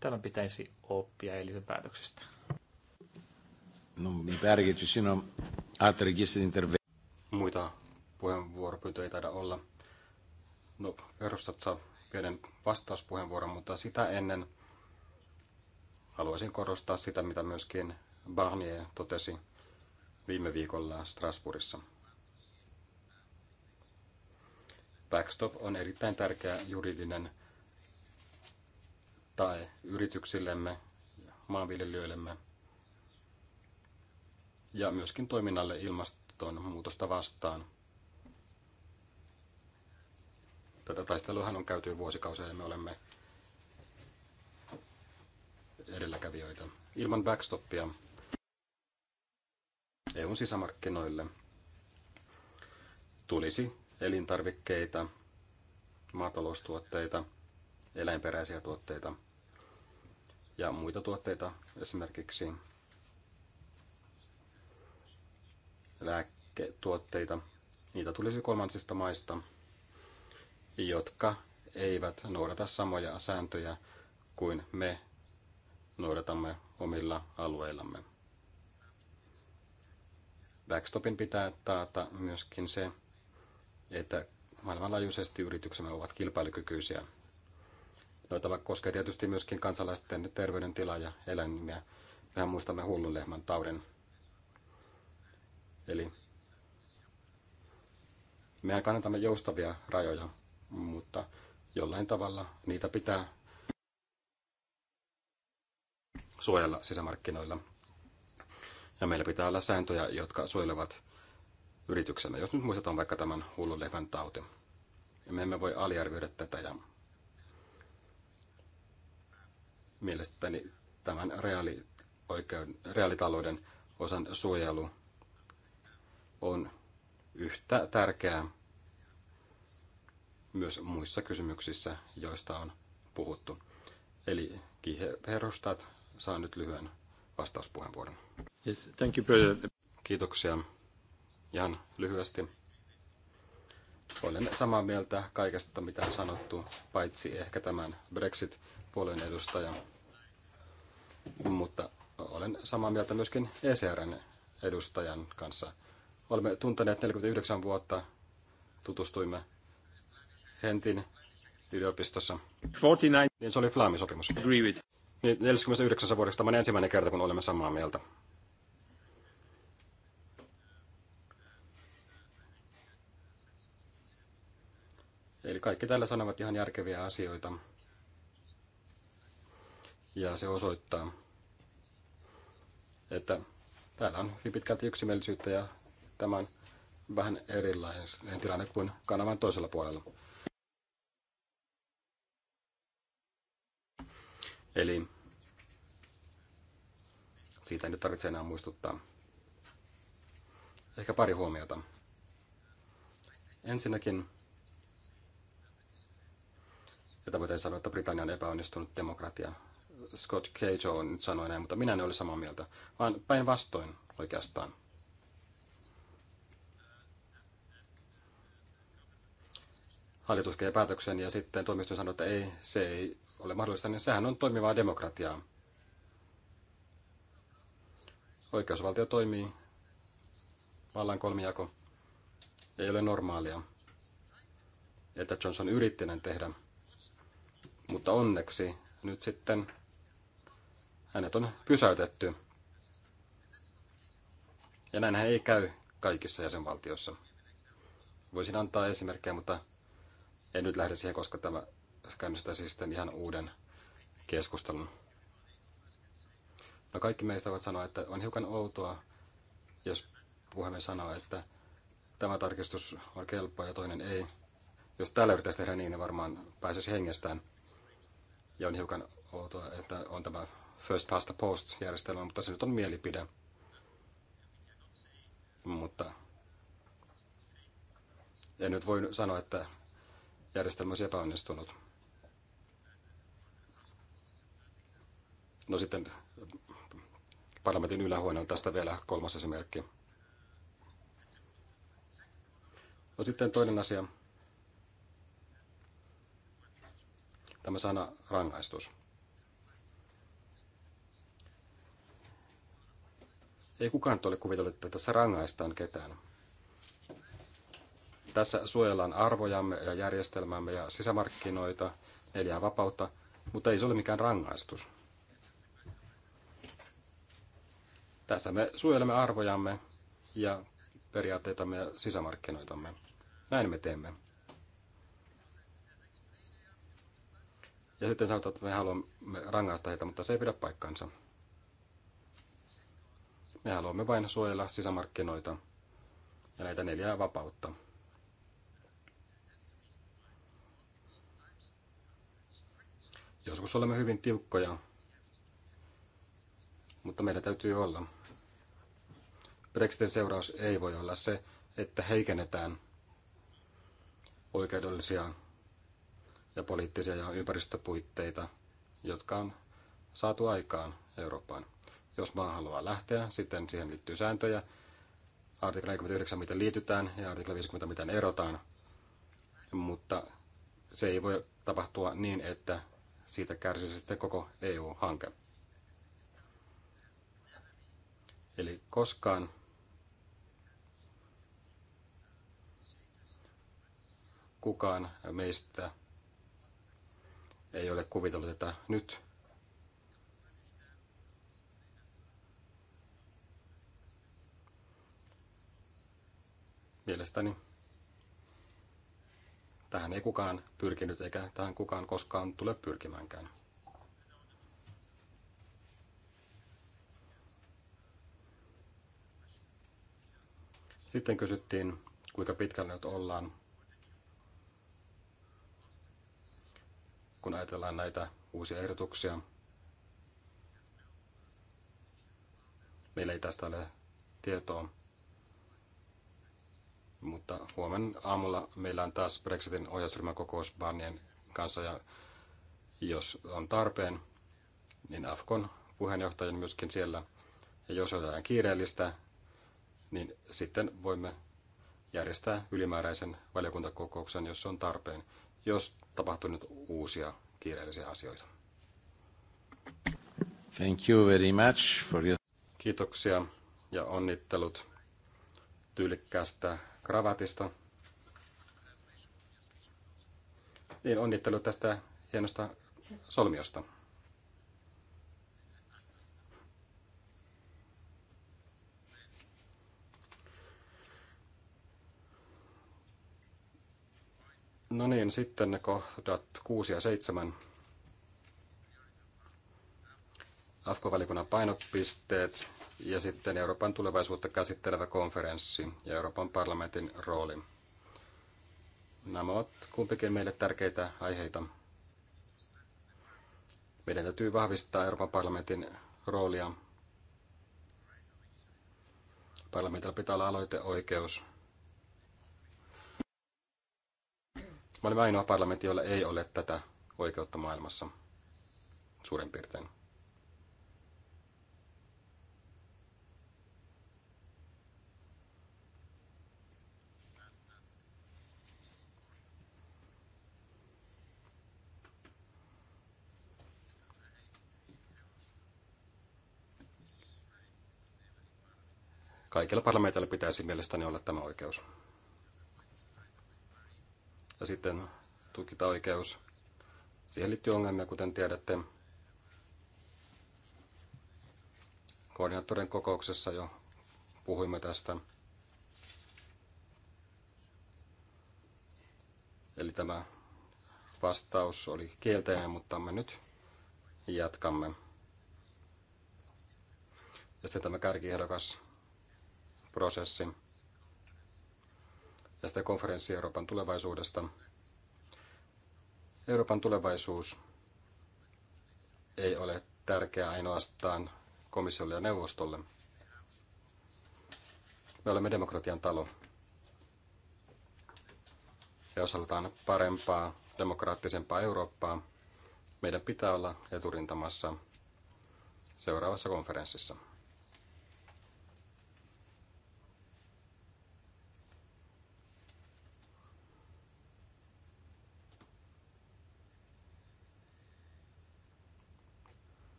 Speaker 4: tämä pitäisi oppia eilisen päätöksestä.
Speaker 1: No, mi pare che ci siano altre richieste di intervento. Muita
Speaker 2: puheenvuoropyyntöjä ei taida olla. No, perustat saa pienen vastauspuheenvuoron, mutta sitä ennen haluaisin korostaa sitä, mitä myöskin Barnier totesi viime viikolla Strasbourgissa. Backstop on erittäin tärkeä juridinen tai yrityksillemme, maanviljelijöillemme ja myöskin toiminnalle ilmastonmuutosta vastaan. Tätä taisteluhan on käyty vuosikausia ja me olemme edelläkävijöitä. Ilman backstoppia EUn sisämarkkinoille tulisi elintarvikkeita, maataloustuotteita, eläinperäisiä tuotteita ja muita tuotteita, esimerkiksi lääketuotteita. Niitä tulisi kolmansista maista – jotka eivät noudata samoja sääntöjä kuin me noudatamme omilla alueillamme. Backstopin pitää taata myöskin se, että maailmanlaajuisesti yrityksemme ovat kilpailukykyisiä. Noitava koskee tietysti myöskin kansalaisten terveydentilaa ja eläimiä. Mehän muistamme hullun lehmän tauden. Eli mehän kannatamme joustavia rajoja mutta jollain tavalla niitä pitää suojella sisämarkkinoilla. Ja meillä pitää olla sääntöjä, jotka suojelevat yrityksemme. Jos nyt muistetaan vaikka tämän hullun lehmän tauti. Niin me emme voi aliarvioida tätä ja mielestäni tämän reaali oikeuden, reaalitalouden osan suojelu on yhtä tärkeää myös muissa kysymyksissä, joista on puhuttu. Eli Kihe saa nyt lyhyen vastauspuheenvuoron. Yes, thank you, brother. Kiitoksia. Ihan lyhyesti. Olen samaa mieltä kaikesta, mitä on sanottu, paitsi ehkä tämän Brexit-puolen edustaja. Mutta olen samaa mieltä myöskin ECRn edustajan kanssa. Olemme tunteneet 49 vuotta, tutustuimme Hentin yliopistossa. 49. Niin se oli Flamin sopimus. Agree with. Niin 49 vuodeksi tämä on ensimmäinen kerta, kun olemme samaa mieltä. Eli kaikki tällä sanovat ihan järkeviä asioita. Ja se osoittaa, että täällä on hyvin pitkälti yksimielisyyttä ja tämä on vähän erilainen tilanne kuin kanavan toisella puolella. Eli siitä ei nyt tarvitse enää muistuttaa. Ehkä pari huomiota. Ensinnäkin, että voitaisiin sanoa, että Britannia on epäonnistunut demokratia. Scott on nyt sanoi näin, mutta minä en ole samaa mieltä, vaan päinvastoin oikeastaan. Hallitus tekee päätöksen ja sitten tuomioistuin sanoo, että ei, se ei ole mahdollista, niin sehän on toimivaa demokratiaa. Oikeusvaltio toimii, vallan kolmijako ei ole normaalia, että Johnson yritti näin tehdä. Mutta onneksi nyt sitten hänet on pysäytetty. Ja näinhän ei käy kaikissa jäsenvaltioissa. Voisin antaa esimerkkejä, mutta en nyt lähde siihen, koska tämä käynnistäisi siis sitten ihan uuden keskustelun. No kaikki meistä voivat sanoa, että on hiukan outoa, jos puhemies sanoo, että tämä tarkistus on kelpoa ja toinen ei. Jos tällä yrittäisi tehdä niin, niin varmaan pääsisi hengestään. Ja on hiukan outoa, että on tämä first past the post järjestelmä, mutta se nyt on mielipide. Mutta en nyt voi sanoa, että järjestelmä olisi epäonnistunut. No sitten parlamentin ylähuone on tästä vielä kolmas esimerkki. No sitten toinen asia. Tämä sana rangaistus. Ei kukaan ole kuvitellut, että tässä rangaistaan ketään. Tässä suojellaan arvojamme ja järjestelmämme ja sisämarkkinoita, neljää vapautta, mutta ei se ole mikään rangaistus. Tässä me suojelemme arvojamme ja periaatteitamme ja sisämarkkinoitamme. Näin me teemme. Ja sitten sanotaan, että me haluamme rangaista heitä, mutta se ei pidä paikkansa. Me haluamme vain suojella sisämarkkinoita ja näitä neljää vapautta. Joskus olemme hyvin tiukkoja, mutta meidän täytyy olla. Brexitin seuraus ei voi olla se, että heikennetään oikeudellisia ja poliittisia ja ympäristöpuitteita, jotka on saatu aikaan Eurooppaan. Jos maa haluaa lähteä, sitten siihen liittyy sääntöjä. Artikla 49, miten liitytään, ja artikla 50, miten erotaan. Mutta se ei voi tapahtua niin, että siitä kärsisi sitten koko EU-hanke. Eli koskaan Kukaan meistä ei ole kuvitellut, että nyt mielestäni tähän ei kukaan pyrkinyt eikä tähän kukaan koskaan tule pyrkimäänkään. Sitten kysyttiin, kuinka pitkälle nyt ollaan kun ajatellaan näitä uusia ehdotuksia. Meillä ei tästä ole tietoa, mutta huomenna aamulla meillä on taas Brexitin ohjausryhmän kokous Barnien kanssa ja jos on tarpeen, niin Afkon puheenjohtajan myöskin siellä. Ja jos on jotain kiireellistä, niin sitten voimme järjestää ylimääräisen valiokuntakokouksen, jos on tarpeen jos tapahtuu nyt uusia kiireellisiä asioita.
Speaker 1: Thank you very much for your...
Speaker 2: Kiitoksia ja onnittelut tyylikkäästä kravatista. Niin, onnittelut tästä hienosta solmiosta. No niin, sitten ne kohdat 6 ja 7. AFKO-valikunnan painopisteet ja sitten Euroopan tulevaisuutta käsittelevä konferenssi ja Euroopan parlamentin rooli. Nämä ovat kumpikin meille tärkeitä aiheita. Meidän täytyy vahvistaa Euroopan parlamentin roolia. Parlamentilla pitää olla aloiteoikeus Me olemme ainoa parlamentti, jolla ei ole tätä oikeutta maailmassa suurin piirtein. Kaikilla parlamentilla pitäisi mielestäni olla tämä oikeus. Ja sitten tutkintaoikeus. Siihen liittyy ongelmia, kuten tiedätte. Koordinaattorin kokouksessa jo puhuimme tästä. Eli tämä vastaus oli kielteinen, mutta me nyt jatkamme. Ja sitten tämä kärkiehdokas prosessi ja sitä konferenssia Euroopan tulevaisuudesta. Euroopan tulevaisuus ei ole tärkeä ainoastaan komissiolle ja neuvostolle. Me olemme demokratian talo. Ja jos halutaan parempaa, demokraattisempaa Eurooppaa, meidän pitää olla eturintamassa seuraavassa konferenssissa.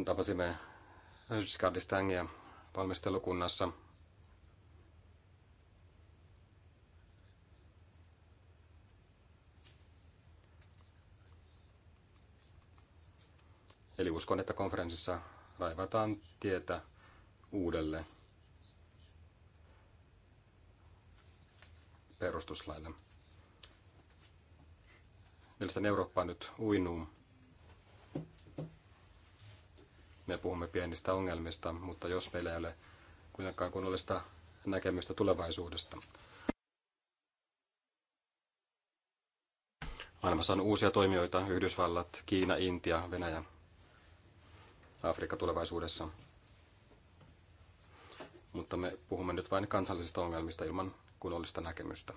Speaker 2: kun tapasimme Skadistangia valmistelukunnassa. Eli uskon, että konferenssissa raivataan tietä uudelle perustuslaille. Mielestäni Eurooppa nyt uinuu me puhumme pienistä ongelmista, mutta jos meillä ei ole kuitenkaan kunnollista näkemystä tulevaisuudesta. Maailmassa on uusia toimijoita, Yhdysvallat, Kiina, Intia, Venäjä, Afrikka tulevaisuudessa. Mutta me puhumme nyt vain kansallisista ongelmista ilman kunnollista näkemystä.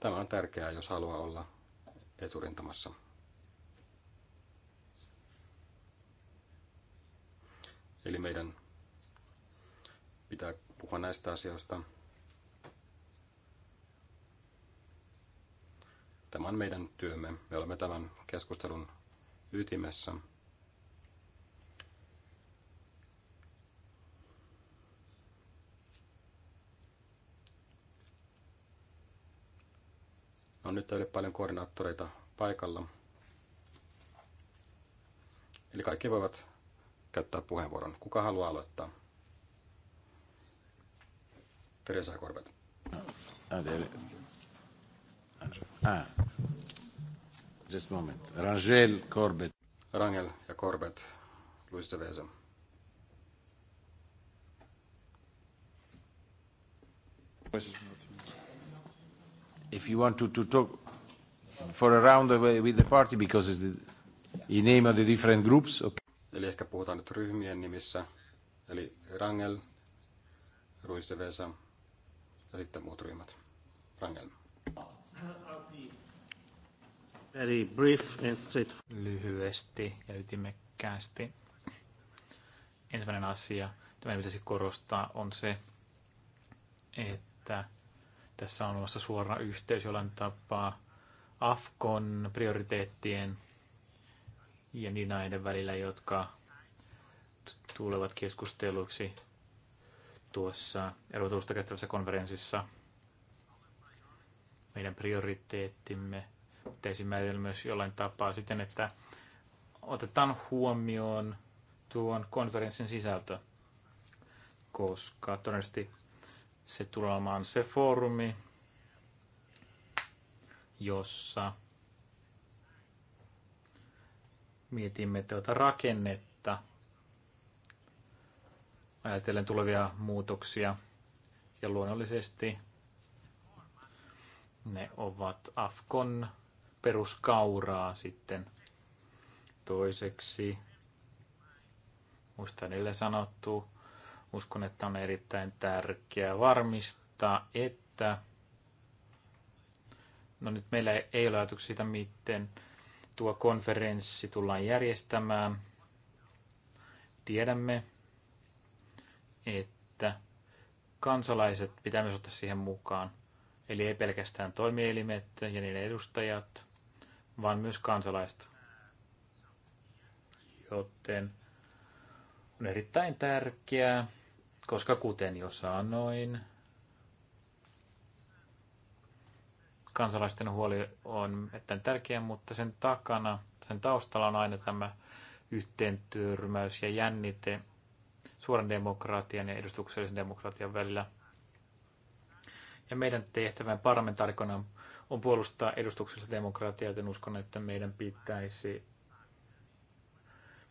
Speaker 2: Tämä on tärkeää, jos haluaa olla eturintamassa. Eli meidän pitää puhua näistä asioista. Tämä on meidän työmme. Me olemme tämän keskustelun ytimessä. No nyt ei ole paljon koordinaattoreita paikalla. Eli kaikki voivat käyttää puheenvuoron. Kuka haluaa aloittaa? Teresa Korvet.
Speaker 1: Ah, ah, just moment. Rangel, Corbett.
Speaker 2: Rangel ja Corbett, Luis de Vesa.
Speaker 1: If you want to, to talk for a round with the party because it's the, in name of the different groups, okay.
Speaker 2: Eli ehkä puhutaan nyt ryhmien nimissä. Eli Rangel, Ruiz de Vesa ja sitten muut ryhmät. Rangel. Very
Speaker 4: brief and Lyhyesti ja ytimekkäästi. Ensimmäinen asia, mitä pitäisi korostaa, on se, että tässä on olemassa suora yhteys jollain tapaa Afkon prioriteettien ja niin näiden välillä, jotka tulevat keskusteluksi tuossa erotusta käsittävässä konferenssissa. Meidän prioriteettimme pitäisi määritellä myös jollain tapaa siten, että otetaan huomioon tuon konferenssin sisältö, koska todennäköisesti se tulee olemaan se foorumi, jossa mietimme tuota rakennetta ajatellen tulevia muutoksia. Ja luonnollisesti ne ovat Afkon peruskauraa sitten toiseksi. muista niille sanottu, uskon, että on erittäin tärkeää varmistaa, että no nyt meillä ei ole ajatuksia siitä, miten tuo konferenssi tullaan järjestämään. Tiedämme, että kansalaiset pitää myös ottaa siihen mukaan. Eli ei pelkästään toimielimet ja niiden edustajat, vaan myös kansalaiset. Joten on erittäin tärkeää, koska kuten jo sanoin, kansalaisten huoli on erittäin tärkeä, mutta sen takana, sen taustalla on aina tämä yhteen ja jännite suoran demokratian ja edustuksellisen demokratian välillä. Ja meidän tehtävän parlamentaarikona on puolustaa edustuksellista demokratiaa, joten uskon, että meidän pitäisi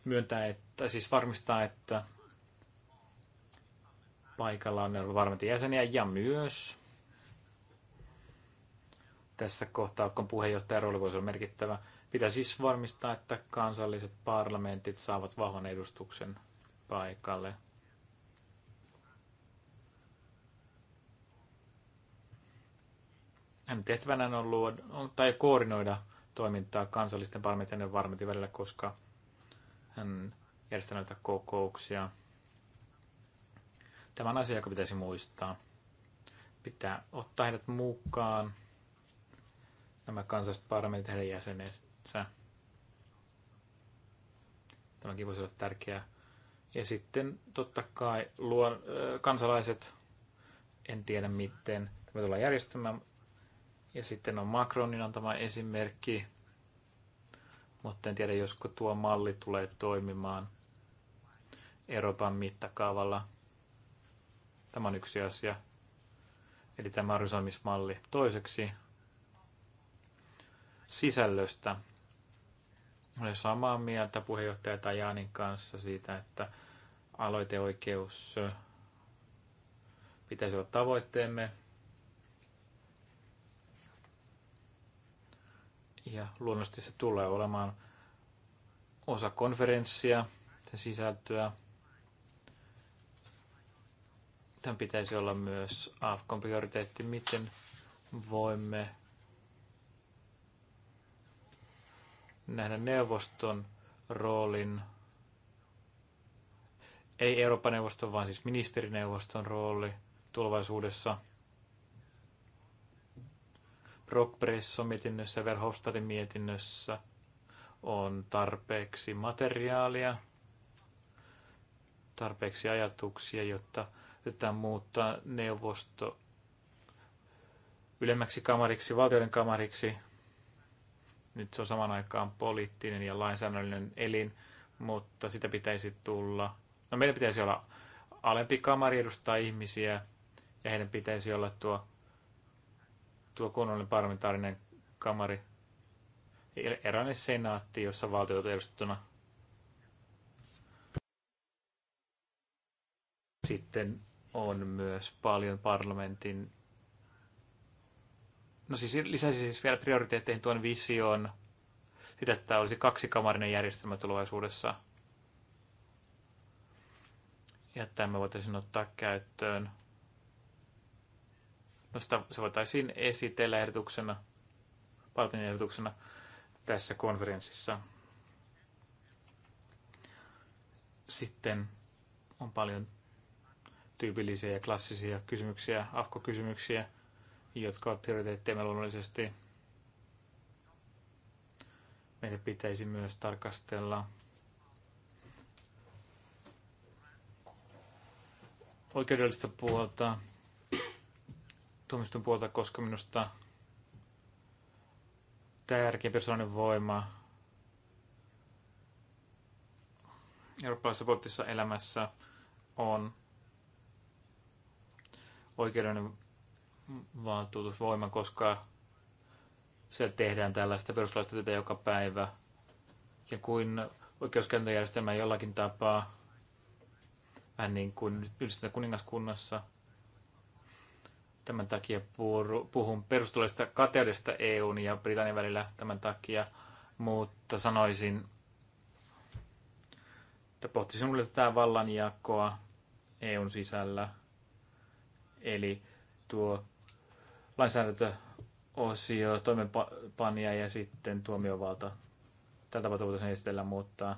Speaker 4: myöntää, että siis varmistaa, että paikalla on varmasti jäseniä ja myös tässä kohtaa, kun puheenjohtajan rooli voisi olla merkittävä. Pitää siis varmistaa, että kansalliset parlamentit saavat vahvan edustuksen paikalle. Hän tehtävänä on, luoda, tai koordinoida toimintaa kansallisten parlamentin ja varmentin välillä, koska hän järjestää näitä kokouksia. Tämä on asia, joka pitäisi muistaa. Pitää ottaa heidät mukaan nämä kansalliset parlamentit heidän jäsenensä. Tämäkin voisi olla tärkeää. Ja sitten totta kai luon, kansalaiset, en tiedä miten tämä tullaan järjestämään. Ja sitten on Macronin antama esimerkki, mutta en tiedä, josko tuo malli tulee toimimaan Euroopan mittakaavalla. Tämä on yksi asia. Eli tämä rysomismalli. Toiseksi sisällöstä. Olen samaa mieltä puheenjohtaja Tajanin kanssa siitä, että aloiteoikeus pitäisi olla tavoitteemme. Ja luonnollisesti se tulee olemaan osa konferenssia, sen sisältöä. Tämän pitäisi olla myös AFKon prioriteetti, miten voimme nähdä neuvoston roolin, ei Euroopan neuvoston, vaan siis ministerineuvoston rooli tulevaisuudessa. Brock mietinnössä ja Verhofstadin mietinnössä on tarpeeksi materiaalia, tarpeeksi ajatuksia, jotta yritetään muuttaa neuvosto ylemmäksi kamariksi, valtioiden kamariksi – nyt se on saman aikaan poliittinen ja lainsäädännöllinen elin, mutta sitä pitäisi tulla. No meidän pitäisi olla alempi kamari edustaa ihmisiä ja heidän pitäisi olla tuo, tuo kunnollinen parlamentaarinen kamari, eräinen senaatti, jossa valtiot edustettuna. Sitten on myös paljon parlamentin No siis lisäsi siis vielä prioriteetteihin tuon vision, sitä, että olisi kaksikamarinen järjestelmä tulevaisuudessa. Ja tämä voitaisiin ottaa käyttöön. No sitä, se voitaisiin esitellä ehdotuksena, Palpinin ehdotuksena tässä konferenssissa. Sitten on paljon tyypillisiä ja klassisia kysymyksiä, afkokysymyksiä kysymyksiä jotka ovat prioriteetteja luonnollisesti. Meidän pitäisi myös tarkastella oikeudellista puolta, tuomistun puolta, koska minusta tärkeä persoonallinen voima eurooppalaisessa poliittisessa elämässä on oikeudellinen valtuutusvoima, koska se tehdään tällaista peruslaista tätä joka päivä. Ja kuin oikeuskäytäntöjärjestelmä jollakin tapaa, vähän niin kuin yhdistetään kuningaskunnassa, tämän takia puhun perustuloista kateudesta EUn ja Britannian välillä tämän takia, mutta sanoisin, että pohtisin mulle tätä vallanjakoa EUn sisällä. Eli tuo lainsäädäntöosio, toimenpania ja sitten tuomiovalta. Tällä tavalla voitaisiin esitellä, mutta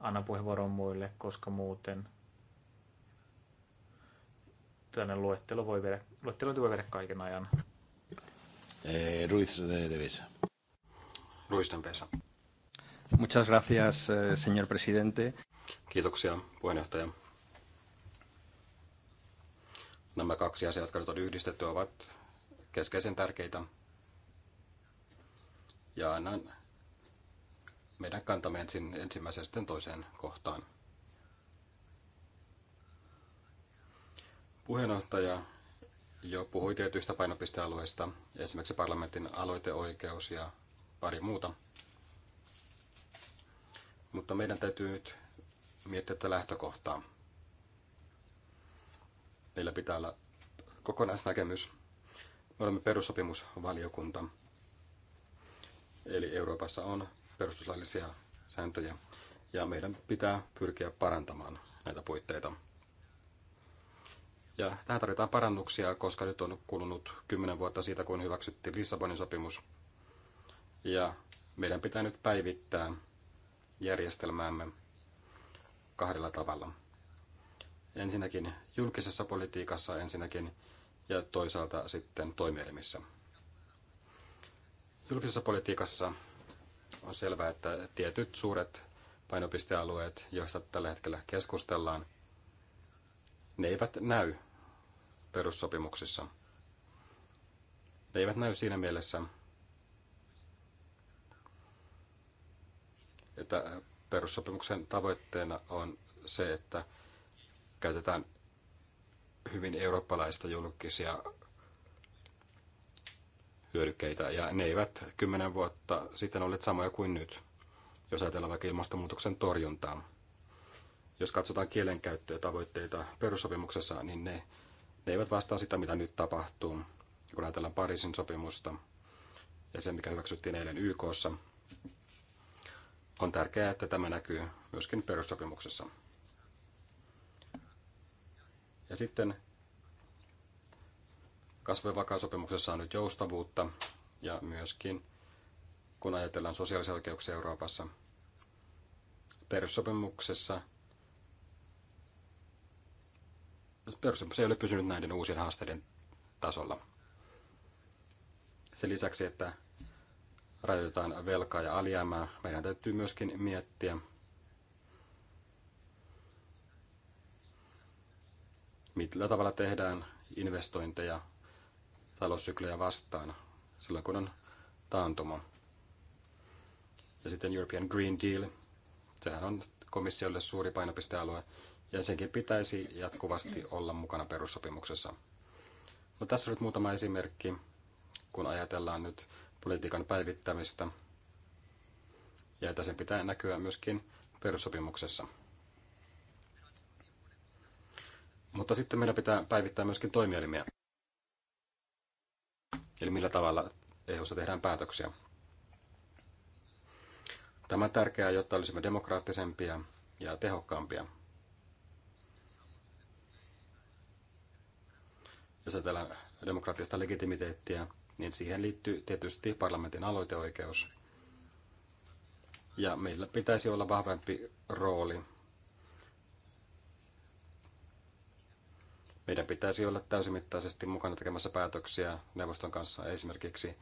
Speaker 4: Anna puheenvuoron muille, koska muuten tällainen luettelo voi viedä luettelo voi viedä
Speaker 2: kaiken ajan. Eh, Ruiz de Devesa. Ruiz de Muchas gracias, eh, señor presidente. Kiitoksia, puheenjohtaja. Nämä kaksi asiaa, jotka nyt on yhdistetty, ovat keskeisen tärkeitä. Ja annan meidän kantamme ensin ensimmäisestä toiseen kohtaan. Puheenjohtaja jo puhui tietyistä painopistealueista, esimerkiksi parlamentin aloiteoikeus ja pari muuta. Mutta meidän täytyy nyt miettiä tätä lähtökohtaa. Meillä pitää olla kokonaisnäkemys olemme perussopimusvaliokunta. Eli Euroopassa on perustuslaillisia sääntöjä ja meidän pitää pyrkiä parantamaan näitä puitteita. Ja tähän tarvitaan parannuksia, koska nyt on kulunut 10 vuotta siitä, kun hyväksyttiin Lissabonin sopimus. Ja meidän pitää nyt päivittää järjestelmäämme kahdella tavalla. Ensinnäkin julkisessa politiikassa ensinnäkin ja toisaalta sitten toimielimissä. Julkisessa politiikassa on selvää, että tietyt suuret painopistealueet, joista tällä hetkellä keskustellaan, ne eivät näy perussopimuksissa. Ne eivät näy siinä mielessä, että perussopimuksen tavoitteena on se, että käytetään hyvin eurooppalaista julkisia hyödykkeitä, ja ne eivät kymmenen vuotta sitten olleet samoja kuin nyt, jos ajatellaan vaikka ilmastonmuutoksen torjuntaa. Jos katsotaan kielenkäyttöä tavoitteita perussopimuksessa, niin ne, ne eivät vastaa sitä, mitä nyt tapahtuu, kun ajatellaan Pariisin sopimusta ja se, mikä hyväksyttiin eilen YKssa. On tärkeää, että tämä näkyy myöskin perussopimuksessa. Ja sitten kasvu- on nyt joustavuutta ja myöskin kun ajatellaan sosiaalisia oikeuksia Euroopassa. Perussopimuksessa perussopimus ei ole pysynyt näiden uusien haasteiden tasolla. Sen lisäksi, että rajoitetaan velkaa ja alijäämää, meidän täytyy myöskin miettiä, millä tavalla tehdään investointeja taloussyklejä vastaan silloin, kun on taantuma. Ja sitten European Green Deal, sehän on komissiolle suuri painopistealue, ja senkin pitäisi jatkuvasti olla mukana perussopimuksessa. No, tässä nyt muutama esimerkki, kun ajatellaan nyt politiikan päivittämistä, ja että sen pitää näkyä myöskin perussopimuksessa. Mutta sitten meidän pitää päivittää myöskin toimielimiä. Eli millä tavalla EUssa tehdään päätöksiä. Tämä on tärkeää, jotta olisimme demokraattisempia ja tehokkaampia. Jos ajatellaan demokraattista legitimiteettiä, niin siihen liittyy tietysti parlamentin aloiteoikeus. Ja meillä pitäisi olla vahvempi rooli Meidän pitäisi olla täysimittaisesti mukana tekemässä päätöksiä neuvoston kanssa esimerkiksi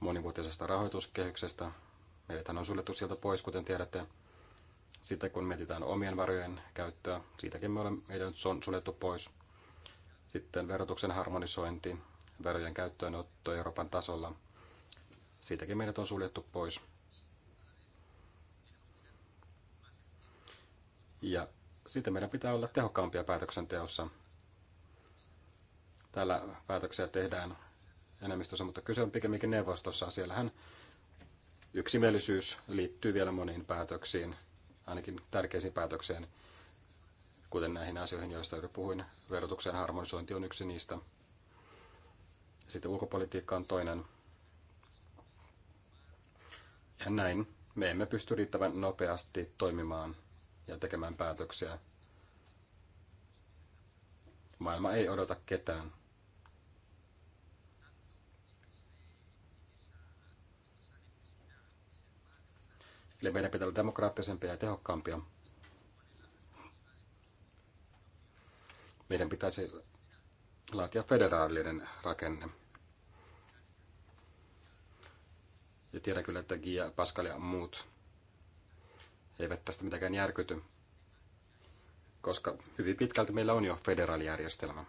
Speaker 2: monivuotisesta rahoituskehyksestä. meidät on suljettu sieltä pois, kuten tiedätte. Sitten kun mietitään omien varojen käyttöä, siitäkin me olemme, meidän on suljettu pois. Sitten verotuksen harmonisointi, verojen käyttöönotto Euroopan tasolla. Siitäkin meidät on suljettu pois. Ja sitten meidän pitää olla tehokkaampia päätöksenteossa – Täällä päätöksiä tehdään enemmistössä, mutta kyse on pikemminkin neuvostossa. Siellähän yksimielisyys liittyy vielä moniin päätöksiin, ainakin tärkeisiin päätökseen, kuten näihin asioihin, joista juuri puhuin. Verotuksen harmonisointi on yksi niistä. Sitten ulkopolitiikka on toinen. Ja näin me emme pysty riittävän nopeasti toimimaan ja tekemään päätöksiä. Maailma ei odota ketään. Eli meidän pitää olla demokraattisempia ja tehokkaampia. Meidän pitäisi laatia federaalinen rakenne. Ja tiedän kyllä, että Gia, Pascal ja muut eivät tästä mitenkään järkyty, koska hyvin pitkälti meillä on jo federaalijärjestelmä.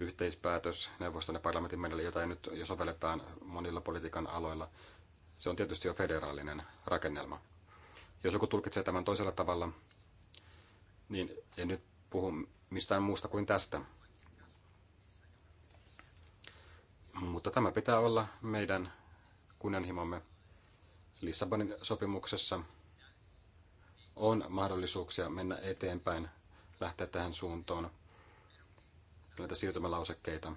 Speaker 2: Yhteispäätös neuvoston ja parlamentin meillä, jotain nyt jo sovelletaan monilla politiikan aloilla, se on tietysti jo federaalinen rakennelma. Jos joku tulkitsee tämän toisella tavalla, niin en nyt puhu mistään muusta kuin tästä. Mutta tämä pitää olla meidän kunnianhimomme. Lissabonin sopimuksessa on mahdollisuuksia mennä eteenpäin, lähteä tähän suuntaan näitä siirtymälausekkeita.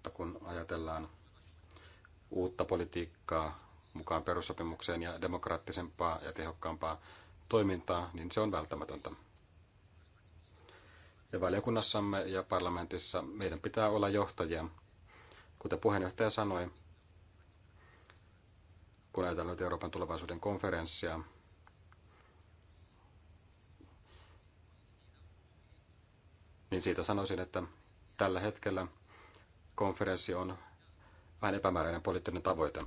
Speaker 2: mutta kun ajatellaan uutta politiikkaa mukaan perussopimukseen ja demokraattisempaa ja tehokkaampaa toimintaa, niin se on välttämätöntä. Ja valiokunnassamme ja parlamentissa meidän pitää olla johtajia. Kuten puheenjohtaja sanoi, kun ajatellaan Euroopan tulevaisuuden konferenssia, niin siitä sanoisin, että tällä hetkellä – konferenssi on vähän epämääräinen poliittinen tavoite.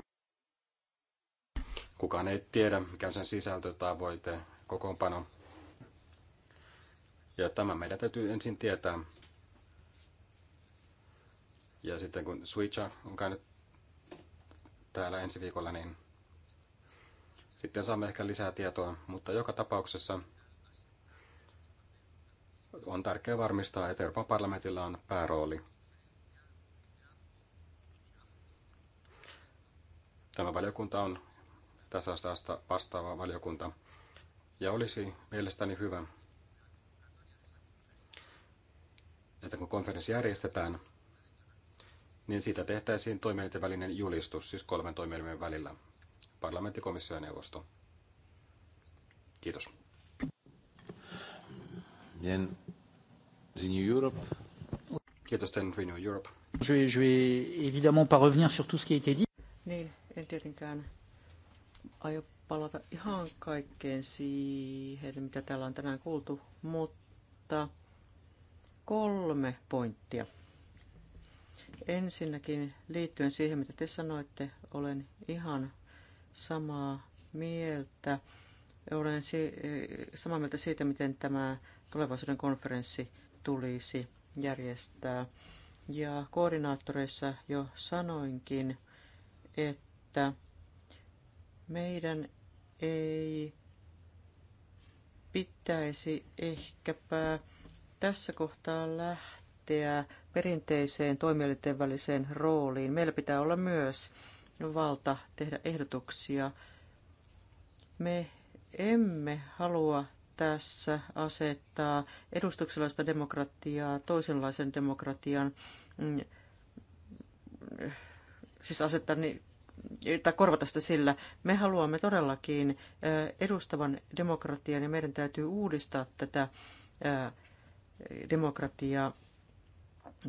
Speaker 2: Kukaan ei tiedä, mikä on sen tavoite kokoonpano. Ja tämä meidän täytyy ensin tietää. Ja sitten kun Switcha on käynyt täällä ensi viikolla, niin sitten saamme ehkä lisää tietoa, mutta joka tapauksessa on tärkeää varmistaa, että Euroopan parlamentilla on päärooli Tämä valiokunta on tässä asiasta vastaava valiokunta. Ja olisi mielestäni hyvä, että kun konferenssi järjestetään, niin siitä tehtäisiin toimielinten välinen julistus, siis kolmen toimielimen välillä, parlamentti, komissio ja neuvosto. Kiitos. Bien. Renew Europe. Kiitos, Renew Europe.
Speaker 3: Je, je vais évidemment pas revenir sur tout ce qui a été dit. Niin, en tietenkään aio palata ihan kaikkeen siihen, mitä täällä on tänään kuultu, mutta kolme pointtia. Ensinnäkin liittyen siihen, mitä te sanoitte, olen ihan samaa mieltä. Olen si samaa mieltä siitä, miten tämä tulevaisuuden konferenssi tulisi järjestää. Ja koordinaattoreissa jo sanoinkin, että että meidän ei pitäisi ehkäpä tässä kohtaa lähteä perinteiseen toimijoiden väliseen rooliin. Meillä pitää olla myös valta tehdä ehdotuksia. Me emme halua tässä asettaa edustuksellista demokratiaa toisenlaisen demokratian, mm, siis asettaa tai korvata sitä sillä. Me haluamme todellakin edustavan demokratian ja meidän täytyy uudistaa tätä demokratiaa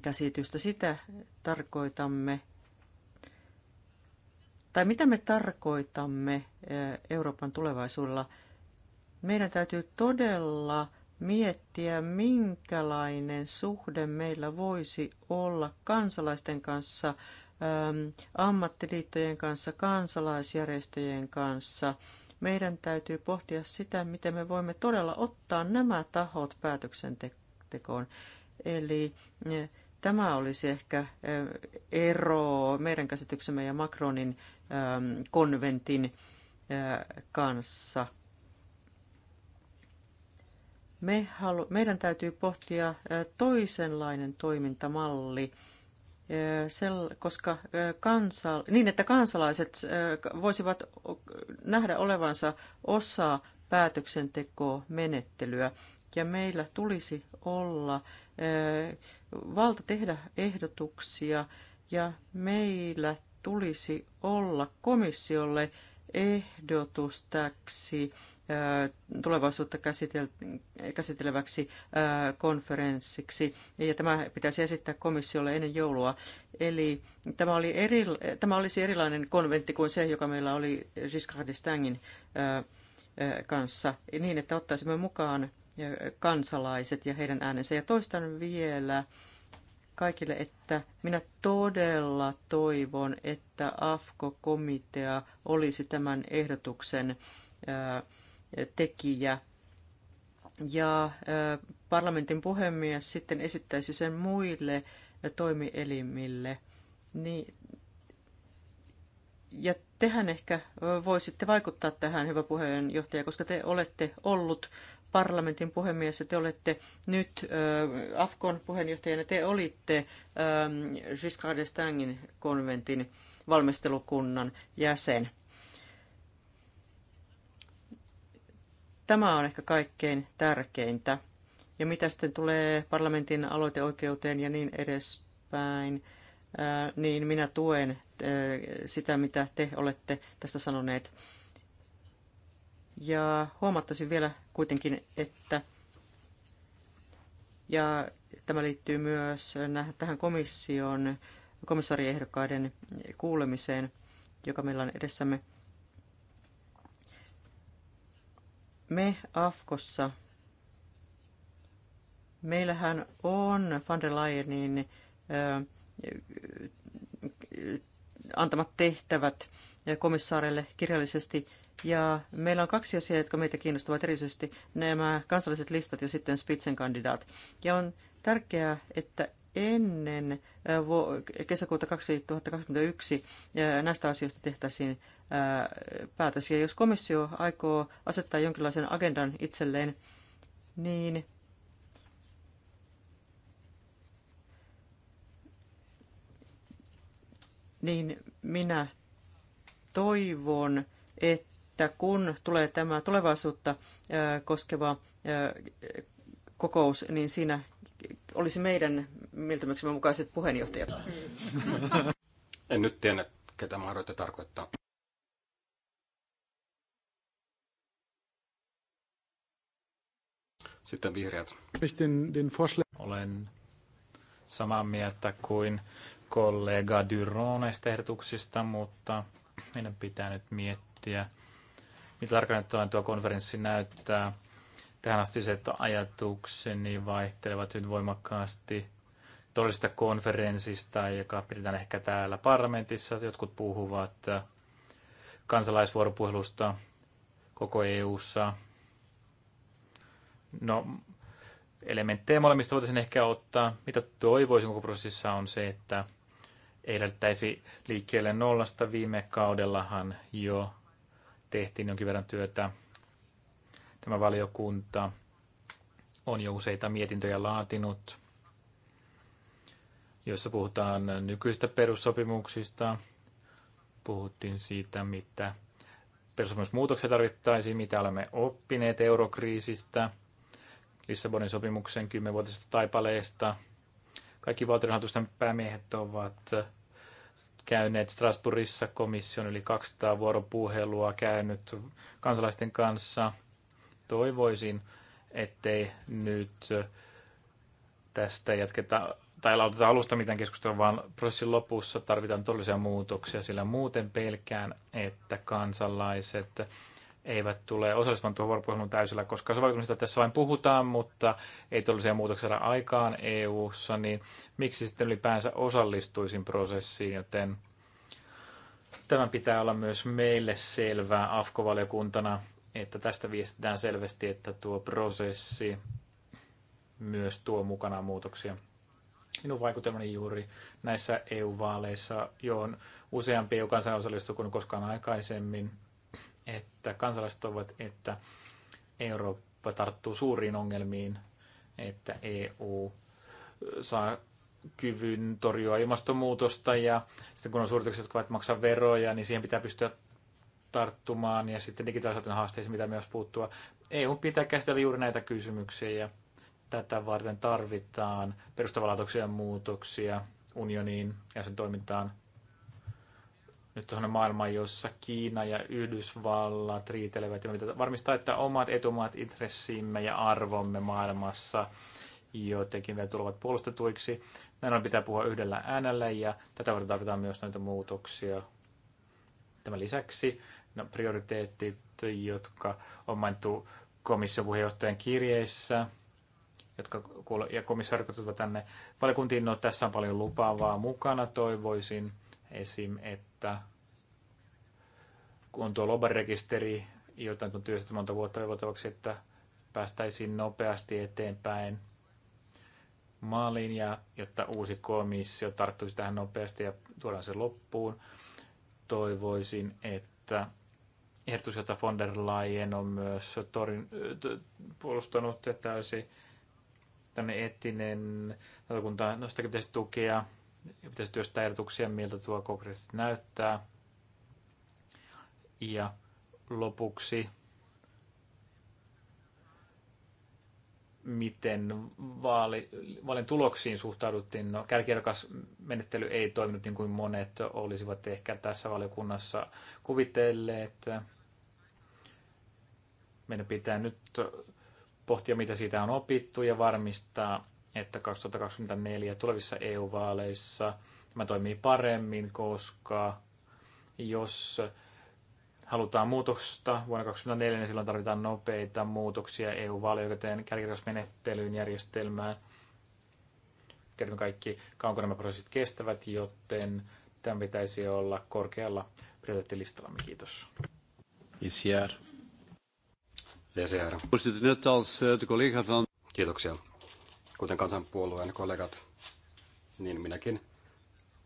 Speaker 3: käsitystä. Sitä tarkoitamme, tai mitä me tarkoitamme Euroopan tulevaisuudella. Meidän täytyy todella miettiä, minkälainen suhde meillä voisi olla kansalaisten kanssa – Ähm, ammattiliittojen kanssa, kansalaisjärjestöjen kanssa. Meidän täytyy pohtia sitä, miten me voimme todella ottaa nämä tahot päätöksentekoon. Eli eh, tämä olisi ehkä eh, ero meidän käsityksemme ja Macronin ähm, konventin äh, kanssa. Me halu- meidän täytyy pohtia äh, toisenlainen toimintamalli koska kansa, niin, että kansalaiset voisivat nähdä olevansa osa päätöksentekomenettelyä. Ja meillä tulisi olla valta tehdä ehdotuksia ja meillä tulisi olla komissiolle ehdotustaksi tulevaisuutta käsiteleväksi konferenssiksi, ja tämä pitäisi esittää komissiolle ennen joulua. Eli tämä, oli eri, tämä olisi erilainen konventti kuin se, joka meillä oli Giscard d'Estaingin kanssa, niin että ottaisimme mukaan kansalaiset ja heidän äänensä. Ja toistan vielä kaikille, että minä todella toivon, että AFKO-komitea olisi tämän ehdotuksen ää, tekijä. Ja parlamentin puhemies sitten esittäisi sen muille toimielimille. Niin, ja tehän ehkä voisitte vaikuttaa tähän, hyvä puheenjohtaja, koska te olette ollut parlamentin puhemies ja te olette nyt äh, Afkon puheenjohtajana, te olitte äh, Giscard d'Estaingin konventin valmistelukunnan jäsen. Tämä on ehkä kaikkein tärkeintä. Ja mitä sitten tulee parlamentin aloiteoikeuteen ja niin edespäin, niin minä tuen sitä, mitä te olette tästä sanoneet. Ja huomattaisin vielä kuitenkin, että ja tämä liittyy myös tähän komission komissariehdokkaiden kuulemiseen, joka meillä on edessämme – Me Afkossa, meillähän on van der Leyenin antamat tehtävät komissaarille kirjallisesti. Ja meillä on kaksi asiaa, jotka meitä kiinnostavat erityisesti, nämä kansalliset listat ja sitten Spitzenkandidaat. Ja on tärkeää, että ennen kesäkuuta 2021 näistä asioista tehtäisiin päätös. Ja jos komissio aikoo asettaa jonkinlaisen agendan itselleen, niin niin minä toivon, että kun tulee tämä tulevaisuutta koskeva kokous, niin siinä olisi meidän mieltymyksemme mukaiset puheenjohtajat.
Speaker 2: En nyt tiedä, ketä mahdollista tarkoittaa. Sitten vihreät.
Speaker 4: Olen samaa mieltä kuin kollega Dyron näistä ehdotuksista, mutta meidän pitää nyt miettiä, mitä tarkalleen tuo konferenssi näyttää. Tähän asti se, että ajatukseni vaihtelevat hyvin voimakkaasti todellisesta konferenssista, joka pidetään ehkä täällä parlamentissa. Jotkut puhuvat kansalaisvuoropuhelusta koko EU:ssa No, elementtejä molemmista voitaisiin ehkä ottaa. Mitä toivoisin koko prosessissa on se, että ei lähdettäisi liikkeelle nollasta. Viime kaudellahan jo tehtiin jonkin verran työtä. Tämä valiokunta on jo useita mietintöjä laatinut, joissa puhutaan nykyistä perussopimuksista. Puhuttiin siitä, mitä perussopimusmuutoksia tarvittaisiin, mitä olemme oppineet eurokriisistä – Lissabonin sopimuksen kymmenvuotisesta taipaleesta. Kaikki valtionhallitusten päämiehet ovat käyneet Strasbourgissa komission yli 200 vuoropuhelua käynyt kansalaisten kanssa. Toivoisin, ettei nyt tästä jatketa tai aloiteta alusta mitään keskustelua, vaan prosessin lopussa tarvitaan todellisia muutoksia, sillä muuten pelkään, että kansalaiset eivät tule osallistumaan tuohon vuoropuheluun täysillä, koska soveltamista tässä vain puhutaan, mutta ei tällaisia muutoksia aikaan EU-ssa, niin miksi sitten ylipäänsä osallistuisin prosessiin, joten tämän pitää olla myös meille selvää AFKO-valiokuntana, että tästä viestitään selvästi, että tuo prosessi myös tuo mukanaan muutoksia. Minun vaikutelmani juuri näissä EU-vaaleissa, johon useampi EU-kansan osallistui kuin koskaan aikaisemmin – että kansalaiset toivovat, että Eurooppa tarttuu suuriin ongelmiin, että EU saa kyvyn torjua ilmastonmuutosta ja sitten kun on suuritukset, jotka maksaa veroja, niin siihen pitää pystyä tarttumaan ja sitten digitaalisuuden haasteisiin pitää myös puuttua. EU pitää käsitellä juuri näitä kysymyksiä ja tätä varten tarvitaan perustavanlaatuisia muutoksia unioniin ja sen toimintaan nyt on maailmaan, jossa Kiina ja Yhdysvallat riitelevät ja mitä varmistaa, että omat etumaat intressimme ja arvomme maailmassa jotenkin vielä tulevat puolustetuiksi. Näin on pitää puhua yhdellä äänellä ja tätä varten tarvitaan myös noita muutoksia. Tämän lisäksi no, prioriteetit, jotka on mainittu komission puheenjohtajan kirjeissä, jotka kuule- ja komissaarikot tänne valiokuntiin, no tässä on paljon lupaavaa mukana, toivoisin – esim. että kun on tuo lobarekisteri, jota on työstetty monta vuotta velvoittavaksi, että päästäisiin nopeasti eteenpäin maaliin, ja jotta uusi komissio tarttuisi tähän nopeasti ja tuodaan se loppuun. Toivoisin, että ehdotus, jota von der Leyen on myös torin, puolustanut, että olisi tämmöinen eettinen, kun no sitä pitäisi tukea pitäisi työstää ehdotuksia, miltä tuo konkreettisesti näyttää. Ja lopuksi, miten vaali, vaalin tuloksiin suhtauduttiin. No, menettely ei toiminut niin kuin monet olisivat ehkä tässä valiokunnassa kuvitelleet. Meidän pitää nyt pohtia, mitä siitä on opittu ja varmistaa, että 2024 tulevissa EU-vaaleissa tämä toimii paremmin, koska jos halutaan muutosta vuonna 2024, niin silloin tarvitaan nopeita muutoksia EU-vaalioikeuteen kärkirjoismenettelyyn järjestelmään. Tiedämme kaikki, kauanko nämä prosessit kestävät, joten tämän pitäisi olla korkealla prioriteettilistalla. Kiitos.
Speaker 1: ICR.
Speaker 2: Eh, Kiitoksia kuten kansanpuolueen kollegat, niin minäkin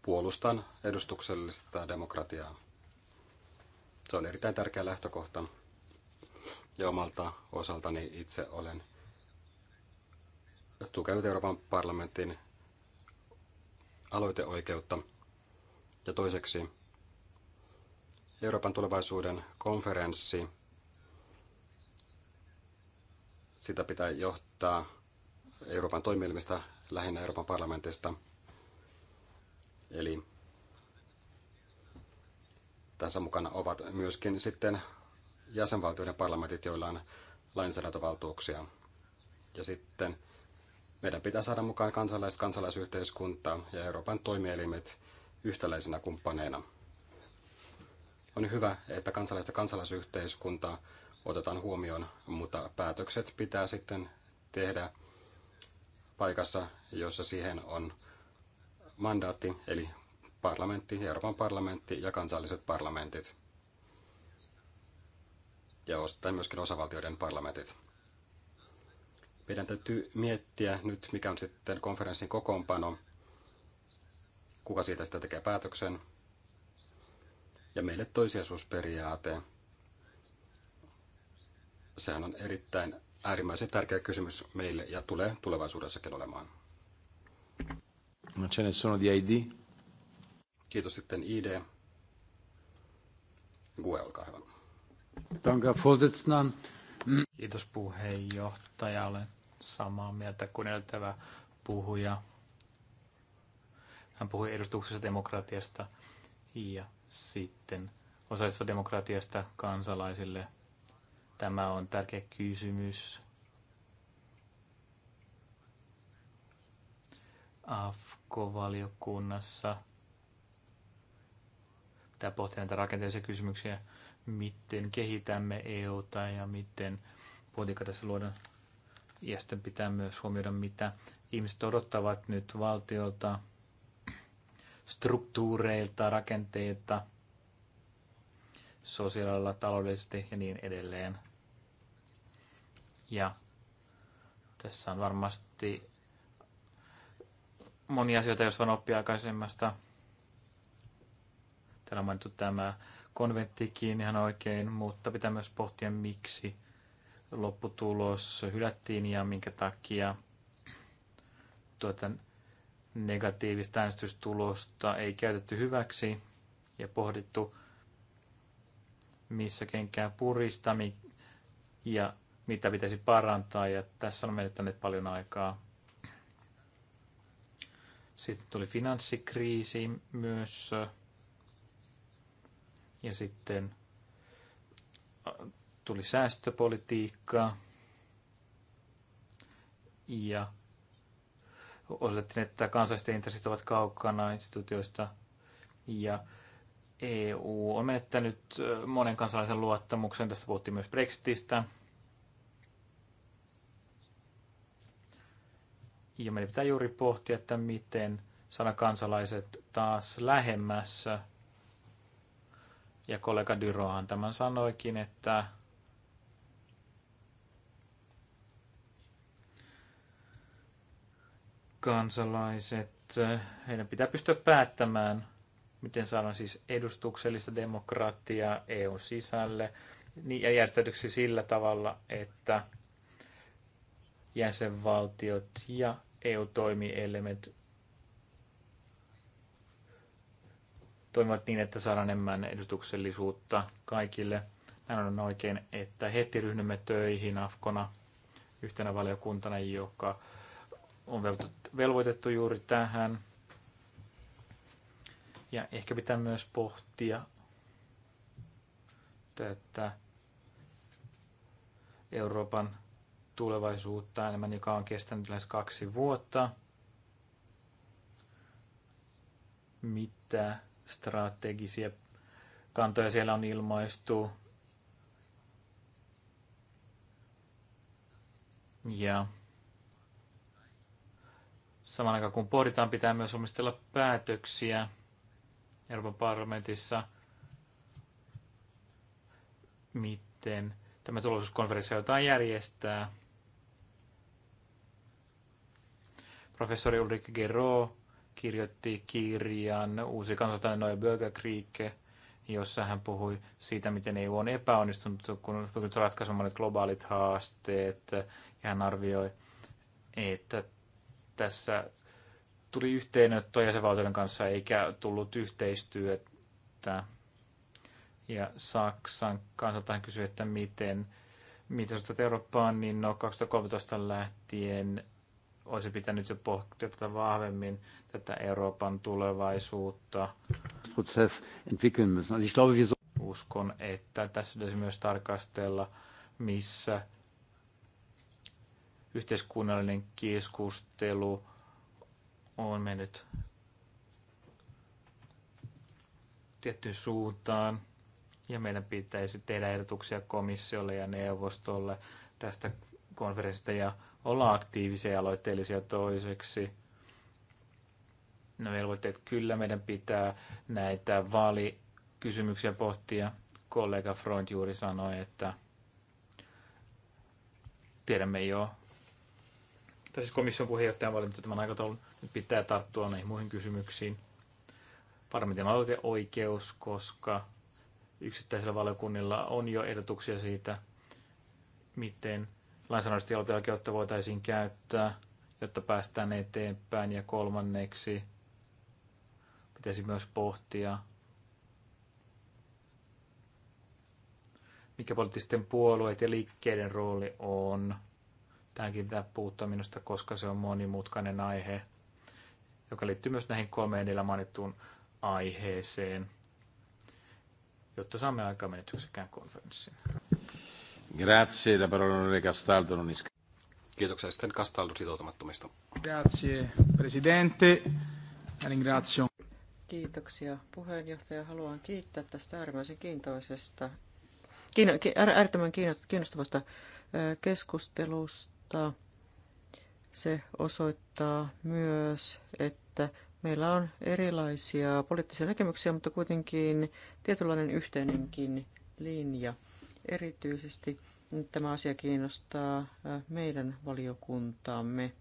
Speaker 2: puolustan edustuksellista demokratiaa. Se on erittäin tärkeä lähtökohta. Ja omalta osaltani itse olen tukenut Euroopan parlamentin aloiteoikeutta. Ja toiseksi Euroopan tulevaisuuden konferenssi, sitä pitää johtaa Euroopan toimielimistä, lähinnä Euroopan parlamentista. Eli tässä mukana ovat myöskin sitten jäsenvaltioiden parlamentit, joilla on lainsäädäntövaltuuksia. Ja sitten meidän pitää saada mukaan kansalaiset, kansalaisyhteiskunta ja Euroopan toimielimet yhtäläisenä kumppaneina. On hyvä, että kansalaiset ja kansalaisyhteiskunta otetaan huomioon, mutta päätökset pitää sitten tehdä paikassa, jossa siihen on mandaatti, eli parlamentti, Euroopan parlamentti ja kansalliset parlamentit. Ja osittain myöskin osavaltioiden parlamentit. Meidän täytyy miettiä nyt, mikä on sitten konferenssin kokoonpano, kuka siitä sitä tekee päätöksen, ja meille toisiasuusperiaate. Sehän on erittäin äärimmäisen tärkeä kysymys meille ja tulee tulevaisuudessakin olemaan.
Speaker 1: Non ce ne di ID.
Speaker 2: Kiitos sitten ID. Gue, olkaa hyvä.
Speaker 4: Danke, Vorsitzender. Kiitos puheenjohtaja. Olen samaa mieltä kuin edeltävä puhuja. Hän puhui edustuksessa demokratiasta ja sitten osallistuva demokratiasta kansalaisille – Tämä on tärkeä kysymys. AFKO-valiokunnassa Tämä pohtia näitä rakenteellisia kysymyksiä, miten kehitämme EUta ja miten politiikka tässä luodaan. Ja sitten pitää myös huomioida, mitä ihmiset odottavat nyt valtiolta, struktuureilta, rakenteilta, sosiaalilla, taloudellisesti ja niin edelleen. Ja tässä on varmasti monia asioita, jos on oppia aikaisemmasta. Täällä on mainittu tämä konventtikin ihan oikein, mutta pitää myös pohtia, miksi lopputulos hylättiin ja minkä takia tuota negatiivista äänestystulosta ei käytetty hyväksi ja pohdittu, missä kenkään purista ja mitä pitäisi parantaa, ja tässä on menettänyt paljon aikaa. Sitten tuli finanssikriisi myös, ja sitten äh, tuli säästöpolitiikka. ja osoitettiin, että kansalliset intressit ovat kaukana instituutioista, ja EU on menettänyt äh, monen kansalaisen luottamuksen. Tästä puhuttiin myös Brexitistä. Ja meidän pitää juuri pohtia, että miten saada kansalaiset taas lähemmässä. Ja kollega Dyrohan tämän sanoikin, että kansalaiset, heidän pitää pystyä päättämään, miten saadaan siis edustuksellista demokratiaa EU sisälle niin- ja järjestetyksi sillä tavalla, että jäsenvaltiot ja EU-toimielimet toimivat niin, että saadaan enemmän edustuksellisuutta kaikille. Näin on oikein, että heti ryhdymme töihin Afkona yhtenä valiokuntana, joka on velvoitettu juuri tähän. Ja ehkä pitää myös pohtia tätä Euroopan tulevaisuutta enemmän, joka on kestänyt lähes kaksi vuotta. Mitä strategisia kantoja siellä on ilmaistu? Ja saman aikaan kun pohditaan, pitää myös omistella päätöksiä Euroopan parlamentissa, miten tämä tulevaisuuskonferenssi jotain järjestää. Professori Ulrik Gero kirjoitti kirjan Uusi kansallinen Noja Bögerkrieg, jossa hän puhui siitä, miten EU on epäonnistunut, kun on pyrkinyt ratkaisemaan globaalit haasteet. Ja hän arvioi, että tässä tuli yhteenotto jäsenvaltioiden kanssa eikä tullut yhteistyötä. Ja Saksan kansalta hän kysyi, että miten, miten suhtautuu Eurooppaan, niin no 2013 lähtien olisi pitänyt jo pohtia vahvemmin tätä Euroopan tulevaisuutta. Uskon, että tässä pitäisi myös tarkastella, missä yhteiskunnallinen keskustelu on mennyt tiettyyn suuntaan ja meidän pitäisi tehdä ehdotuksia komissiolle ja neuvostolle tästä konferenssista ja olla aktiivisia ja aloitteellisia toiseksi. No velvoitteet, kyllä meidän pitää näitä vaalikysymyksiä pohtia. Kollega Front juuri sanoi, että tiedämme jo, tai siis komission puheenjohtajan on valinnut tämän aikataulun, nyt pitää tarttua näihin muihin kysymyksiin. Parmiten oikeus, koska yksittäisillä valiokunnilla on jo ehdotuksia siitä, miten lainsäädännöllistä jalotioikeutta voitaisiin käyttää, jotta päästään eteenpäin. Ja kolmanneksi pitäisi myös pohtia, mikä poliittisten puolueet ja liikkeiden rooli on. Tämäkin pitää puuttua minusta, koska se on monimutkainen aihe, joka liittyy myös näihin kolmeen edellä mainittuun aiheeseen, jotta saamme aikaan menetyksekään konferenssiin.
Speaker 1: Grazie, la parola Castaldo non iscritto. Kiitoksia sitten Castaldo sitoutumattomista. Grazie, presidente. Ringrazio.
Speaker 3: Kiitoksia puheenjohtaja. Haluan kiittää tästä äärimmäisen kiintoisesta, kiino, ki, äärettömän kiinnostavasta keskustelusta. Se osoittaa myös, että meillä on erilaisia poliittisia näkemyksiä, mutta kuitenkin tietynlainen yhteinenkin linja – Erityisesti tämä asia kiinnostaa meidän valiokuntaamme.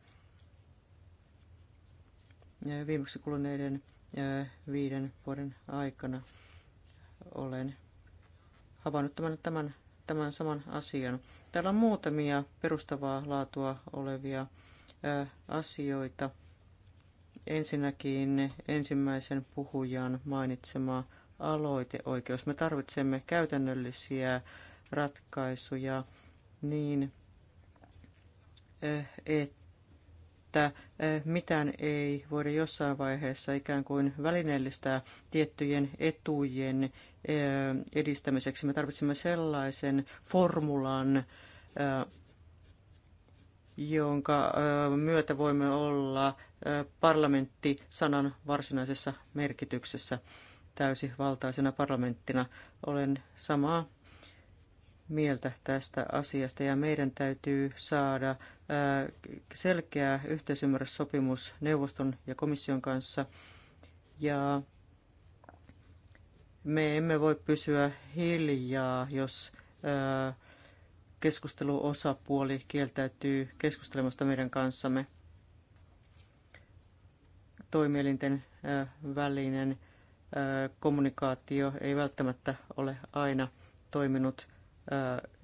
Speaker 3: Viimeksi kuluneiden viiden vuoden aikana olen havainnut tämän, tämän, tämän saman asian. Täällä on muutamia perustavaa laatua olevia asioita. Ensinnäkin ensimmäisen puhujan mainitsema aloiteoikeus. Me tarvitsemme käytännöllisiä ratkaisuja niin, eh, että eh, mitään ei voida jossain vaiheessa ikään kuin välineellistää tiettyjen etujen eh, edistämiseksi. Me tarvitsemme sellaisen formulan, jonka myötä voimme olla parlamentti sanan varsinaisessa merkityksessä täysivaltaisena parlamenttina. Olen samaa mieltä tästä asiasta ja meidän täytyy saada äh, selkeä yhteisymmärryssopimus neuvoston ja komission kanssa. Ja me emme voi pysyä hiljaa, jos äh, keskusteluosapuoli kieltäytyy keskustelemasta meidän kanssamme. Toimielinten äh, välinen kommunikaatio ei välttämättä ole aina toiminut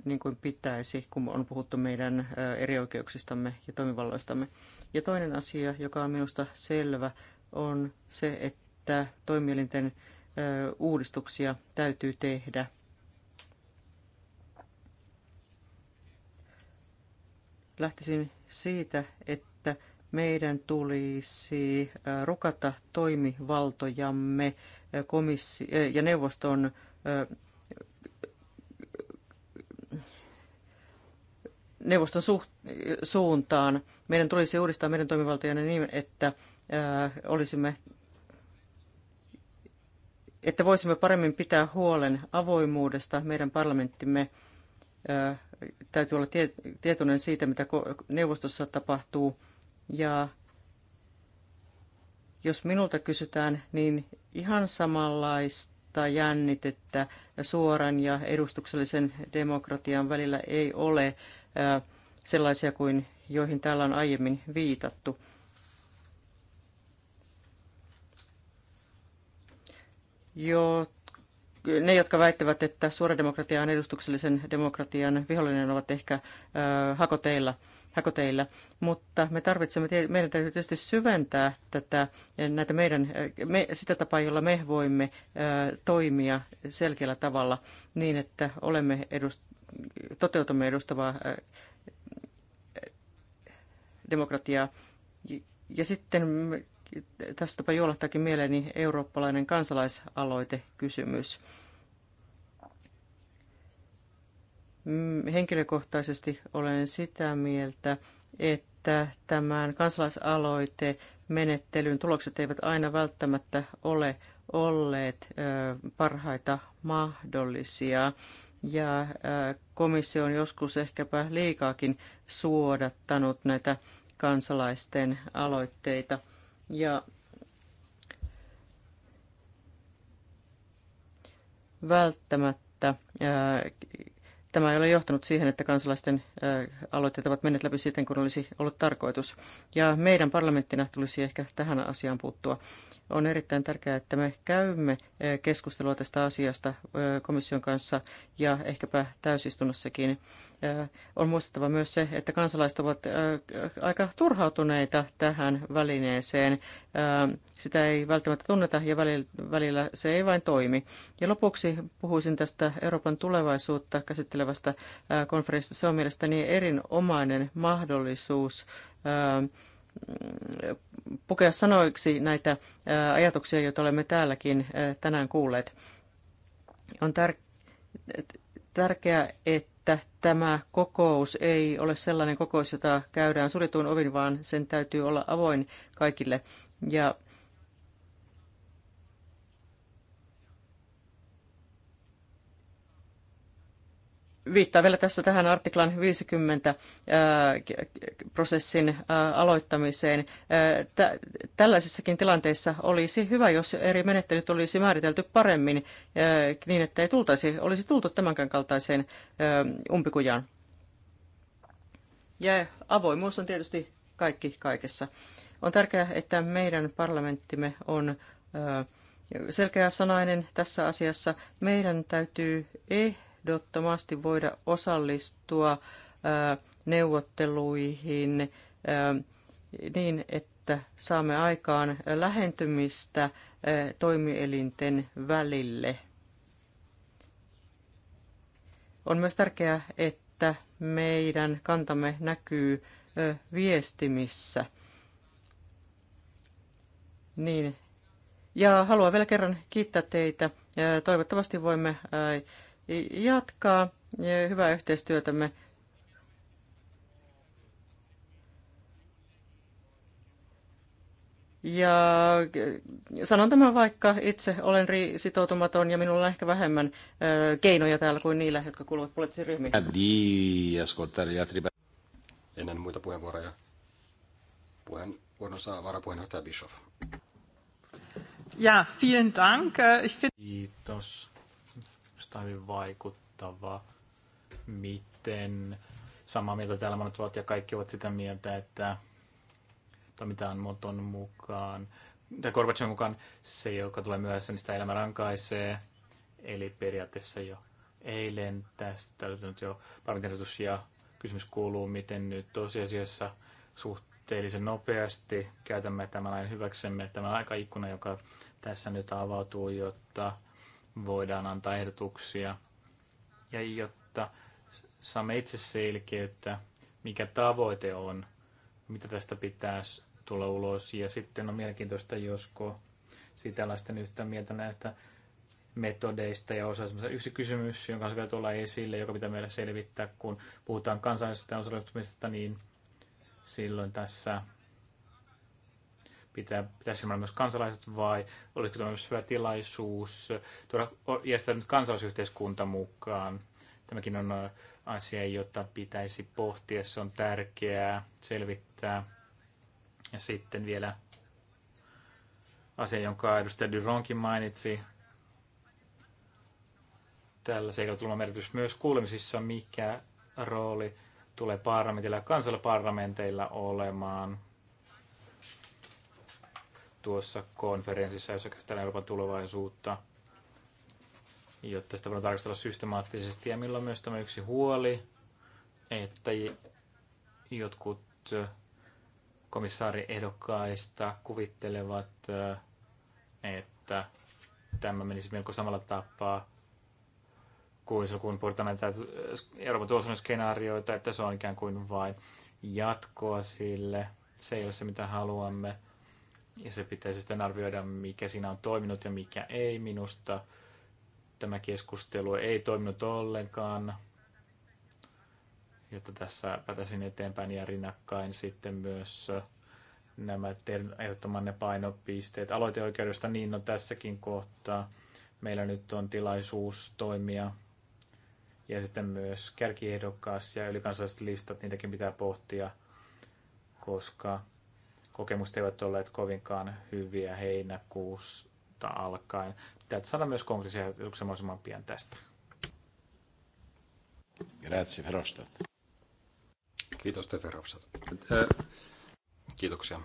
Speaker 3: niin kuin pitäisi, kun on puhuttu meidän erioikeuksistamme ja toimivalloistamme. Ja toinen asia, joka on minusta selvä, on se, että toimielinten uudistuksia täytyy tehdä. Lähtisin siitä, että meidän tulisi rukata toimivaltojamme komissi- ja neuvoston neuvoston suht- suuntaan. Meidän tulisi uudistaa meidän toimivaltoja niin, että olisimme että voisimme paremmin pitää huolen avoimuudesta. Meidän parlamenttimme ää, täytyy olla tiet- tietoinen siitä, mitä neuvostossa tapahtuu. Ja jos minulta kysytään, niin ihan samanlaista jännitettä suoran ja edustuksellisen demokratian välillä ei ole sellaisia kuin joihin täällä on aiemmin viitattu. Jo, ne, jotka väittävät, että suora demokratia on edustuksellisen demokratian vihollinen, ovat ehkä ö, hakoteilla, hakoteilla. Mutta me tarvitsemme, meidän täytyy tietysti syventää tätä, e, näitä meidän, me, sitä tapaa, jolla me voimme ö, toimia selkeällä tavalla niin, että olemme edust, toteutumme edustavaa demokratiaa. Ja sitten tästäpä juolahtaakin mieleeni eurooppalainen kansalaisaloitekysymys. Mm, henkilökohtaisesti olen sitä mieltä, että tämän kansalaisaloite menettelyn tulokset eivät aina välttämättä ole olleet parhaita mahdollisia ja äh, komissio on joskus ehkäpä liikaakin suodattanut näitä kansalaisten aloitteita. Ja välttämättä äh, Tämä ei ole johtanut siihen, että kansalaisten aloitteet ovat menneet läpi siten, kun olisi ollut tarkoitus. Ja meidän parlamenttina tulisi ehkä tähän asiaan puuttua. On erittäin tärkeää, että me käymme keskustelua tästä asiasta komission kanssa ja ehkäpä täysistunnossakin on muistettava myös se, että kansalaiset ovat aika turhautuneita tähän välineeseen. Sitä ei välttämättä tunneta ja välillä se ei vain toimi. Ja lopuksi puhuisin tästä Euroopan tulevaisuutta käsittelevästä konferenssista. Se on mielestäni erinomainen mahdollisuus mm, pukea sanoiksi näitä ajatuksia, joita olemme täälläkin tänään kuulleet. On tär- tärkeää, että että tämä kokous ei ole sellainen kokous, jota käydään suljetuin ovin, vaan sen täytyy olla avoin kaikille. Ja Viittaa vielä tässä tähän artiklan 50 äh, prosessin äh, aloittamiseen. Äh, tällaisissakin tilanteissa olisi hyvä, jos eri menettelyt olisi määritelty paremmin niin, että ei tultaisi, olisi tultu tämänkään kaltaiseen umpikujaan. Ja avoimuus on tietysti kaikki kaikessa. On tärkeää, että meidän parlamenttimme on selkeä sanainen tässä asiassa. Meidän täytyy ehdottaa, ehdottomasti voida osallistua neuvotteluihin niin, että saamme aikaan lähentymistä toimielinten välille. On myös tärkeää, että meidän kantamme näkyy viestimissä. Niin. Ja haluan vielä kerran kiittää teitä. Toivottavasti voimme jatkaa hyvää yhteistyötämme. Ja sanon tämän vaikka itse olen sitoutumaton ja minulla on ehkä vähemmän ö, keinoja täällä kuin niillä, jotka kuuluvat poliittisiin ryhmiin.
Speaker 2: Ennen muita puheenvuoroja puheenvuoron saa varapuheenjohtaja Bischoff.
Speaker 3: Ja, vielen dank. Ich find...
Speaker 2: Kiitos tai hyvin vaikuttava,
Speaker 4: miten samaa mieltä täällä monet ovat ja kaikki ovat sitä mieltä, että toimitaan moton mukaan, tai Gorbachevin mukaan se, joka tulee myöhässä, niin sitä elämä rankaisee. Eli periaatteessa jo eilen tästä löytynyt jo parlamentin ja kysymys kuuluu, miten nyt tosiasiassa suhteellisen nopeasti käytämme tämän ajan hyväksemme, tämä aikaikkuna, joka tässä nyt avautuu, jotta voidaan antaa ehdotuksia. Ja jotta saamme itse selkeyttä, mikä tavoite on, mitä tästä pitäisi tulla ulos. Ja sitten on mielenkiintoista, josko sitä lasten yhtä mieltä näistä metodeista ja osa yksi kysymys, jonka on hyvä tulla esille, joka pitää meillä selvittää, kun puhutaan kansallisesta osallistumisesta, niin silloin tässä pitää, pitää silmällä myös kansalaiset vai olisiko tämä myös hyvä tilaisuus tuoda järjestää nyt kansalaisyhteiskunta mukaan? Tämäkin on asia, jota pitäisi pohtia, se on tärkeää selvittää. Ja sitten vielä asia, jonka edustaja Duronkin mainitsi. Tällä seikalla tulee merkitys myös kuulemisissa, mikä rooli tulee parlamentilla ja kansallisilla parlamenteilla olemaan – tuossa konferenssissa, jossa käsitellään Euroopan tulevaisuutta, jotta sitä voidaan tarkastella systemaattisesti. Ja milloin myös tämä yksi huoli, että jotkut äh, komissaariehdokkaista kuvittelevat, äh, että tämä menisi melko samalla tapaa kuin se, kun puhutaan näitä äh, Euroopan tuosuuden skenaarioita, että se on ikään kuin vain jatkoa sille. Se ei ole se, mitä haluamme ja se pitäisi sitten arvioida, mikä siinä on toiminut ja mikä ei minusta. Tämä keskustelu ei toiminut ollenkaan, jotta tässä päätäisin eteenpäin ja rinnakkain sitten myös nämä teidän ne painopisteet. Aloiteoikeudesta niin no tässäkin kohtaa. Meillä nyt on tilaisuus toimia ja sitten myös kärkiehdokas ja ylikansalliset listat, niitäkin pitää pohtia, koska kokemukset eivät olleet kovinkaan hyviä heinäkuusta alkaen. Täytyy saada myös konkreettisia ajatuksia mahdollisimman pian tästä.
Speaker 2: Grazie, Verhofstadt. Kiitos, te Verhofstadt. Kiitoksia.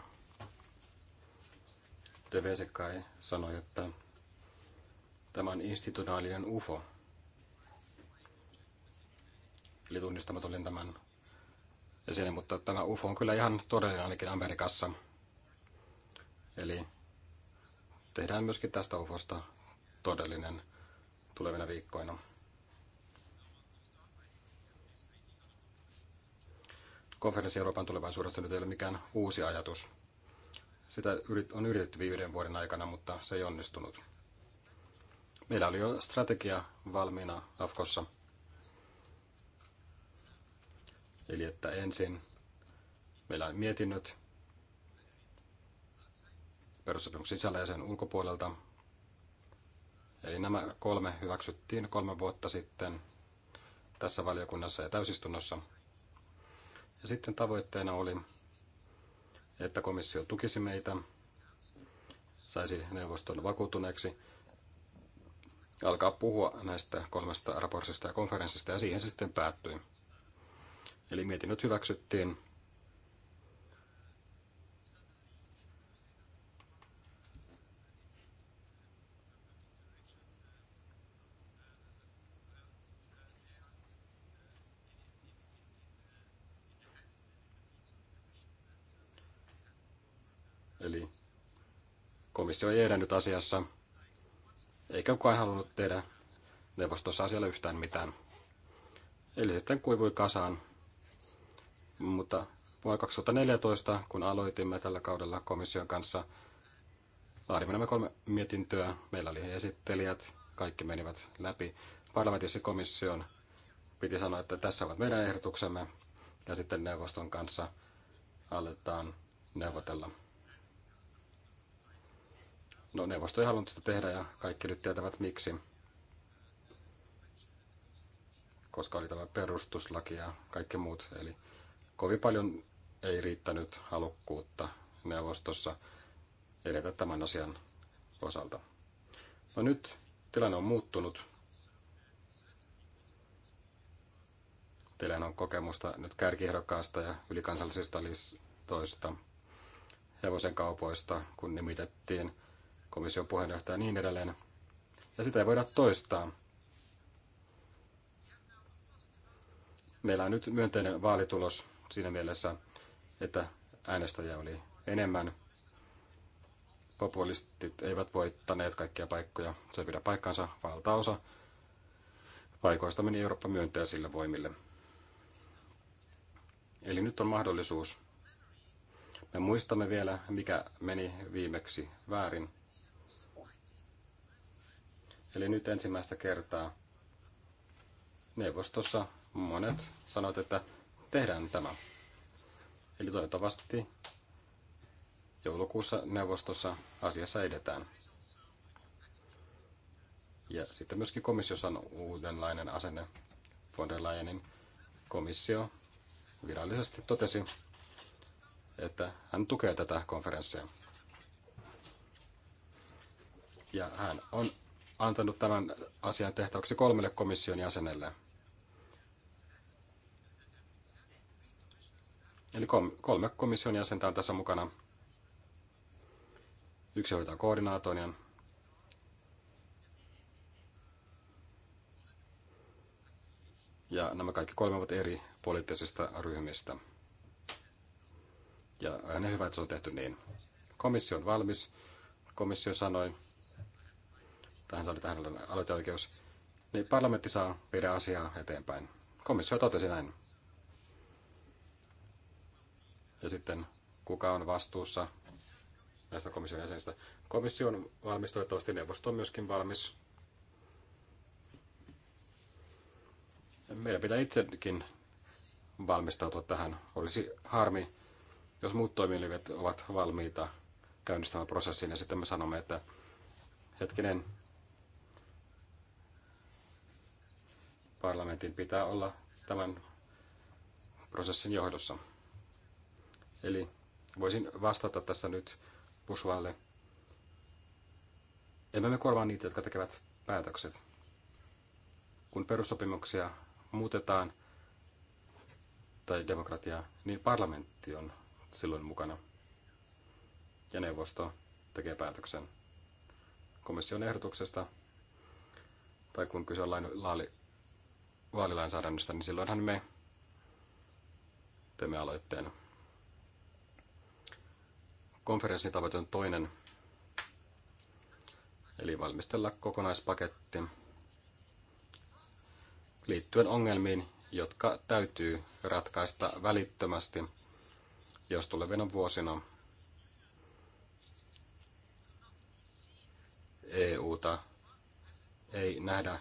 Speaker 2: De Vesekai sanoi, että tämä on institutionaalinen UFO. Eli tunnistamaton lentämään esille, mutta tämä UFO on kyllä ihan todellinen ainakin Amerikassa. Eli tehdään myöskin tästä UFOsta todellinen tulevina viikkoina. Konferenssi Euroopan tulevaisuudessa nyt ei ole mikään uusi ajatus. Sitä on yritetty viiden vuoden aikana, mutta se ei onnistunut. Meillä oli jo strategia valmiina Afkossa – Eli että ensin meillä on mietinnöt perussopimuksen sisällä ja sen ulkopuolelta. Eli nämä kolme hyväksyttiin kolme vuotta sitten tässä valiokunnassa ja täysistunnossa. Ja sitten tavoitteena oli, että komissio tukisi meitä, saisi neuvoston vakuutuneeksi, alkaa puhua näistä kolmesta raportista ja konferenssista, ja siihen se sitten päättyi. Eli mietinnöt hyväksyttiin. Eli komissio ei edennyt asiassa, eikä kukaan halunnut tehdä neuvostossa asialle yhtään mitään. Eli sitten kuivui kasaan mutta vuonna 2014, kun aloitimme tällä kaudella komission kanssa, laadimme nämä kolme mietintöä. Meillä oli esittelijät, kaikki menivät läpi. Parlamentissa komission piti sanoa, että tässä ovat meidän ehdotuksemme, ja sitten neuvoston kanssa aletaan neuvotella. No neuvosto ei halunnut sitä tehdä ja kaikki nyt tietävät miksi. Koska oli tämä perustuslaki ja kaikki muut. Eli kovin paljon ei riittänyt halukkuutta neuvostossa edetä tämän asian osalta. No nyt tilanne on muuttunut. Teillä on kokemusta nyt kärkihdokkaasta ja ylikansallisista listoista, hevosen kaupoista, kun nimitettiin komission puheenjohtaja ja niin edelleen. Ja sitä ei voida toistaa. Meillä on nyt myönteinen vaalitulos siinä mielessä, että äänestäjiä oli enemmän. Populistit eivät voittaneet kaikkia paikkoja, se pidä paikkansa valtaosa. Paikoista meni Eurooppa myönteisille voimille. Eli nyt on mahdollisuus. Me muistamme vielä, mikä meni viimeksi väärin. Eli nyt ensimmäistä kertaa neuvostossa monet sanoivat, että tehdään tämä. Eli toivottavasti joulukuussa neuvostossa asiassa edetään. Ja sitten myöskin komissiossa on uudenlainen asenne. Von der Leyenin komissio virallisesti totesi, että hän tukee tätä konferenssia. Ja hän on antanut tämän asian tehtäväksi kolmelle komission jäsenelle – Eli kolme komission jäsentä on tässä mukana. Yksi hoitaa koordinaatoinnin. Ja nämä kaikki kolme ovat eri poliittisista ryhmistä. Ja aina hyvä, että se on tehty niin. Komissio on valmis. Komissio sanoi, tähän saa tähän aloiteoikeus, niin parlamentti saa viedä asiaa eteenpäin. Komissio totesi näin. Ja sitten kuka on vastuussa näistä komission jäsenistä. Komissio on valmis, toivottavasti neuvosto on myöskin valmis. Meidän pitää itsekin valmistautua tähän. Olisi harmi, jos muut toimielimet ovat valmiita käynnistämään prosessin ja sitten me sanomme, että hetkinen, parlamentin pitää olla tämän prosessin johdossa. Eli voisin vastata tässä nyt Bushualle. Emme me korvaa niitä, jotka tekevät päätökset. Kun perussopimuksia muutetaan tai demokratiaa, niin parlamentti on silloin mukana. Ja neuvosto tekee päätöksen komission ehdotuksesta tai kun kyse on laali, vaalilainsäädännöstä, niin silloinhan me teemme aloitteen. Konferenssin tavoite on toinen, eli valmistella kokonaispaketti liittyen ongelmiin, jotka täytyy ratkaista välittömästi, jos tulevina vuosina EUta ei nähdä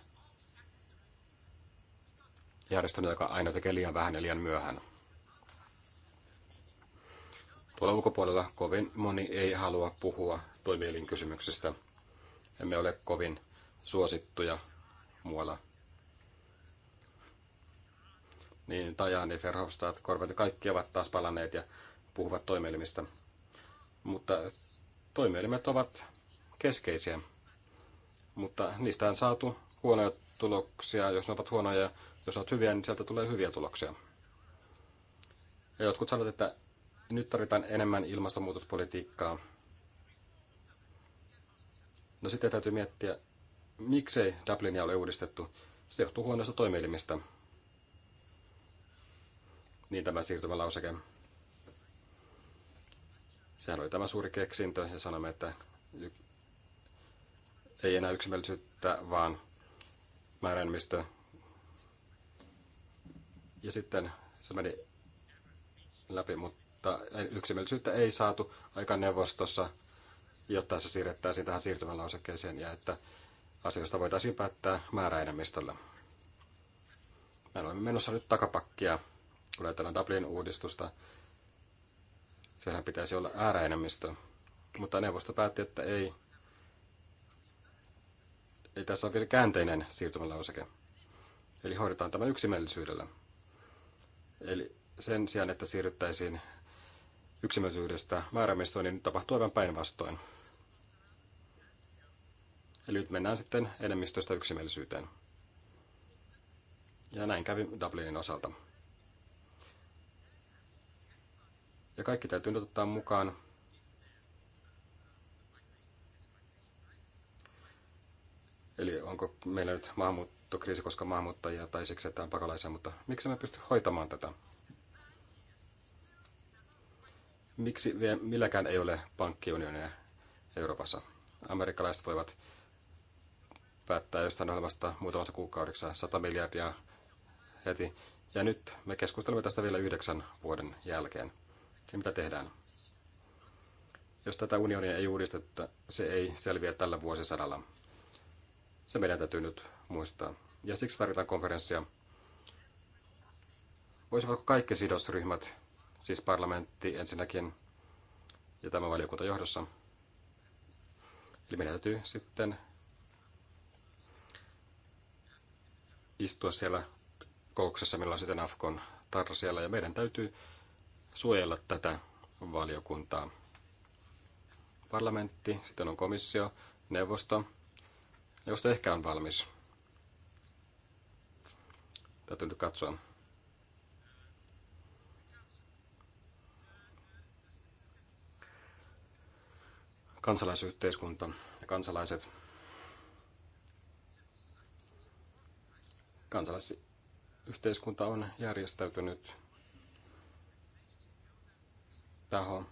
Speaker 2: järjestönä, joka aina tekee liian vähän ja liian myöhään. Tuolla ulkopuolella kovin moni ei halua puhua toimielinkysymyksistä. Emme ole kovin suosittuja muualla. Niin Tajani, Verhofstadt, Korvet, kaikki ovat taas palanneet ja puhuvat toimielimistä. Mutta toimielimet ovat keskeisiä. Mutta niistä on saatu huonoja tuloksia. Jos ne ovat huonoja, jos ovat hyviä, niin sieltä tulee hyviä tuloksia. Ja jotkut sanovat, että nyt tarvitaan enemmän ilmastonmuutospolitiikkaa. No sitten täytyy miettiä, miksei Dublinia ole uudistettu. Se johtuu huonoista toimielimistä. Niin tämä siirtymälauseke. Sehän oli tämä suuri keksintö ja sanomme, että ei enää yksimielisyyttä, vaan määränmistö. Ja sitten se meni läpi, mutta mutta yksimielisyyttä ei saatu aikaan neuvostossa, jotta se siirrettäisiin tähän siirtymälausekkeeseen ja että asioista voitaisiin päättää määräenemmistöllä. Me olemme menossa nyt takapakkia, kun ajatellaan Dublin-uudistusta. Sehän pitäisi olla ääräenemmistö, mutta neuvosto päätti, että ei. Ei tässä ole käänteinen siirtymälauseke. Eli hoidetaan tämä yksimielisyydellä. Eli sen sijaan, että siirryttäisiin yksimielisyydestä niin tapahtuu aivan päinvastoin. Eli nyt mennään sitten enemmistöstä yksimielisyyteen. Ja näin kävi Dublinin osalta. Ja kaikki täytyy nyt ottaa mukaan. Eli onko meillä nyt maahanmuuttokriisi, koska maahanmuuttajia tai siksi, että on pakolaisia, mutta miksi me pysty hoitamaan tätä? miksi milläkään ei ole pankkiunionia Euroopassa. Amerikkalaiset voivat päättää jostain olevasta muutamassa kuukaudessa 100 miljardia heti. Ja nyt me keskustelemme tästä vielä yhdeksän vuoden jälkeen. Ja mitä tehdään? Jos tätä unionia ei uudisteta, se ei selviä tällä vuosisadalla. Se meidän täytyy nyt muistaa. Ja siksi tarvitaan konferenssia. Voisivatko kaikki sidosryhmät siis parlamentti ensinnäkin ja tämä valiokunta johdossa. Eli meidän täytyy sitten istua siellä kouksessa, meillä on sitten Afkon tarra siellä, ja meidän täytyy suojella tätä valiokuntaa. Parlamentti, sitten on komissio, neuvosto. Neuvosto ehkä on valmis. Täytyy nyt katsoa. kansalaisyhteiskunta ja kansalaiset. Kansalaisyhteiskunta on järjestäytynyt taho,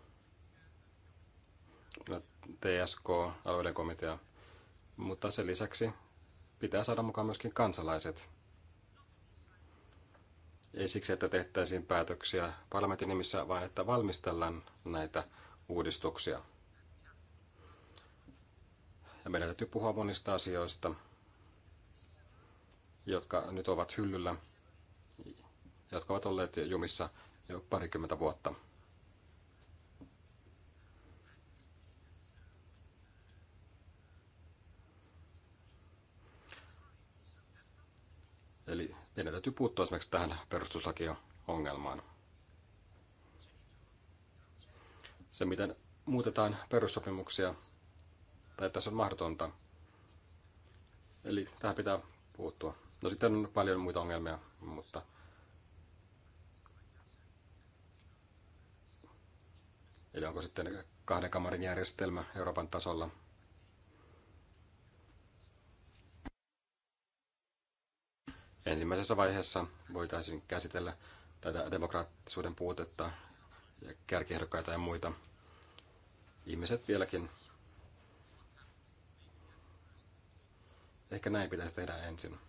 Speaker 2: TSK, alueiden komitea, mutta sen lisäksi pitää saada mukaan myöskin kansalaiset. Ei siksi, että tehtäisiin päätöksiä parlamentin nimissä, vaan että valmistellaan näitä uudistuksia. Ja meidän täytyy puhua monista asioista, jotka nyt ovat hyllyllä, jotka ovat olleet jumissa jo parikymmentä vuotta. Eli meidän täytyy puuttua esimerkiksi tähän perustuslakiongelmaan. Se, miten muutetaan perussopimuksia, tai että se on mahdotonta. Eli tähän pitää puuttua. No sitten on paljon muita ongelmia, mutta Eli onko sitten kahden kamarin järjestelmä Euroopan tasolla? Ensimmäisessä vaiheessa voitaisiin käsitellä tätä demokraattisuuden puutetta ja kärkiehdokkaita ja muita. Ihmiset vieläkin Ehkä näin pitäisi tehdä ensin.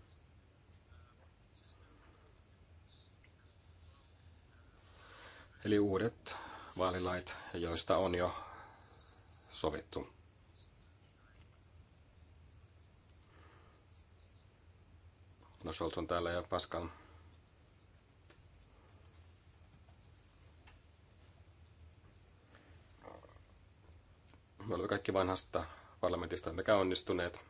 Speaker 2: Eli uudet vaalilait, joista on jo sovittu. No Scholz on täällä ja Pascal. Me olemme kaikki vanhasta parlamentista, mikä onnistuneet.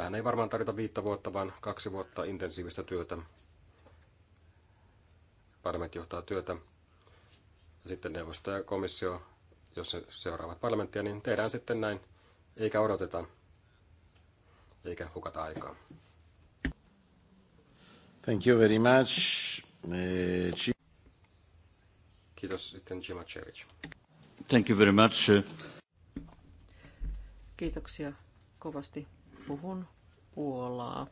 Speaker 2: Tähän ei varmaan tarvita viittä vuotta, vaan kaksi vuotta intensiivistä työtä. Parlamentti johtaa työtä. Ja sitten neuvosto ja komissio, jos se seuraavat parlamenttia, niin tehdään sitten näin, eikä odoteta, eikä hukata aikaa.
Speaker 1: Thank you very much. Eh,
Speaker 2: Kiitos sitten Jimacevic.
Speaker 1: Thank you very much. Eh.
Speaker 3: Kiitoksia kovasti puhun Puolaa.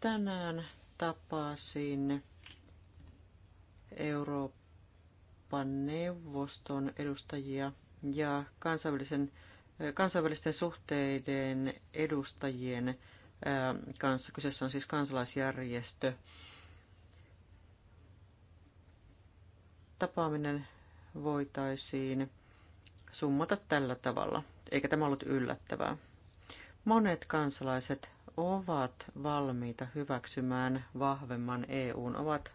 Speaker 3: Tänään tapasin Euroopan neuvoston edustajia ja kansainvälisen, eh, kansainvälisten suhteiden edustajien eh, kanssa. Kyseessä on siis kansalaisjärjestö. Tapaaminen voitaisiin summata tällä tavalla eikä tämä ollut yllättävää. Monet kansalaiset ovat valmiita hyväksymään vahvemman EUn, ovat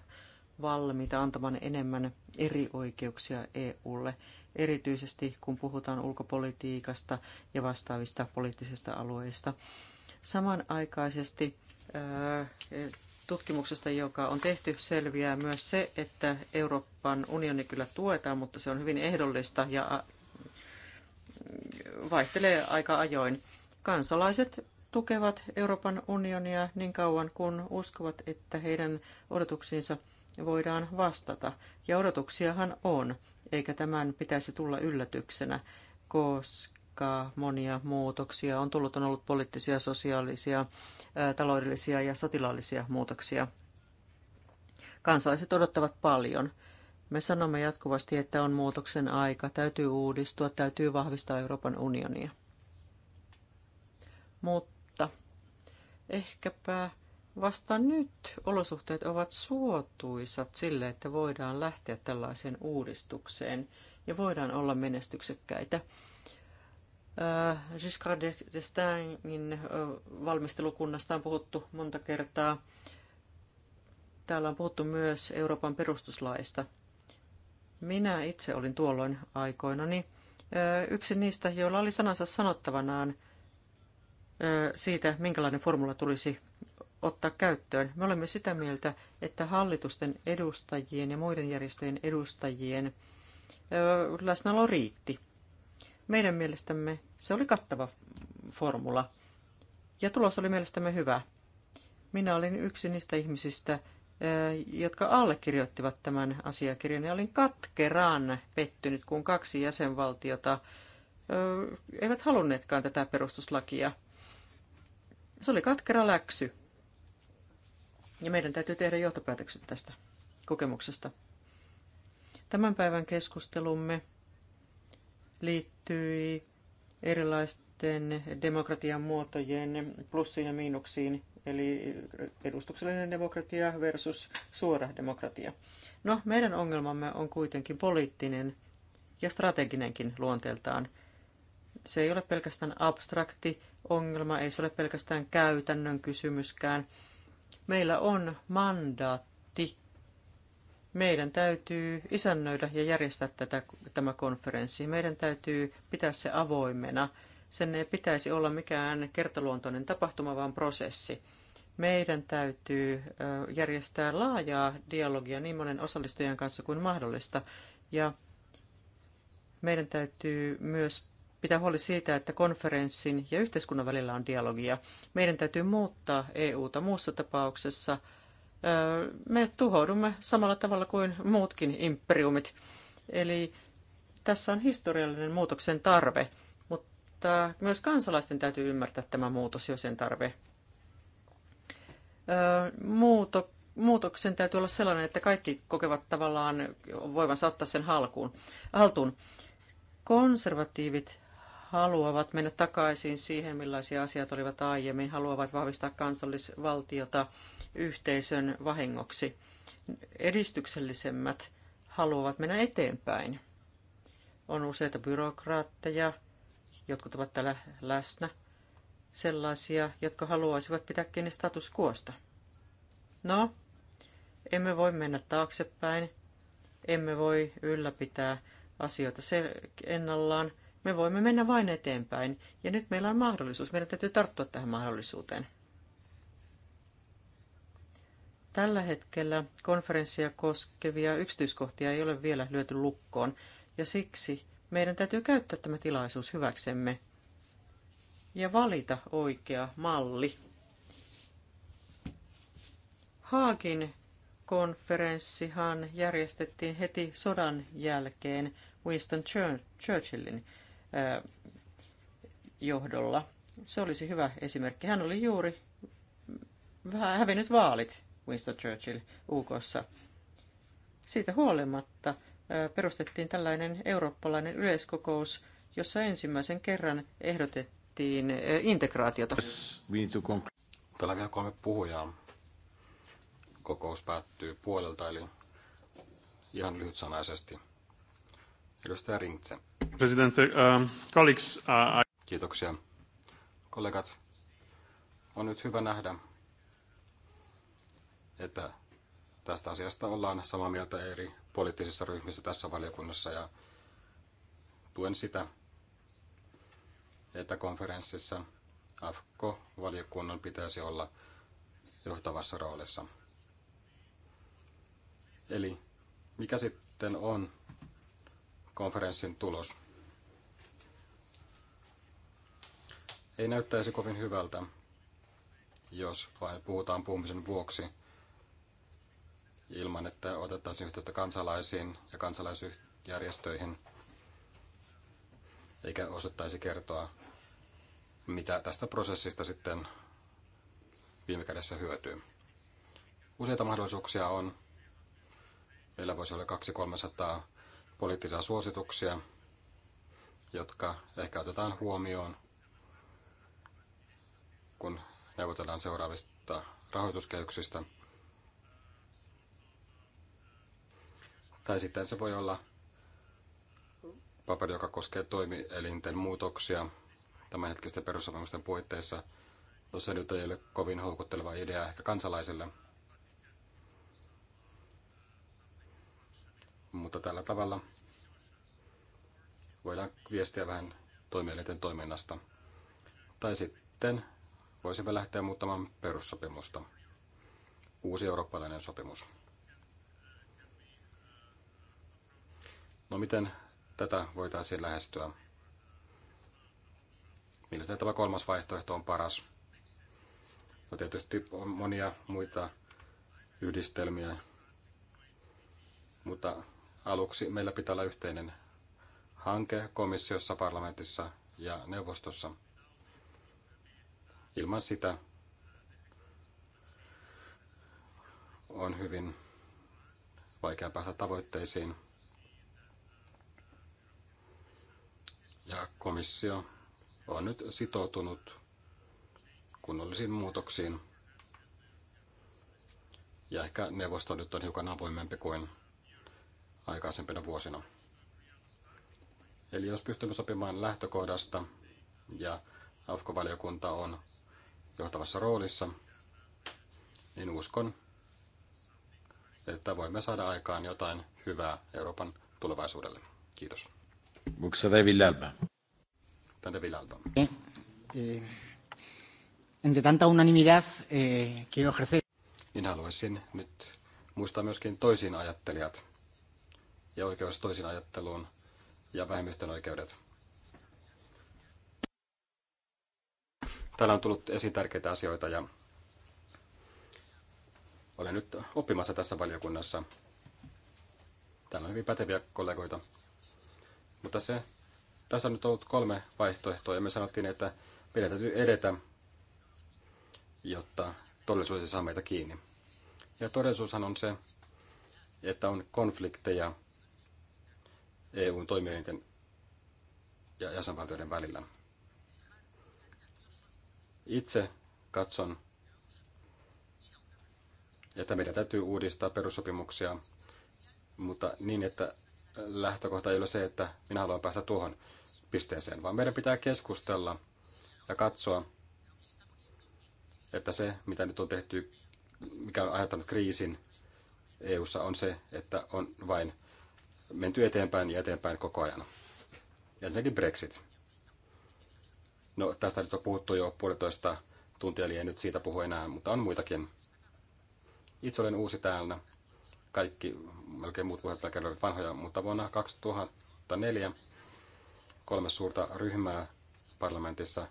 Speaker 3: valmiita antamaan enemmän eri oikeuksia EUlle, erityisesti kun puhutaan ulkopolitiikasta ja vastaavista poliittisista alueista. Samanaikaisesti tutkimuksesta, joka on tehty, selviää myös se, että Euroopan unioni kyllä tuetaan, mutta se on hyvin ehdollista ja vaihtelee aika ajoin. Kansalaiset tukevat Euroopan unionia niin kauan, kun uskovat, että heidän odotuksiinsa voidaan vastata. Ja odotuksiahan on, eikä tämän pitäisi tulla yllätyksenä, koska monia muutoksia on tullut, on ollut poliittisia, sosiaalisia, taloudellisia ja sotilaallisia muutoksia. Kansalaiset odottavat paljon – me sanomme jatkuvasti, että on muutoksen aika, täytyy uudistua, täytyy vahvistaa Euroopan unionia. Mutta ehkäpä vasta nyt olosuhteet ovat suotuisat sille, että voidaan lähteä tällaiseen uudistukseen ja voidaan olla menestyksekkäitä. Äh, Giscard d'Estaingin äh, valmistelukunnasta on puhuttu monta kertaa. Täällä on puhuttu myös Euroopan perustuslaista. Minä itse olin tuolloin aikoinani yksi niistä, joilla oli sanansa sanottavanaan siitä, minkälainen formula tulisi ottaa käyttöön. Me olemme sitä mieltä, että hallitusten edustajien ja muiden järjestöjen edustajien läsnäolo riitti. Meidän mielestämme se oli kattava formula ja tulos oli mielestämme hyvä. Minä olin yksi niistä ihmisistä, jotka allekirjoittivat tämän asiakirjan. Ja olin katkeraan pettynyt, kun kaksi jäsenvaltiota eivät halunneetkaan tätä perustuslakia. Se oli katkera läksy. Ja meidän täytyy tehdä johtopäätökset tästä kokemuksesta. Tämän päivän keskustelumme liittyi erilaisten demokratian muotojen plussiin ja miinuksiin eli edustuksellinen demokratia versus suora demokratia. No, meidän ongelmamme on kuitenkin poliittinen ja strateginenkin luonteeltaan. Se ei ole pelkästään abstrakti ongelma, ei se ole pelkästään käytännön kysymyskään. Meillä on mandaatti. Meidän täytyy isännöidä ja järjestää tätä, tämä konferenssi. Meidän täytyy pitää se avoimena sen ei pitäisi olla mikään kertaluontoinen tapahtuma, vaan prosessi meidän täytyy järjestää laajaa dialogia niin monen osallistujan kanssa kuin mahdollista. Ja meidän täytyy myös pitää huoli siitä, että konferenssin ja yhteiskunnan välillä on dialogia. Meidän täytyy muuttaa EUta muussa tapauksessa. Me tuhoudumme samalla tavalla kuin muutkin imperiumit. Eli tässä on historiallinen muutoksen tarve, mutta myös kansalaisten täytyy ymmärtää tämä muutos ja sen tarve muuto, muutoksen täytyy olla sellainen, että kaikki kokevat tavallaan voivansa ottaa sen halkuun, haltuun. Konservatiivit haluavat mennä takaisin siihen, millaisia asiat olivat aiemmin, haluavat vahvistaa kansallisvaltiota yhteisön vahingoksi. Edistyksellisemmät haluavat mennä eteenpäin. On useita byrokraatteja, jotkut ovat täällä läsnä sellaisia, jotka haluaisivat pitää kiinni status quosta. No, emme voi mennä taaksepäin, emme voi ylläpitää asioita ennallaan, me voimme mennä vain eteenpäin, ja nyt meillä on mahdollisuus, meidän täytyy tarttua tähän mahdollisuuteen. Tällä hetkellä konferenssia koskevia yksityiskohtia ei ole vielä lyöty lukkoon, ja siksi meidän täytyy käyttää tämä tilaisuus hyväksemme – ja valita oikea malli. Haakin konferenssihan järjestettiin heti sodan jälkeen Winston Churchillin johdolla. Se olisi hyvä esimerkki. Hän oli juuri vähän hävinnyt vaalit, Winston Churchill UKssa. Siitä huolimatta perustettiin tällainen eurooppalainen yleiskokous, jossa ensimmäisen kerran ehdotettiin, mietittiin eh, integraatiota.
Speaker 2: Täällä on vielä kolme puhujaa. Kokous päättyy puolelta, eli ihan lyhytsanaisesti. Edustaja Ringtse. President, uh, um, colleagues, uh, I... Kiitoksia. Kollegat, on nyt hyvä nähdä, että tästä asiasta ollaan samaa mieltä eri poliittisissa ryhmissä tässä valiokunnassa ja tuen sitä, että konferenssissa AFKO-valiokunnan pitäisi olla johtavassa roolissa. Eli mikä sitten on konferenssin tulos? Ei näyttäisi kovin hyvältä, jos vain puhutaan puhumisen vuoksi ilman, että otettaisiin yhteyttä kansalaisiin ja kansalaisjärjestöihin, eikä osattaisi kertoa mitä tästä prosessista sitten viime kädessä hyötyy. Useita mahdollisuuksia on. Meillä voisi olla 200-300 poliittisia suosituksia, jotka ehkä otetaan huomioon, kun neuvotellaan seuraavista rahoituskehyksistä. Tai sitten se voi olla paperi, joka koskee toimielinten muutoksia tämänhetkisten perussopimusten puitteissa. Tuossa no, nyt ei ole kovin houkutteleva idea ehkä kansalaisille. Mutta tällä tavalla voidaan viestiä vähän toimielinten toiminnasta. Tai sitten voisimme lähteä muuttamaan perussopimusta. Uusi eurooppalainen sopimus. No miten tätä voitaisiin lähestyä? Mielestäni tämä kolmas vaihtoehto on paras. No tietysti on monia muita yhdistelmiä, mutta aluksi meillä pitää olla yhteinen hanke komissiossa, parlamentissa ja neuvostossa. Ilman sitä on hyvin vaikea päästä tavoitteisiin. Ja komissio on nyt sitoutunut kunnollisiin muutoksiin. Ja ehkä neuvosto nyt on hiukan avoimempi kuin aikaisempina vuosina. Eli jos pystymme sopimaan lähtökohdasta ja AFKO-valiokunta on johtavassa roolissa, niin uskon, että voimme saada aikaan jotain hyvää Euroopan tulevaisuudelle. Kiitos. Muksada tänne
Speaker 1: eh, Entre eh, tanta
Speaker 3: unanimidad, eh, quiero ejercer...
Speaker 2: Niin haluaisin nyt muistaa myöskin toisin ajattelijat ja oikeus toisin ajatteluun ja vähemmistön oikeudet. Täällä on tullut esiin tärkeitä asioita ja olen nyt oppimassa tässä valiokunnassa. Täällä on hyvin päteviä kollegoita. Mutta se, tässä on nyt ollut kolme vaihtoehtoa ja me sanottiin, että meidän täytyy edetä, jotta todellisuus ei saa meitä kiinni. Ja todellisuushan on se, että on konflikteja EUn toimielinten ja jäsenvaltioiden välillä. Itse katson, että meidän täytyy uudistaa perussopimuksia, mutta niin, että lähtökohta ei ole se, että minä haluan päästä tuohon pisteeseen, vaan meidän pitää keskustella ja katsoa, että se, mitä nyt on tehty, mikä on aiheuttanut kriisin EU:ssa, on se, että on vain menty eteenpäin ja eteenpäin koko ajan. Ja Ensinnäkin Brexit. No, tästä nyt on puhuttu jo puolitoista tuntia, eli en nyt siitä puhu enää, mutta on muitakin. Itse olen uusi täällä kaikki, melkein muut puheet kerran olivat vanhoja, mutta vuonna 2004 kolme suurta ryhmää parlamentissa,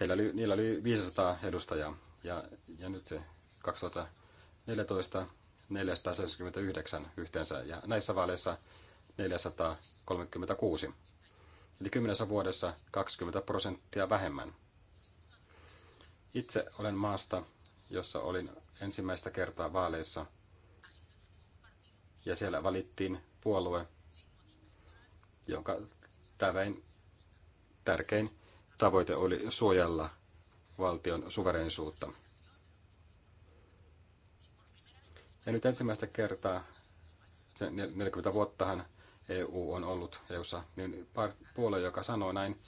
Speaker 2: heillä oli, niillä oli 500 edustajaa, ja, ja nyt se 2014 479 yhteensä, ja näissä vaaleissa 436. Eli kymmenessä vuodessa 20 prosenttia vähemmän. Itse olen maasta, jossa olin ensimmäistä kertaa vaaleissa – ja siellä valittiin puolue, jonka täväin, tärkein tavoite oli suojella valtion suverenisuutta. Ja nyt ensimmäistä kertaa, sen 40 vuottahan EU on ollut EUssa, niin puolue, joka sanoo näin,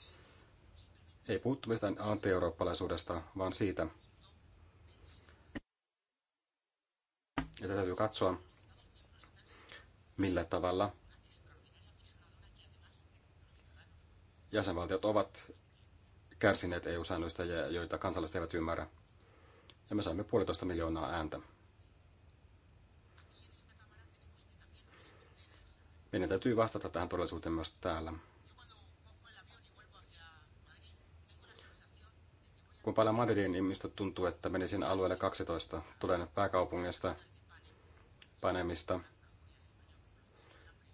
Speaker 2: ei puhuttu mistään anti-eurooppalaisuudesta, vaan siitä. Ja täytyy katsoa, millä tavalla jäsenvaltiot ovat kärsineet EU-säännöistä, joita kansalaiset eivät ymmärrä. Ja me saimme puolitoista miljoonaa ääntä. Meidän täytyy vastata tähän todellisuuteen myös täällä. Kun palaan Madridiin, niin minusta tuntuu, että menisin alueelle 12. Tulen pääkaupungista, panemista,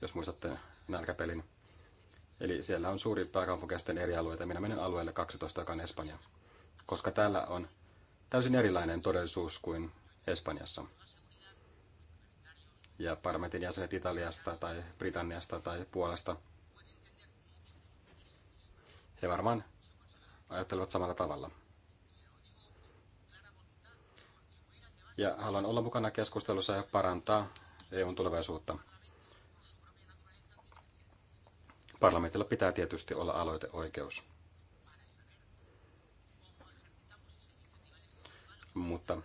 Speaker 2: jos muistatte nälkäpelin. Eli siellä on suuri pääkaupunkiasten eri alueita. Minä menen alueelle 12, joka on Espanja. Koska täällä on täysin erilainen todellisuus kuin Espanjassa. Ja parlamentin jäsenet Italiasta tai Britanniasta tai Puolasta, he varmaan ajattelevat samalla tavalla. Ja haluan olla mukana keskustelussa ja parantaa EUn tulevaisuutta. Parlamentilla pitää tietysti olla aloiteoikeus. Mutta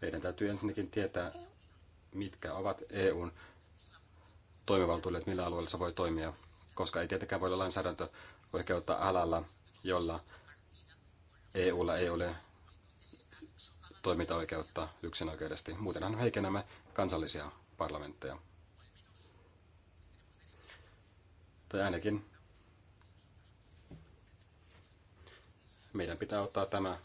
Speaker 2: meidän täytyy ensinnäkin tietää, mitkä ovat EUn toimivaltuudet, millä alueella se voi toimia, koska ei tietenkään voi olla oikeutta alalla, jolla EUlla ei ole toimintaoikeutta yksinoikeudesti. Muutenhan heikennämme kansallisia parlamentteja. tai ainakin meidän pitää ottaa tämä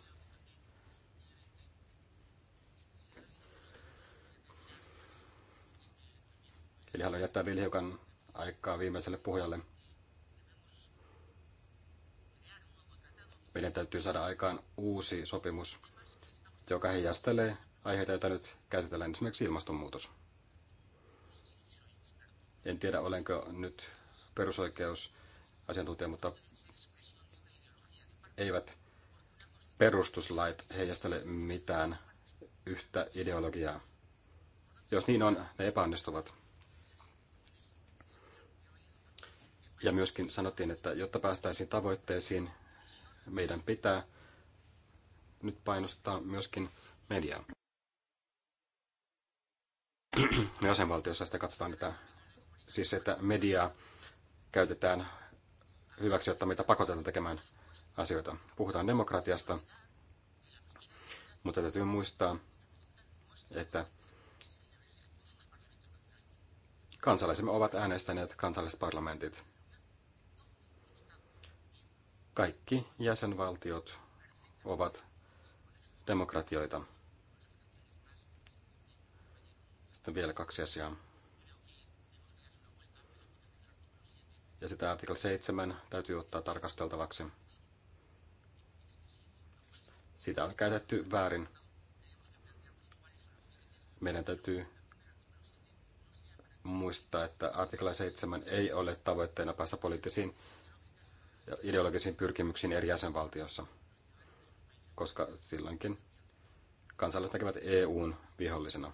Speaker 2: Eli haluan jättää vielä hiukan aikaa viimeiselle puhujalle. Meidän täytyy saada aikaan uusi sopimus, joka heijastelee aiheita, joita nyt käsitellään, esimerkiksi ilmastonmuutos. En tiedä, olenko nyt perusoikeusasiantuntija, mutta eivät perustuslait heijastele mitään yhtä ideologiaa. Jos niin on, ne epäonnistuvat. Ja myöskin sanottiin, että jotta päästäisiin tavoitteisiin, meidän pitää nyt painostaa myöskin mediaa. Jäsenvaltiossa sitä katsotaan, että siis että mediaa käytetään hyväksi, jotta meitä pakotetaan tekemään asioita. Puhutaan demokratiasta, mutta täytyy muistaa, että kansalaisemme ovat äänestäneet kansalliset parlamentit. Kaikki jäsenvaltiot ovat demokratioita. Sitten vielä kaksi asiaa. Ja sitä artikla 7 täytyy ottaa tarkasteltavaksi. Sitä on käytetty väärin. Meidän täytyy muistaa, että artikla 7 ei ole tavoitteena päästä poliittisiin ja ideologisiin pyrkimyksiin eri jäsenvaltiossa, koska silloinkin kansalaiset näkevät EUn vihollisena.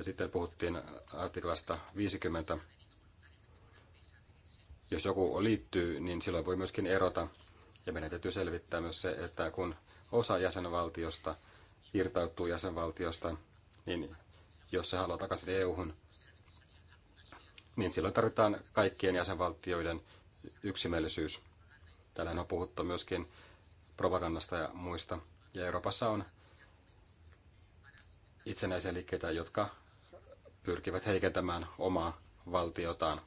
Speaker 2: Ja sitten puhuttiin artiklasta 50. Jos joku liittyy, niin silloin voi myöskin erota. Ja meidän täytyy selvittää myös se, että kun osa jäsenvaltiosta irtautuu jäsenvaltiosta, niin jos se haluaa takaisin EU-hun, niin silloin tarvitaan kaikkien jäsenvaltioiden yksimielisyys. Täällähän on puhuttu myöskin propagandasta ja muista. Ja Euroopassa on itsenäisiä liikkeitä, jotka pyrkivät heikentämään omaa valtiotaan.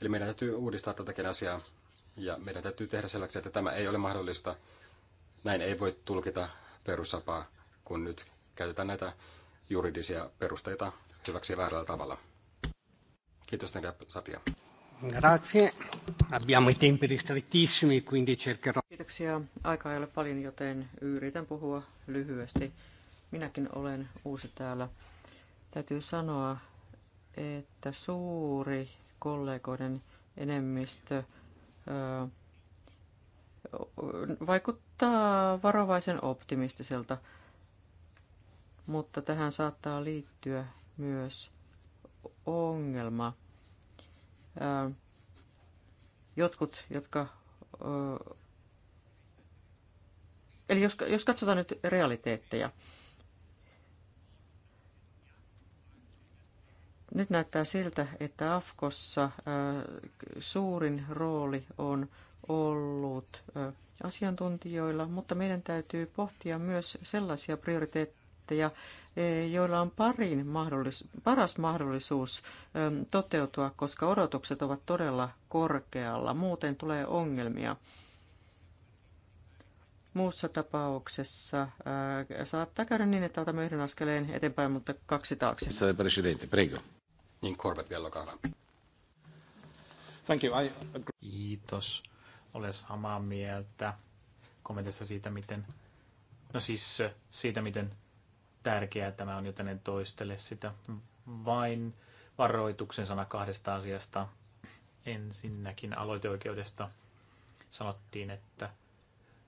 Speaker 2: Eli meidän täytyy uudistaa tätäkin asiaa ja meidän täytyy tehdä selväksi, että tämä ei ole mahdollista. Näin ei voi tulkita perussapaa, kun nyt käytetään näitä juridisia perusteita hyväksi väärällä tavalla. Kiitos teille, Sapia. Grazie. Abbiamo i tempi ristrettissimi, quindi cercherò...
Speaker 3: Kiitoksia. Aika ei ole paljon, joten yritän puhua lyhyesti. Minäkin olen uusi täällä. Täytyy sanoa, että suuri kollegoiden enemmistö vaikuttaa varovaisen optimistiselta, mutta tähän saattaa liittyä myös ongelma. Jotkut, jotka... Eli jos, jos katsotaan nyt realiteetteja, Nyt näyttää siltä, että AFKossa äh, suurin rooli on ollut äh, asiantuntijoilla, mutta meidän täytyy pohtia myös sellaisia prioriteetteja, eh, joilla on parin mahdollis- paras mahdollisuus ähm, toteutua, koska odotukset ovat todella korkealla. Muuten tulee ongelmia. Muussa tapauksessa äh, saattaa käydä niin, että otamme yhden askeleen eteenpäin, mutta kaksi taakse.
Speaker 1: Presidente, prego. Niin Corbett vielä
Speaker 3: Thank you. I agree. Kiitos. Olen samaa
Speaker 4: mieltä kommentissa siitä, miten, no siis siitä, miten tärkeää tämä on, joten en toistele sitä. Vain varoituksen sana kahdesta asiasta. Ensinnäkin aloiteoikeudesta sanottiin, että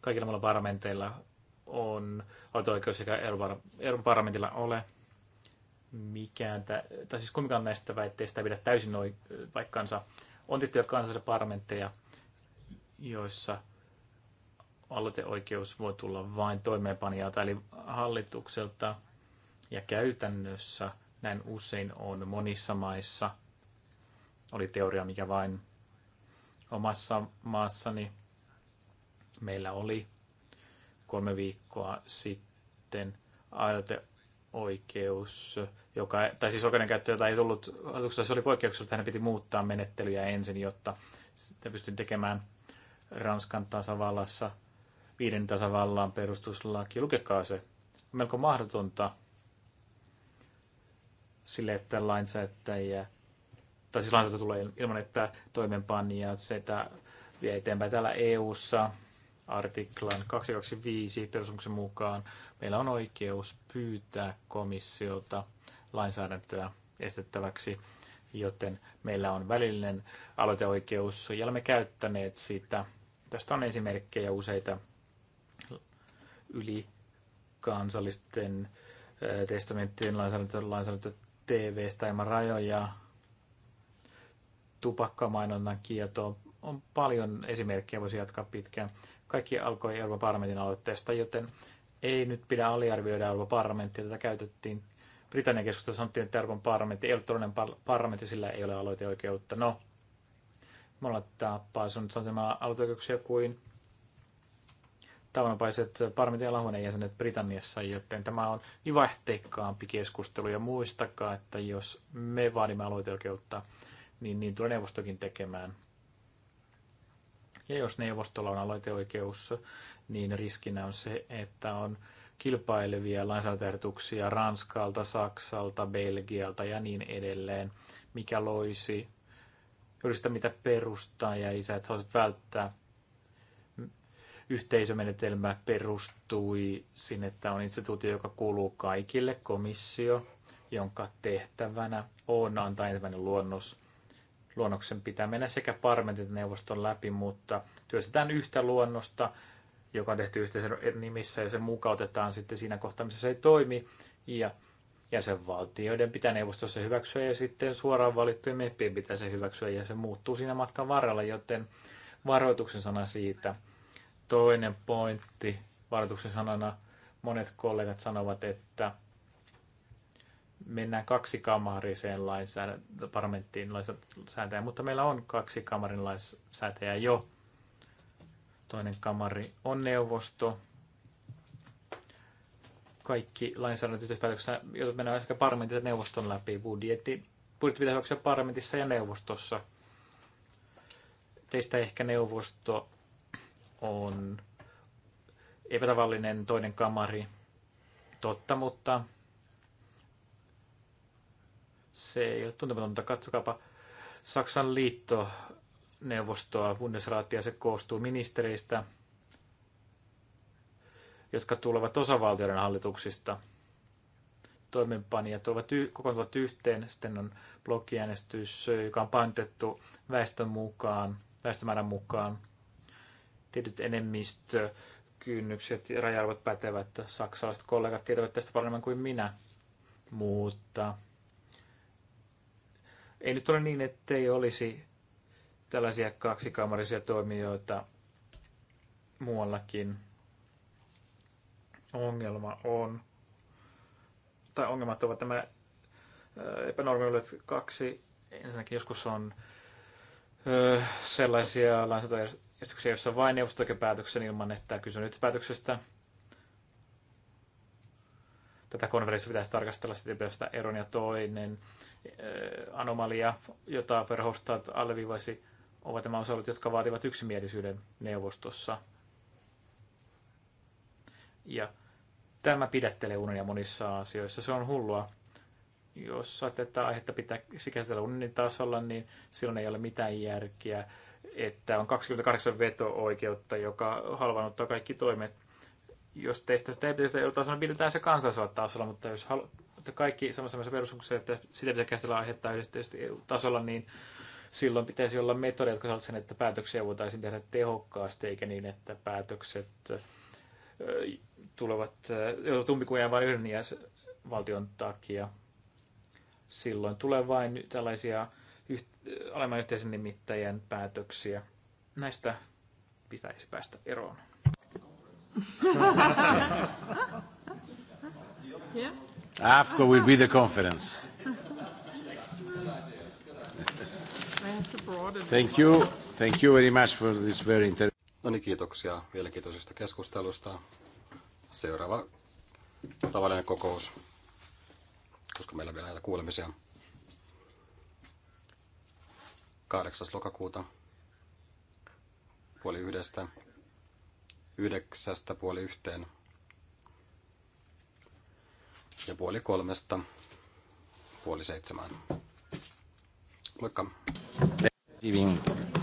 Speaker 4: kaikilla muilla parlamenteilla on aloiteoikeus, sekä Euroopan parlamentilla ole mikään, tai siis kumminkaan näistä väitteistä ei pidä täysin noin paikkansa. On tiettyjä kansallisia parlamentteja, joissa aloiteoikeus voi tulla vain toimeenpanijalta, eli hallitukselta. Ja käytännössä näin usein on monissa maissa, oli teoria mikä vain omassa maassani, meillä oli kolme viikkoa sitten aloiteoikeus oikeus, joka, tai siis oikeudenkäyttö, jota ei tullut asetuksessa, se oli poikkeuksessa, että hän piti muuttaa menettelyjä ensin, jotta sitä pystyi tekemään Ranskan tasavallassa, viiden tasavallan perustuslaki. Lukekaa se. On melko mahdotonta sille, että lainsäätäjä, tai siis lainsäädäntö tulee ilman, että toimenpanijat sitä vie eteenpäin täällä EU-ssa artiklan 225 perustuksen mukaan meillä on oikeus pyytää komissiolta lainsäädäntöä estettäväksi, joten meillä on välillinen aloiteoikeus ja olemme käyttäneet sitä. Tästä on esimerkkejä useita yli kansallisten testamenttien lainsäädäntö, lainsäädäntö TV-stä ilman rajoja, tupakkamainonnan kielto, on paljon esimerkkejä, voisi jatkaa pitkään. Kaikki alkoi Euroopan parlamentin aloitteesta, joten ei nyt pidä aliarvioida Euroopan parlamenttia. Tätä käytettiin Britannian keskustelussa sanottiin, että Euroopan parlamentti ei ole parlamentti, sillä ei ole aloiteoikeutta. No, monella tapaa sun on samaa aloiteoikeuksia kuin tavanopaiset parlamentin alahuoneen jäsenet Britanniassa, joten tämä on niin vaihteikkaampi keskustelu. Ja muistakaa, että jos me vaadimme aloiteoikeutta, niin niin tulee neuvostokin tekemään. Ja jos neuvostolla on aloiteoikeus, niin riskinä on se, että on kilpailevia lainsäädäntöehdotuksia Ranskalta, Saksalta, Belgialta ja niin edelleen, mikä loisi juuri sitä, mitä perustaa ja että haluaisit välttää. Yhteisömenetelmä perustui sinne, että on instituutio, joka kuuluu kaikille, komissio, jonka tehtävänä on antaa ensimmäinen luonnos luonnoksen pitää mennä sekä parlamentin että neuvoston läpi, mutta työstetään yhtä luonnosta, joka on tehty yhteisön nimissä ja se mukautetaan sitten siinä kohtaa, missä se ei toimi. Ja jäsenvaltioiden pitää neuvostossa hyväksyä ja sitten suoraan valittujen meppien pitää se hyväksyä ja se muuttuu siinä matkan varrella, joten varoituksen sana siitä. Toinen pointti varoituksen sanana monet kollegat sanovat, että mennään kaksikamariseen lainsäädä- parlamenttiin lainsäätäjä, mutta meillä on kaksi kamarin lainsäätäjä jo. Toinen kamari on neuvosto. Kaikki lainsäädäntöyhteispäätöksessä, joita mennään ehkä parlamentin ja neuvoston läpi, budjetti, budjetti pitää hyväksyä parlamentissa ja neuvostossa. Teistä ehkä neuvosto on epätavallinen toinen kamari, totta, mutta se ei ole tuntematonta. Katsokaapa Saksan liittoneuvostoa, Bundesratia, se koostuu ministereistä, jotka tulevat osavaltioiden hallituksista. Toimenpanijat ovat y- kokoontuvat yhteen, sitten on blokkiäänestys, joka on painotettu väestön mukaan, väestömäärän mukaan. Tietyt enemmistö, kynnykset ja raja pätevät. Saksalaiset kollegat tietävät tästä paremmin kuin minä, mutta ei nyt ole niin, ei olisi tällaisia kaksikamarisia toimijoita muuallakin. Ongelma on, tai ongelmat ovat nämä äh, epänormioilet kaksi. Ensinnäkin joskus on ö, sellaisia lainsäädäntöjärjestyksiä, joissa vain neuvosto päätöksen ilman, että kysynyt nyt päätöksestä. Tätä konferenssia pitäisi tarkastella sitten eron ja toinen anomalia, jota Verhofstadt alleviivasi, ovat nämä osallot, jotka vaativat yksimielisyyden neuvostossa. Ja tämä pidättelee unia monissa asioissa. Se on hullua. Jos että aihetta pitää käsitellä unin tasolla, niin silloin ei ole mitään järkeä, että on 28 veto-oikeutta, joka halvanuttaa kaikki toimet. Jos teistä sitä ei pitäisi tasolla, pidetään se kansallisella tasolla, mutta jos halu- että kaikki samassa mielessä että sitä pitää käsitellä aihetta yhteisesti EU-tasolla, niin silloin pitäisi olla metodeja, jotka saavat sen, että päätöksiä voitaisiin tehdä tehokkaasti, eikä niin, että päätökset tulevat tummikujaan vain yhden valtion takia. Silloin tulee vain tällaisia alemman yhteisen nimittäjän päätöksiä. Näistä pitäisi päästä eroon.
Speaker 1: yeah. AFCO will be the conference. Thank you. Thank you very much for this very inter-
Speaker 2: No niin, kiitoksia mielenkiintoisesta keskustelusta. Seuraava tavallinen kokous, koska meillä on vielä näitä kuulemisia. 8. lokakuuta puoli yhdestä, yhdeksästä puoli yhteen ja puoli kolmesta puoli seitsemään.
Speaker 1: Moikka! Hyvin.